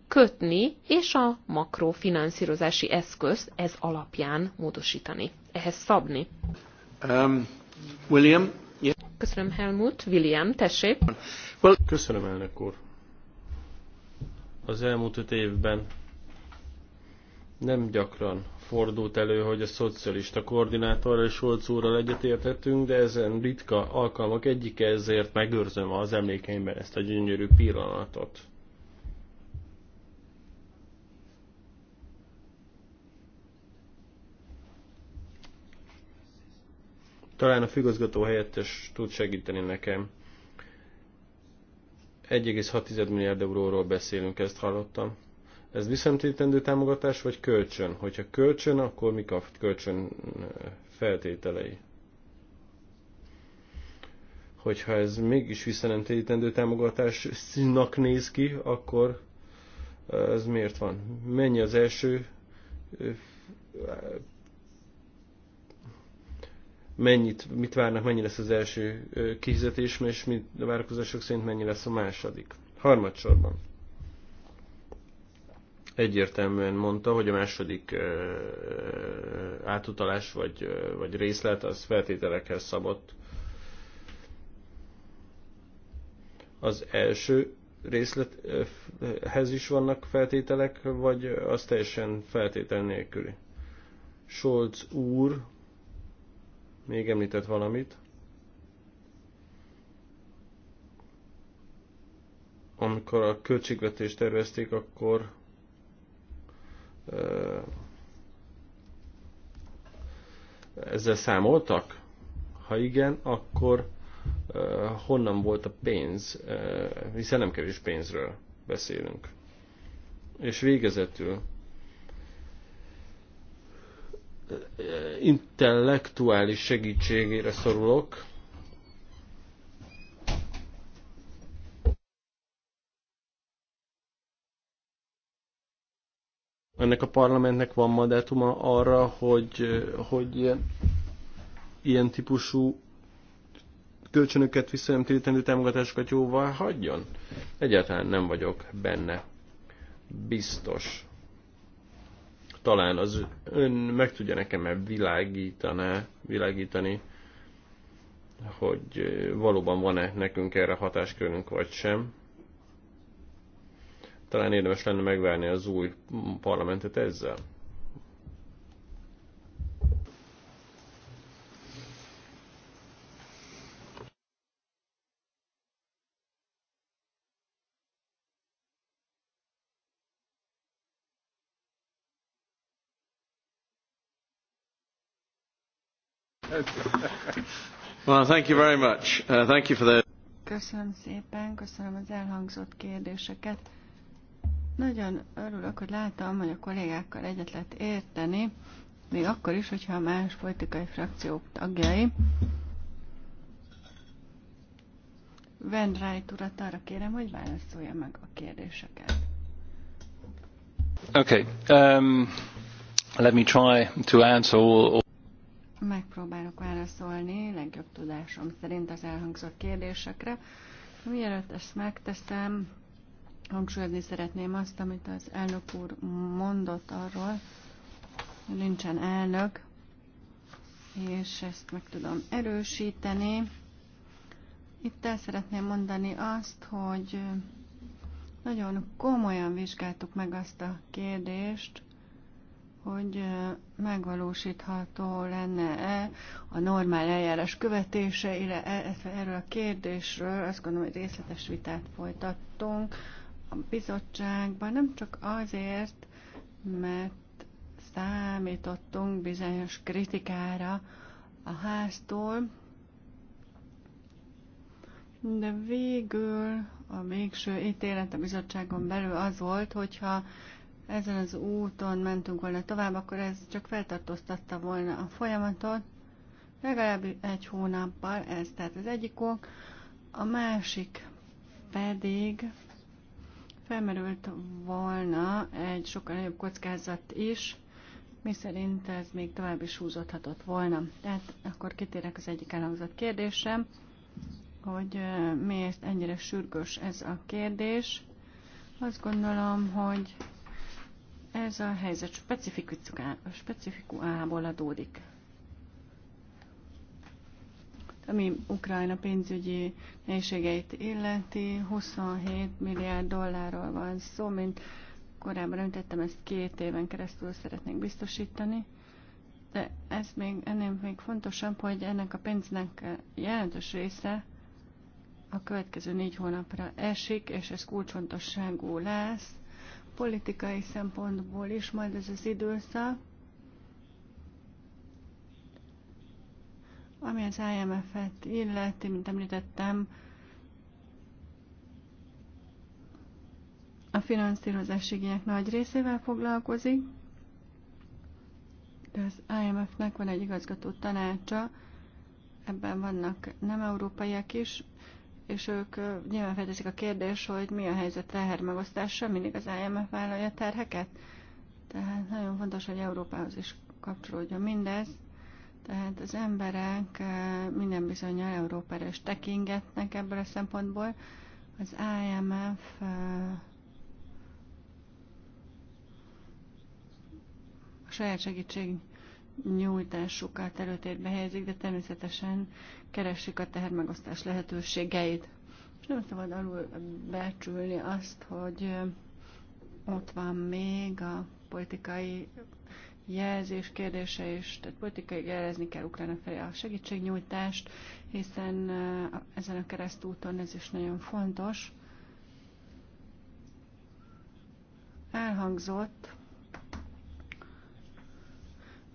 kötni, és a makrofinanszírozási eszköz ez alapján módosítani, ehhez szabni. Um, William? Yeah. Köszönöm, Helmut. William, tessék. Well... Köszönöm, elnök úr. Az elmúlt öt évben nem gyakran fordult elő, hogy a szocialista koordinátorral és Solc úrral egyetértettünk, de ezen ritka alkalmak egyike, ezért megőrzöm az emlékeimben ezt a gyönyörű pillanatot. Talán a főgazgató helyettes tud segíteni nekem. 1,6 milliárd euróról beszélünk, ezt hallottam. Ez visszatérítendő támogatás, vagy kölcsön? Hogyha kölcsön, akkor mik a kölcsön eh, feltételei? Hogyha ez mégis visszatérítendő támogatás színnak néz ki, akkor eh, ez miért van? Mennyi az első eh, mennyit, mit várnak, mennyi lesz az első kifizetés, és mit a várakozások szerint mennyi lesz a második. Harmadsorban. Egyértelműen mondta, hogy a második átutalás vagy, vagy részlet az feltételekhez szabott. Az első részlethez is vannak feltételek, vagy az teljesen feltétel nélküli. Scholz úr még említett valamit, amikor a költségvetést tervezték, akkor ezzel számoltak? Ha igen, akkor honnan volt a pénz? Hiszen nem kevés pénzről beszélünk. És végezetül intellektuális segítségére szorulok. Ennek a parlamentnek van mandátuma arra, hogy, hogy ilyen, ilyen típusú kölcsönöket visszanem támogatásokat jóvá hagyjon? Egyáltalán nem vagyok benne biztos talán az ön meg tudja nekem -e világítani, világítani, hogy valóban van-e nekünk erre hatáskörünk, vagy sem. Talán érdemes lenne megvárni az új parlamentet ezzel. Well, thank you very much. Uh, thank you for the... Köszönöm szépen, köszönöm az elhangzott kérdéseket. Nagyon örülök, hogy láttam, hogy a kollégákkal egyet lehet érteni, még akkor is, hogyha más politikai frakciók tagjai. Vendrájt urat arra kérem, hogy válaszolja meg a kérdéseket. Okay. Um, let me try to answer all... all Megpróbálok válaszolni legjobb tudásom szerint az elhangzott kérdésekre. Mielőtt ezt megteszem, hangsúlyozni szeretném azt, amit az elnök úr mondott arról, hogy nincsen elnök, és ezt meg tudom erősíteni. Itt el szeretném mondani azt, hogy nagyon komolyan vizsgáltuk meg azt a kérdést, hogy megvalósítható lenne-e a normál eljárás követése, illetve e-, erről a kérdésről azt gondolom, hogy részletes vitát folytattunk a bizottságban, nem csak azért, mert számítottunk bizonyos kritikára a háztól, de végül a végső ítélet a bizottságon belül az volt, hogyha ezen az úton mentünk volna tovább, akkor ez csak feltartóztatta volna a folyamatot, legalább egy hónappal ez, tehát az egyik ok. A másik pedig felmerült volna egy sokkal nagyobb kockázat is, mi szerint ez még tovább is húzódhatott volna. Tehát akkor kitérek az egyik elhangzott kérdésem, hogy miért ennyire sürgős ez a kérdés. Azt gondolom, hogy ez a helyzet specifikuából adódik. Ami Ukrajna pénzügyi nehézségeit illeti, 27 milliárd dollárról van szó, mint korábban öntettem, ezt két éven keresztül szeretnék biztosítani. De ez még, ennél még fontosabb, hogy ennek a pénznek jelentős része a következő négy hónapra esik, és ez kulcsfontosságú lesz politikai szempontból is majd ez az időszak, ami az IMF-et illeti, mint említettem, a finanszírozás igények nagy részével foglalkozik, de az IMF-nek van egy igazgató tanácsa, ebben vannak nem európaiak is, és ők nyilván felteszik a kérdés, hogy mi a helyzet teher megosztása, mindig az IMF vállalja terheket. Tehát nagyon fontos, hogy Európához is kapcsolódjon mindez. Tehát az emberek minden bizonyal Európára is tekingetnek ebből a szempontból. Az IMF a saját segítség nyújtásukat előtérbe helyezik, de természetesen keresik a tehermegosztás lehetőségeit. És nem szabad alul becsülni azt, hogy ott van még a politikai jelzés kérdése is, tehát politikai jelezni kell Ukrajna felé a segítségnyújtást, hiszen ezen a keresztúton ez is nagyon fontos. Elhangzott,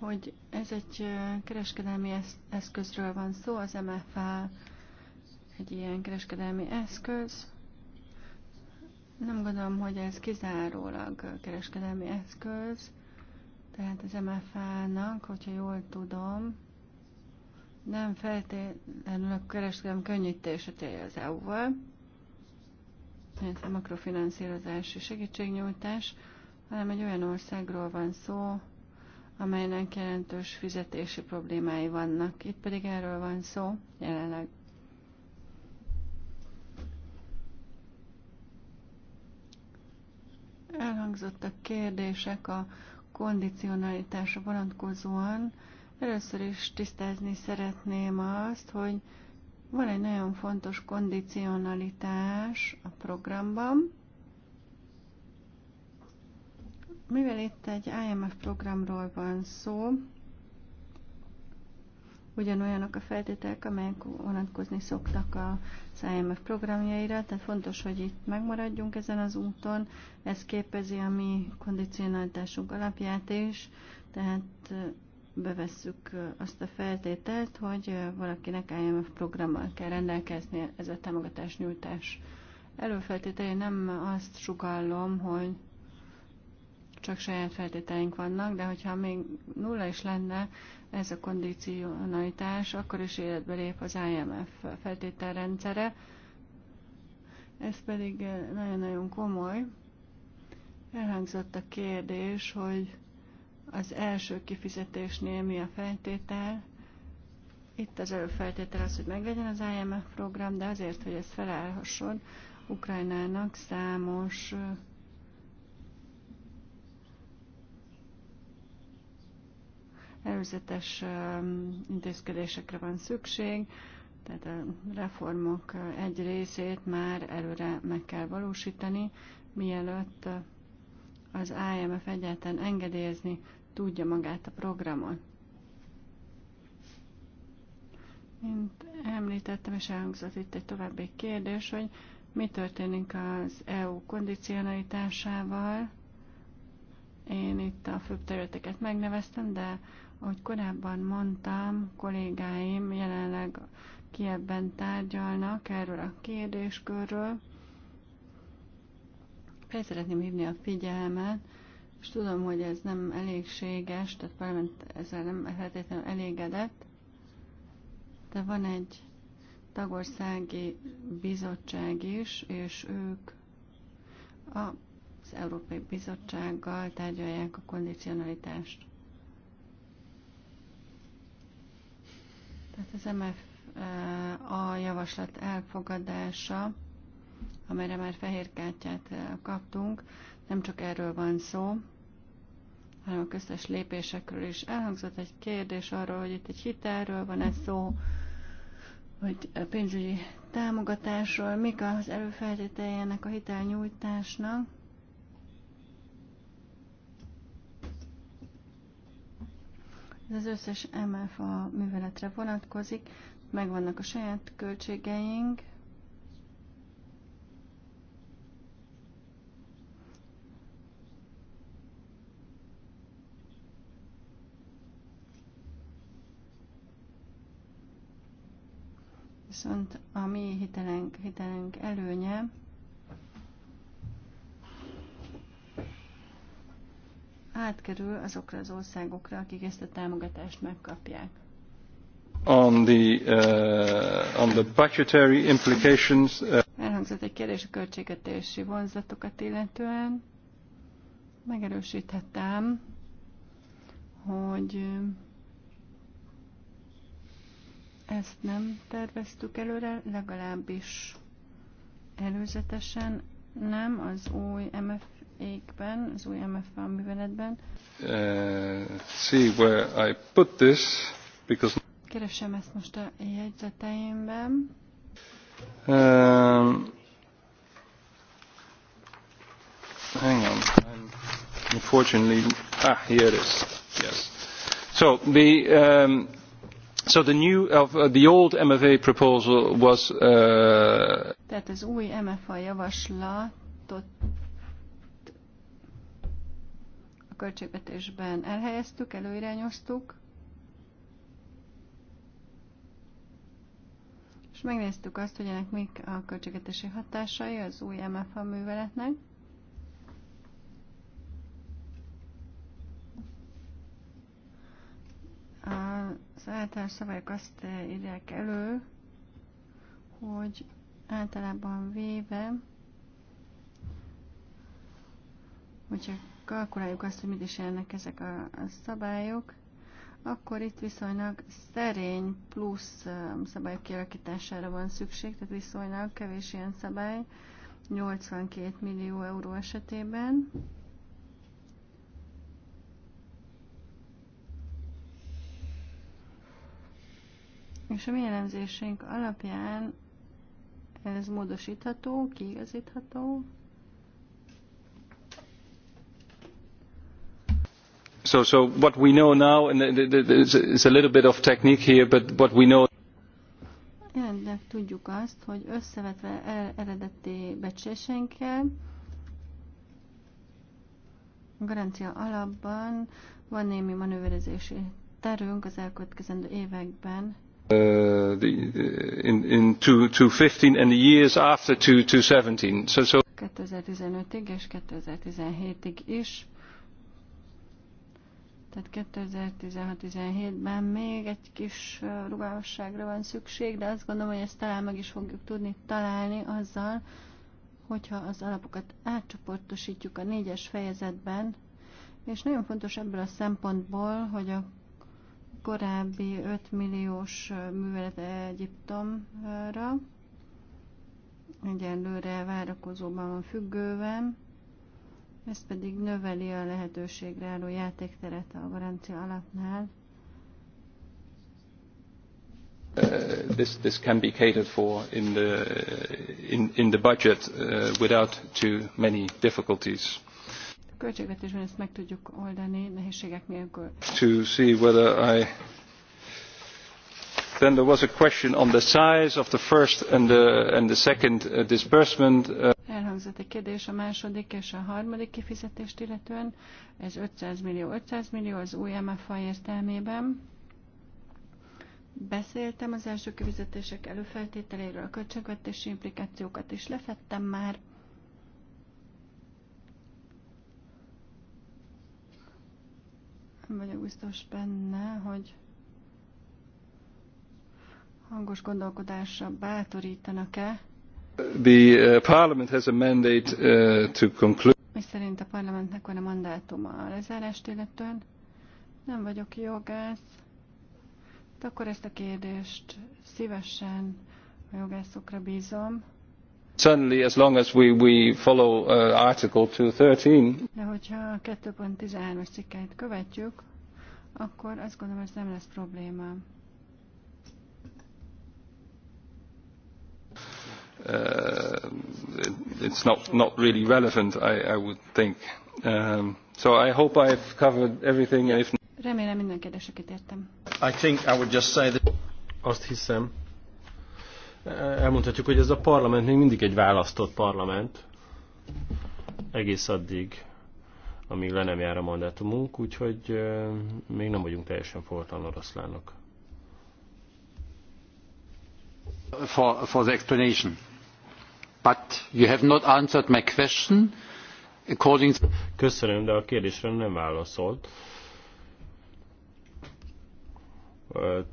hogy ez egy kereskedelmi eszközről van szó, az MFA egy ilyen kereskedelmi eszköz. Nem gondolom, hogy ez kizárólag kereskedelmi eszköz, tehát az MFA-nak, hogyha jól tudom, nem feltétlenül a kereskedelem könnyítése célja az EU-val, illetve makrofinanszírozási segítségnyújtás, hanem egy olyan országról van szó, amelynek jelentős fizetési problémái vannak. Itt pedig erről van szó jelenleg. Elhangzottak kérdések a kondicionalitásra vonatkozóan. Először is tisztázni szeretném azt, hogy van egy nagyon fontos kondicionalitás a programban, Mivel itt egy IMF programról van szó, ugyanolyanok a feltételek, amelyek vonatkozni szoktak az IMF programjaira, tehát fontos, hogy itt megmaradjunk ezen az úton, ez képezi a mi kondicionalitásunk alapját is, tehát bevesszük azt a feltételt, hogy valakinek IMF programmal kell rendelkezni ez a támogatásnyújtás. Előfeltétele nem azt sugallom, hogy csak saját feltételeink vannak, de hogyha még nulla is lenne ez a kondicionalitás, akkor is életbe lép az IMF feltételrendszere. Ez pedig eh, nagyon-nagyon komoly. Elhangzott a kérdés, hogy az első kifizetésnél mi a feltétel. Itt az előfeltétel az, hogy meglegyen az IMF program, de azért, hogy ez felállhasson, Ukrajnának számos eh, előzetes intézkedésekre van szükség, tehát a reformok egy részét már előre meg kell valósítani, mielőtt az IMF egyáltalán engedélyezni tudja magát a programon. Mint említettem, és elhangzott itt egy további kérdés, hogy mi történik az EU kondicionalitásával. Én itt a főbb területeket megneveztem, de ahogy korábban mondtam, kollégáim jelenleg ebben tárgyalnak erről a kérdéskörről. Fel szeretném hívni a figyelmet, és tudom, hogy ez nem elégséges, tehát parlament ezzel nem feltétlenül elégedett, de van egy tagországi bizottság is, és ők az Európai Bizottsággal tárgyalják a kondicionalitást. Tehát az MF eh, a javaslat elfogadása, amelyre már fehér kártyát eh, kaptunk, nem csak erről van szó, hanem a köztes lépésekről is. Elhangzott egy kérdés arról, hogy itt egy hitelről van-e szó, hogy pénzügyi támogatásról, mik az előfeltételei ennek a hitelnyújtásnak. Ez összes MFA műveletre vonatkozik, megvannak a saját költségeink, Viszont a mi hitelünk, hitelünk előnye, átkerül azokra az országokra, akik ezt a támogatást megkapják. On the, uh, on the budgetary implications, uh... Elhangzott egy kérdés a költségvetési vonzatokat illetően. Megerősíthettem, hogy uh, ezt nem terveztük előre, legalábbis előzetesen nem az új MF ékben, az új MFA műveletben. Uh, see where I put this, because... Keresem ezt most a jegyzeteimben. Um, hang on, I'm unfortunately, ah, here it is. Yes. So the um, so the new of uh, the old MFA proposal was. Uh, Tehát is új MFA javaslatot a költségvetésben elhelyeztük, előirányoztuk, és megnéztük azt, hogy ennek mik a költségvetési hatásai az új MFA műveletnek. Az általános szabályok azt írják elő, hogy általában véve, hogyha kalkuláljuk azt, hogy mit is jelennek ezek a, szabályok, akkor itt viszonylag szerény plusz um, szabályok kialakítására van szükség, tehát viszonylag kevés ilyen szabály, 82 millió euró esetében. És a mi elemzésünk alapján ez módosítható, kiigazítható, so, so what we know now, and it's a little bit of technique here, but what we know jelenleg tudjuk azt, hogy összevetve e, eredeti becsésénkkel, garancia alapban van némi manőverezési terünk az elkövetkezendő években. Uh, the, uh, in, in 15 and the years after 17. So, so 2015-ig és 2017-ig is tehát 2016-17-ben még egy kis rugalmasságra van szükség, de azt gondolom, hogy ezt talán meg is fogjuk tudni találni azzal, hogyha az alapokat átcsoportosítjuk a négyes fejezetben, és nagyon fontos ebből a szempontból, hogy a korábbi 5 milliós művelet Egyiptomra, egyenlőre várakozóban van függőben, ez pedig növeli a lehetőségre álló játékteret a garancia alapnál. Uh, this, this can be catered for in the, in, in the budget uh, without too many difficulties. A költségvetésben ezt meg tudjuk oldani nehézségek nélkül. To see whether I then there was a question on the size of the first and the, and the second uh, disbursement. Uh, Elhangzott a kérdés a második és a harmadik kifizetést illetően. Ez 500 millió. 500 millió az új MFA értelmében. Beszéltem az első kifizetések előfeltételéről, a költségvetési implikációkat is lefettem már. Nem vagyok biztos benne, hogy hangos gondolkodásra bátorítanak-e? The uh, parliament has a mandate uh, to conclude. Mi szerint a parlamentnek van a mandátuma a lezárást illetően? Nem vagyok jogász. De akkor ezt a kérdést szívesen a jogászokra bízom. Suddenly, as long as we, we follow uh, Article 213. De hogyha 2.13-as cikkeit követjük, akkor azt gondolom, ez nem lesz probléma. uh, it's not, not really relevant, I, I would think. Um, so I hope I've covered everything. And if Remélem minden kérdéseket értem. I think I would just say that... Azt hiszem, elmondhatjuk, hogy ez a parlament még mindig egy választott parlament, egész addig, amíg le nem jár a mandátumunk, úgyhogy még nem vagyunk teljesen fortan oroszlánok. For, for the explanation. But you have not answered my question. According Köszönöm, de a kérdésre nem válaszolt.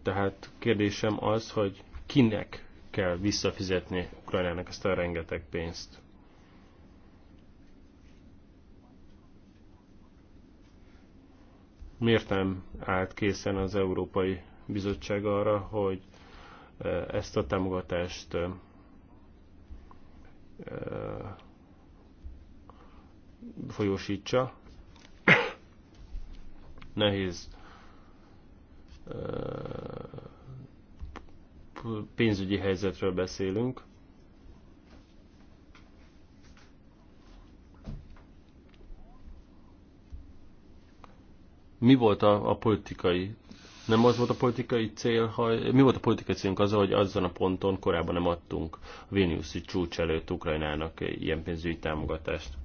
Tehát kérdésem az, hogy kinek kell visszafizetni Ukrajnának ezt a rengeteg pénzt? Miért nem állt készen az Európai Bizottság arra, hogy ezt a támogatást folyósítsa. Nehéz pénzügyi helyzetről beszélünk. Mi volt a, a politikai nem az volt a politikai cél, ha, mi volt a politikai célunk az, hogy azon a ponton korábban nem adtunk a Vilniuszi csúcs előtt Ukrajnának ilyen pénzügyi támogatást?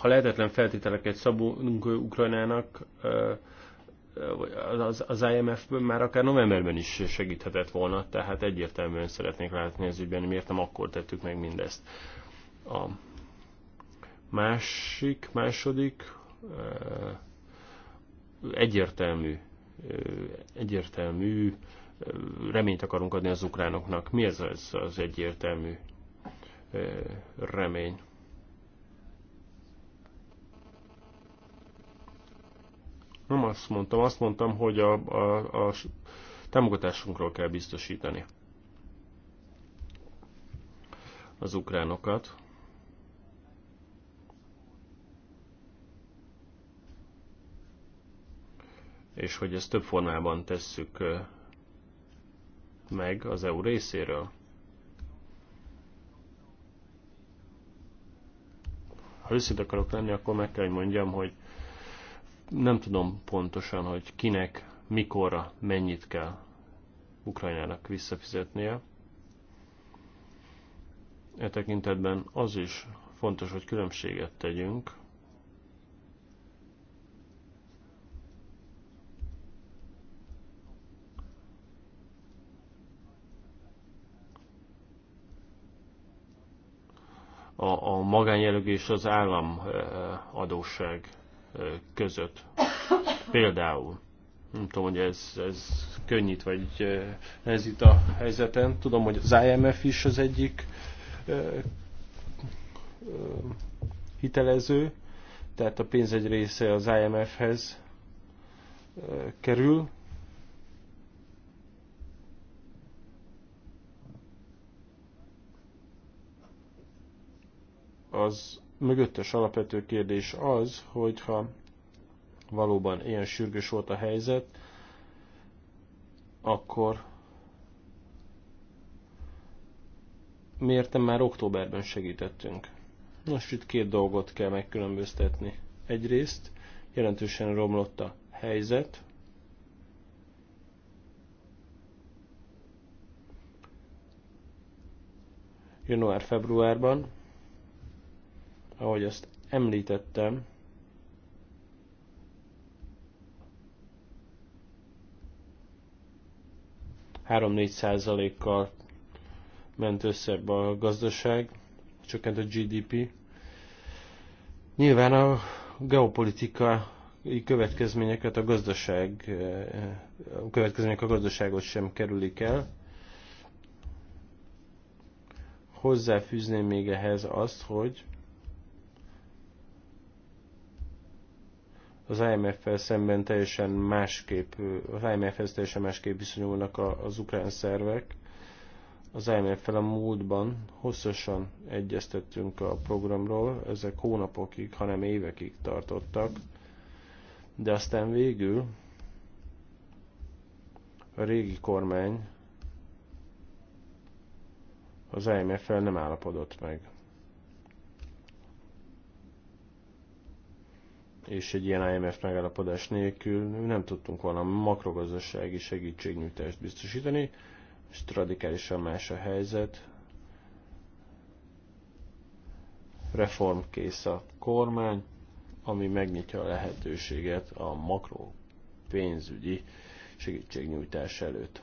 ha lehetetlen feltételeket szabunk Ukrajnának, az, az IMF már akár novemberben is segíthetett volna, tehát egyértelműen szeretnék látni az ügyben, miért nem akkor tettük meg mindezt. A másik, második egyértelmű, egyértelmű reményt akarunk adni az ukránoknak. Mi ez az, az egyértelmű remény? Nem azt mondtam, azt mondtam, hogy a, a, a támogatásunkról kell biztosítani az ukránokat. És hogy ezt több formában tesszük meg az EU részéről. Ha őszinte akarok lenni, akkor meg kell, hogy mondjam, hogy nem tudom pontosan, hogy kinek, mikorra, mennyit kell Ukrajnának visszafizetnie. E tekintetben az is fontos, hogy különbséget tegyünk. A, a és az állam eh, adósság között. Például, nem tudom, hogy ez, ez könnyít, vagy ez itt a helyzeten. Tudom, hogy az IMF is az egyik hitelező, tehát a pénz egy része az IMF-hez kerül, az mögöttes alapvető kérdés az, hogyha valóban ilyen sürgős volt a helyzet, akkor miért nem már októberben segítettünk? Most itt két dolgot kell megkülönböztetni. Egyrészt jelentősen romlott a helyzet, január-februárban, ahogy azt említettem, három-négy százalékkal ment össze a gazdaság, csökkent a GDP. Nyilván a geopolitikai következményeket a gazdaság, a következmények a gazdaságot sem kerülik el. Hozzáfűzném még ehhez azt, hogy az IMF-fel szemben teljesen másképp, az IMF-hez teljesen másképp viszonyulnak az ukrán szervek. Az IMF-fel a múltban hosszasan egyeztettünk a programról, ezek hónapokig, hanem évekig tartottak, de aztán végül a régi kormány az IMF-fel nem állapodott meg. és egy ilyen IMF megállapodás nélkül nem tudtunk volna makrogazdasági segítségnyújtást biztosítani, és radikálisan más a helyzet. kész a kormány, ami megnyitja a lehetőséget a makro pénzügyi segítségnyújtás előtt.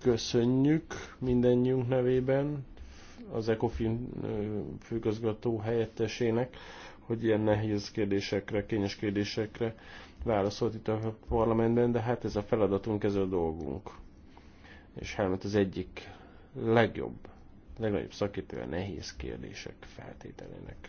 Köszönjük mindennyiunk nevében, az ECOFIN főgazgató helyettesének, hogy ilyen nehéz kérdésekre, kényes kérdésekre válaszolt itt a parlamentben, de hát ez a feladatunk, ez a dolgunk. És Helmet az egyik legjobb, legnagyobb szakértő a nehéz kérdések feltételének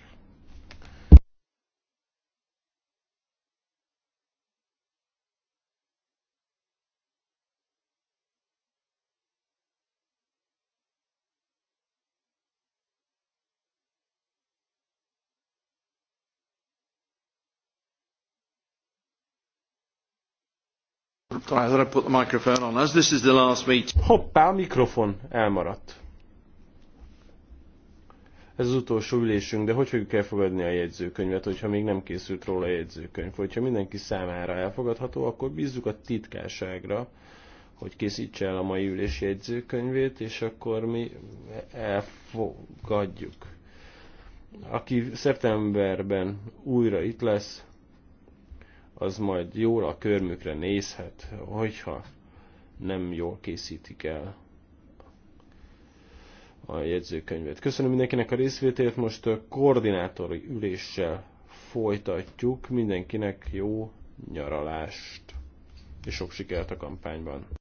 Hoppá, a mikrofon elmaradt. Ez az utolsó ülésünk, de hogy fogjuk elfogadni a jegyzőkönyvet, hogyha még nem készült róla a jegyzőkönyv? Hogyha mindenki számára elfogadható, akkor bízzuk a titkárságra, hogy készítse el a mai ülés jegyzőkönyvét, és akkor mi elfogadjuk. Aki szeptemberben újra itt lesz, az majd jól a körmükre nézhet, hogyha nem jól készítik el a jegyzőkönyvet. Köszönöm mindenkinek a részvételt, most a koordinátori üléssel folytatjuk. Mindenkinek jó nyaralást, és sok sikert a kampányban!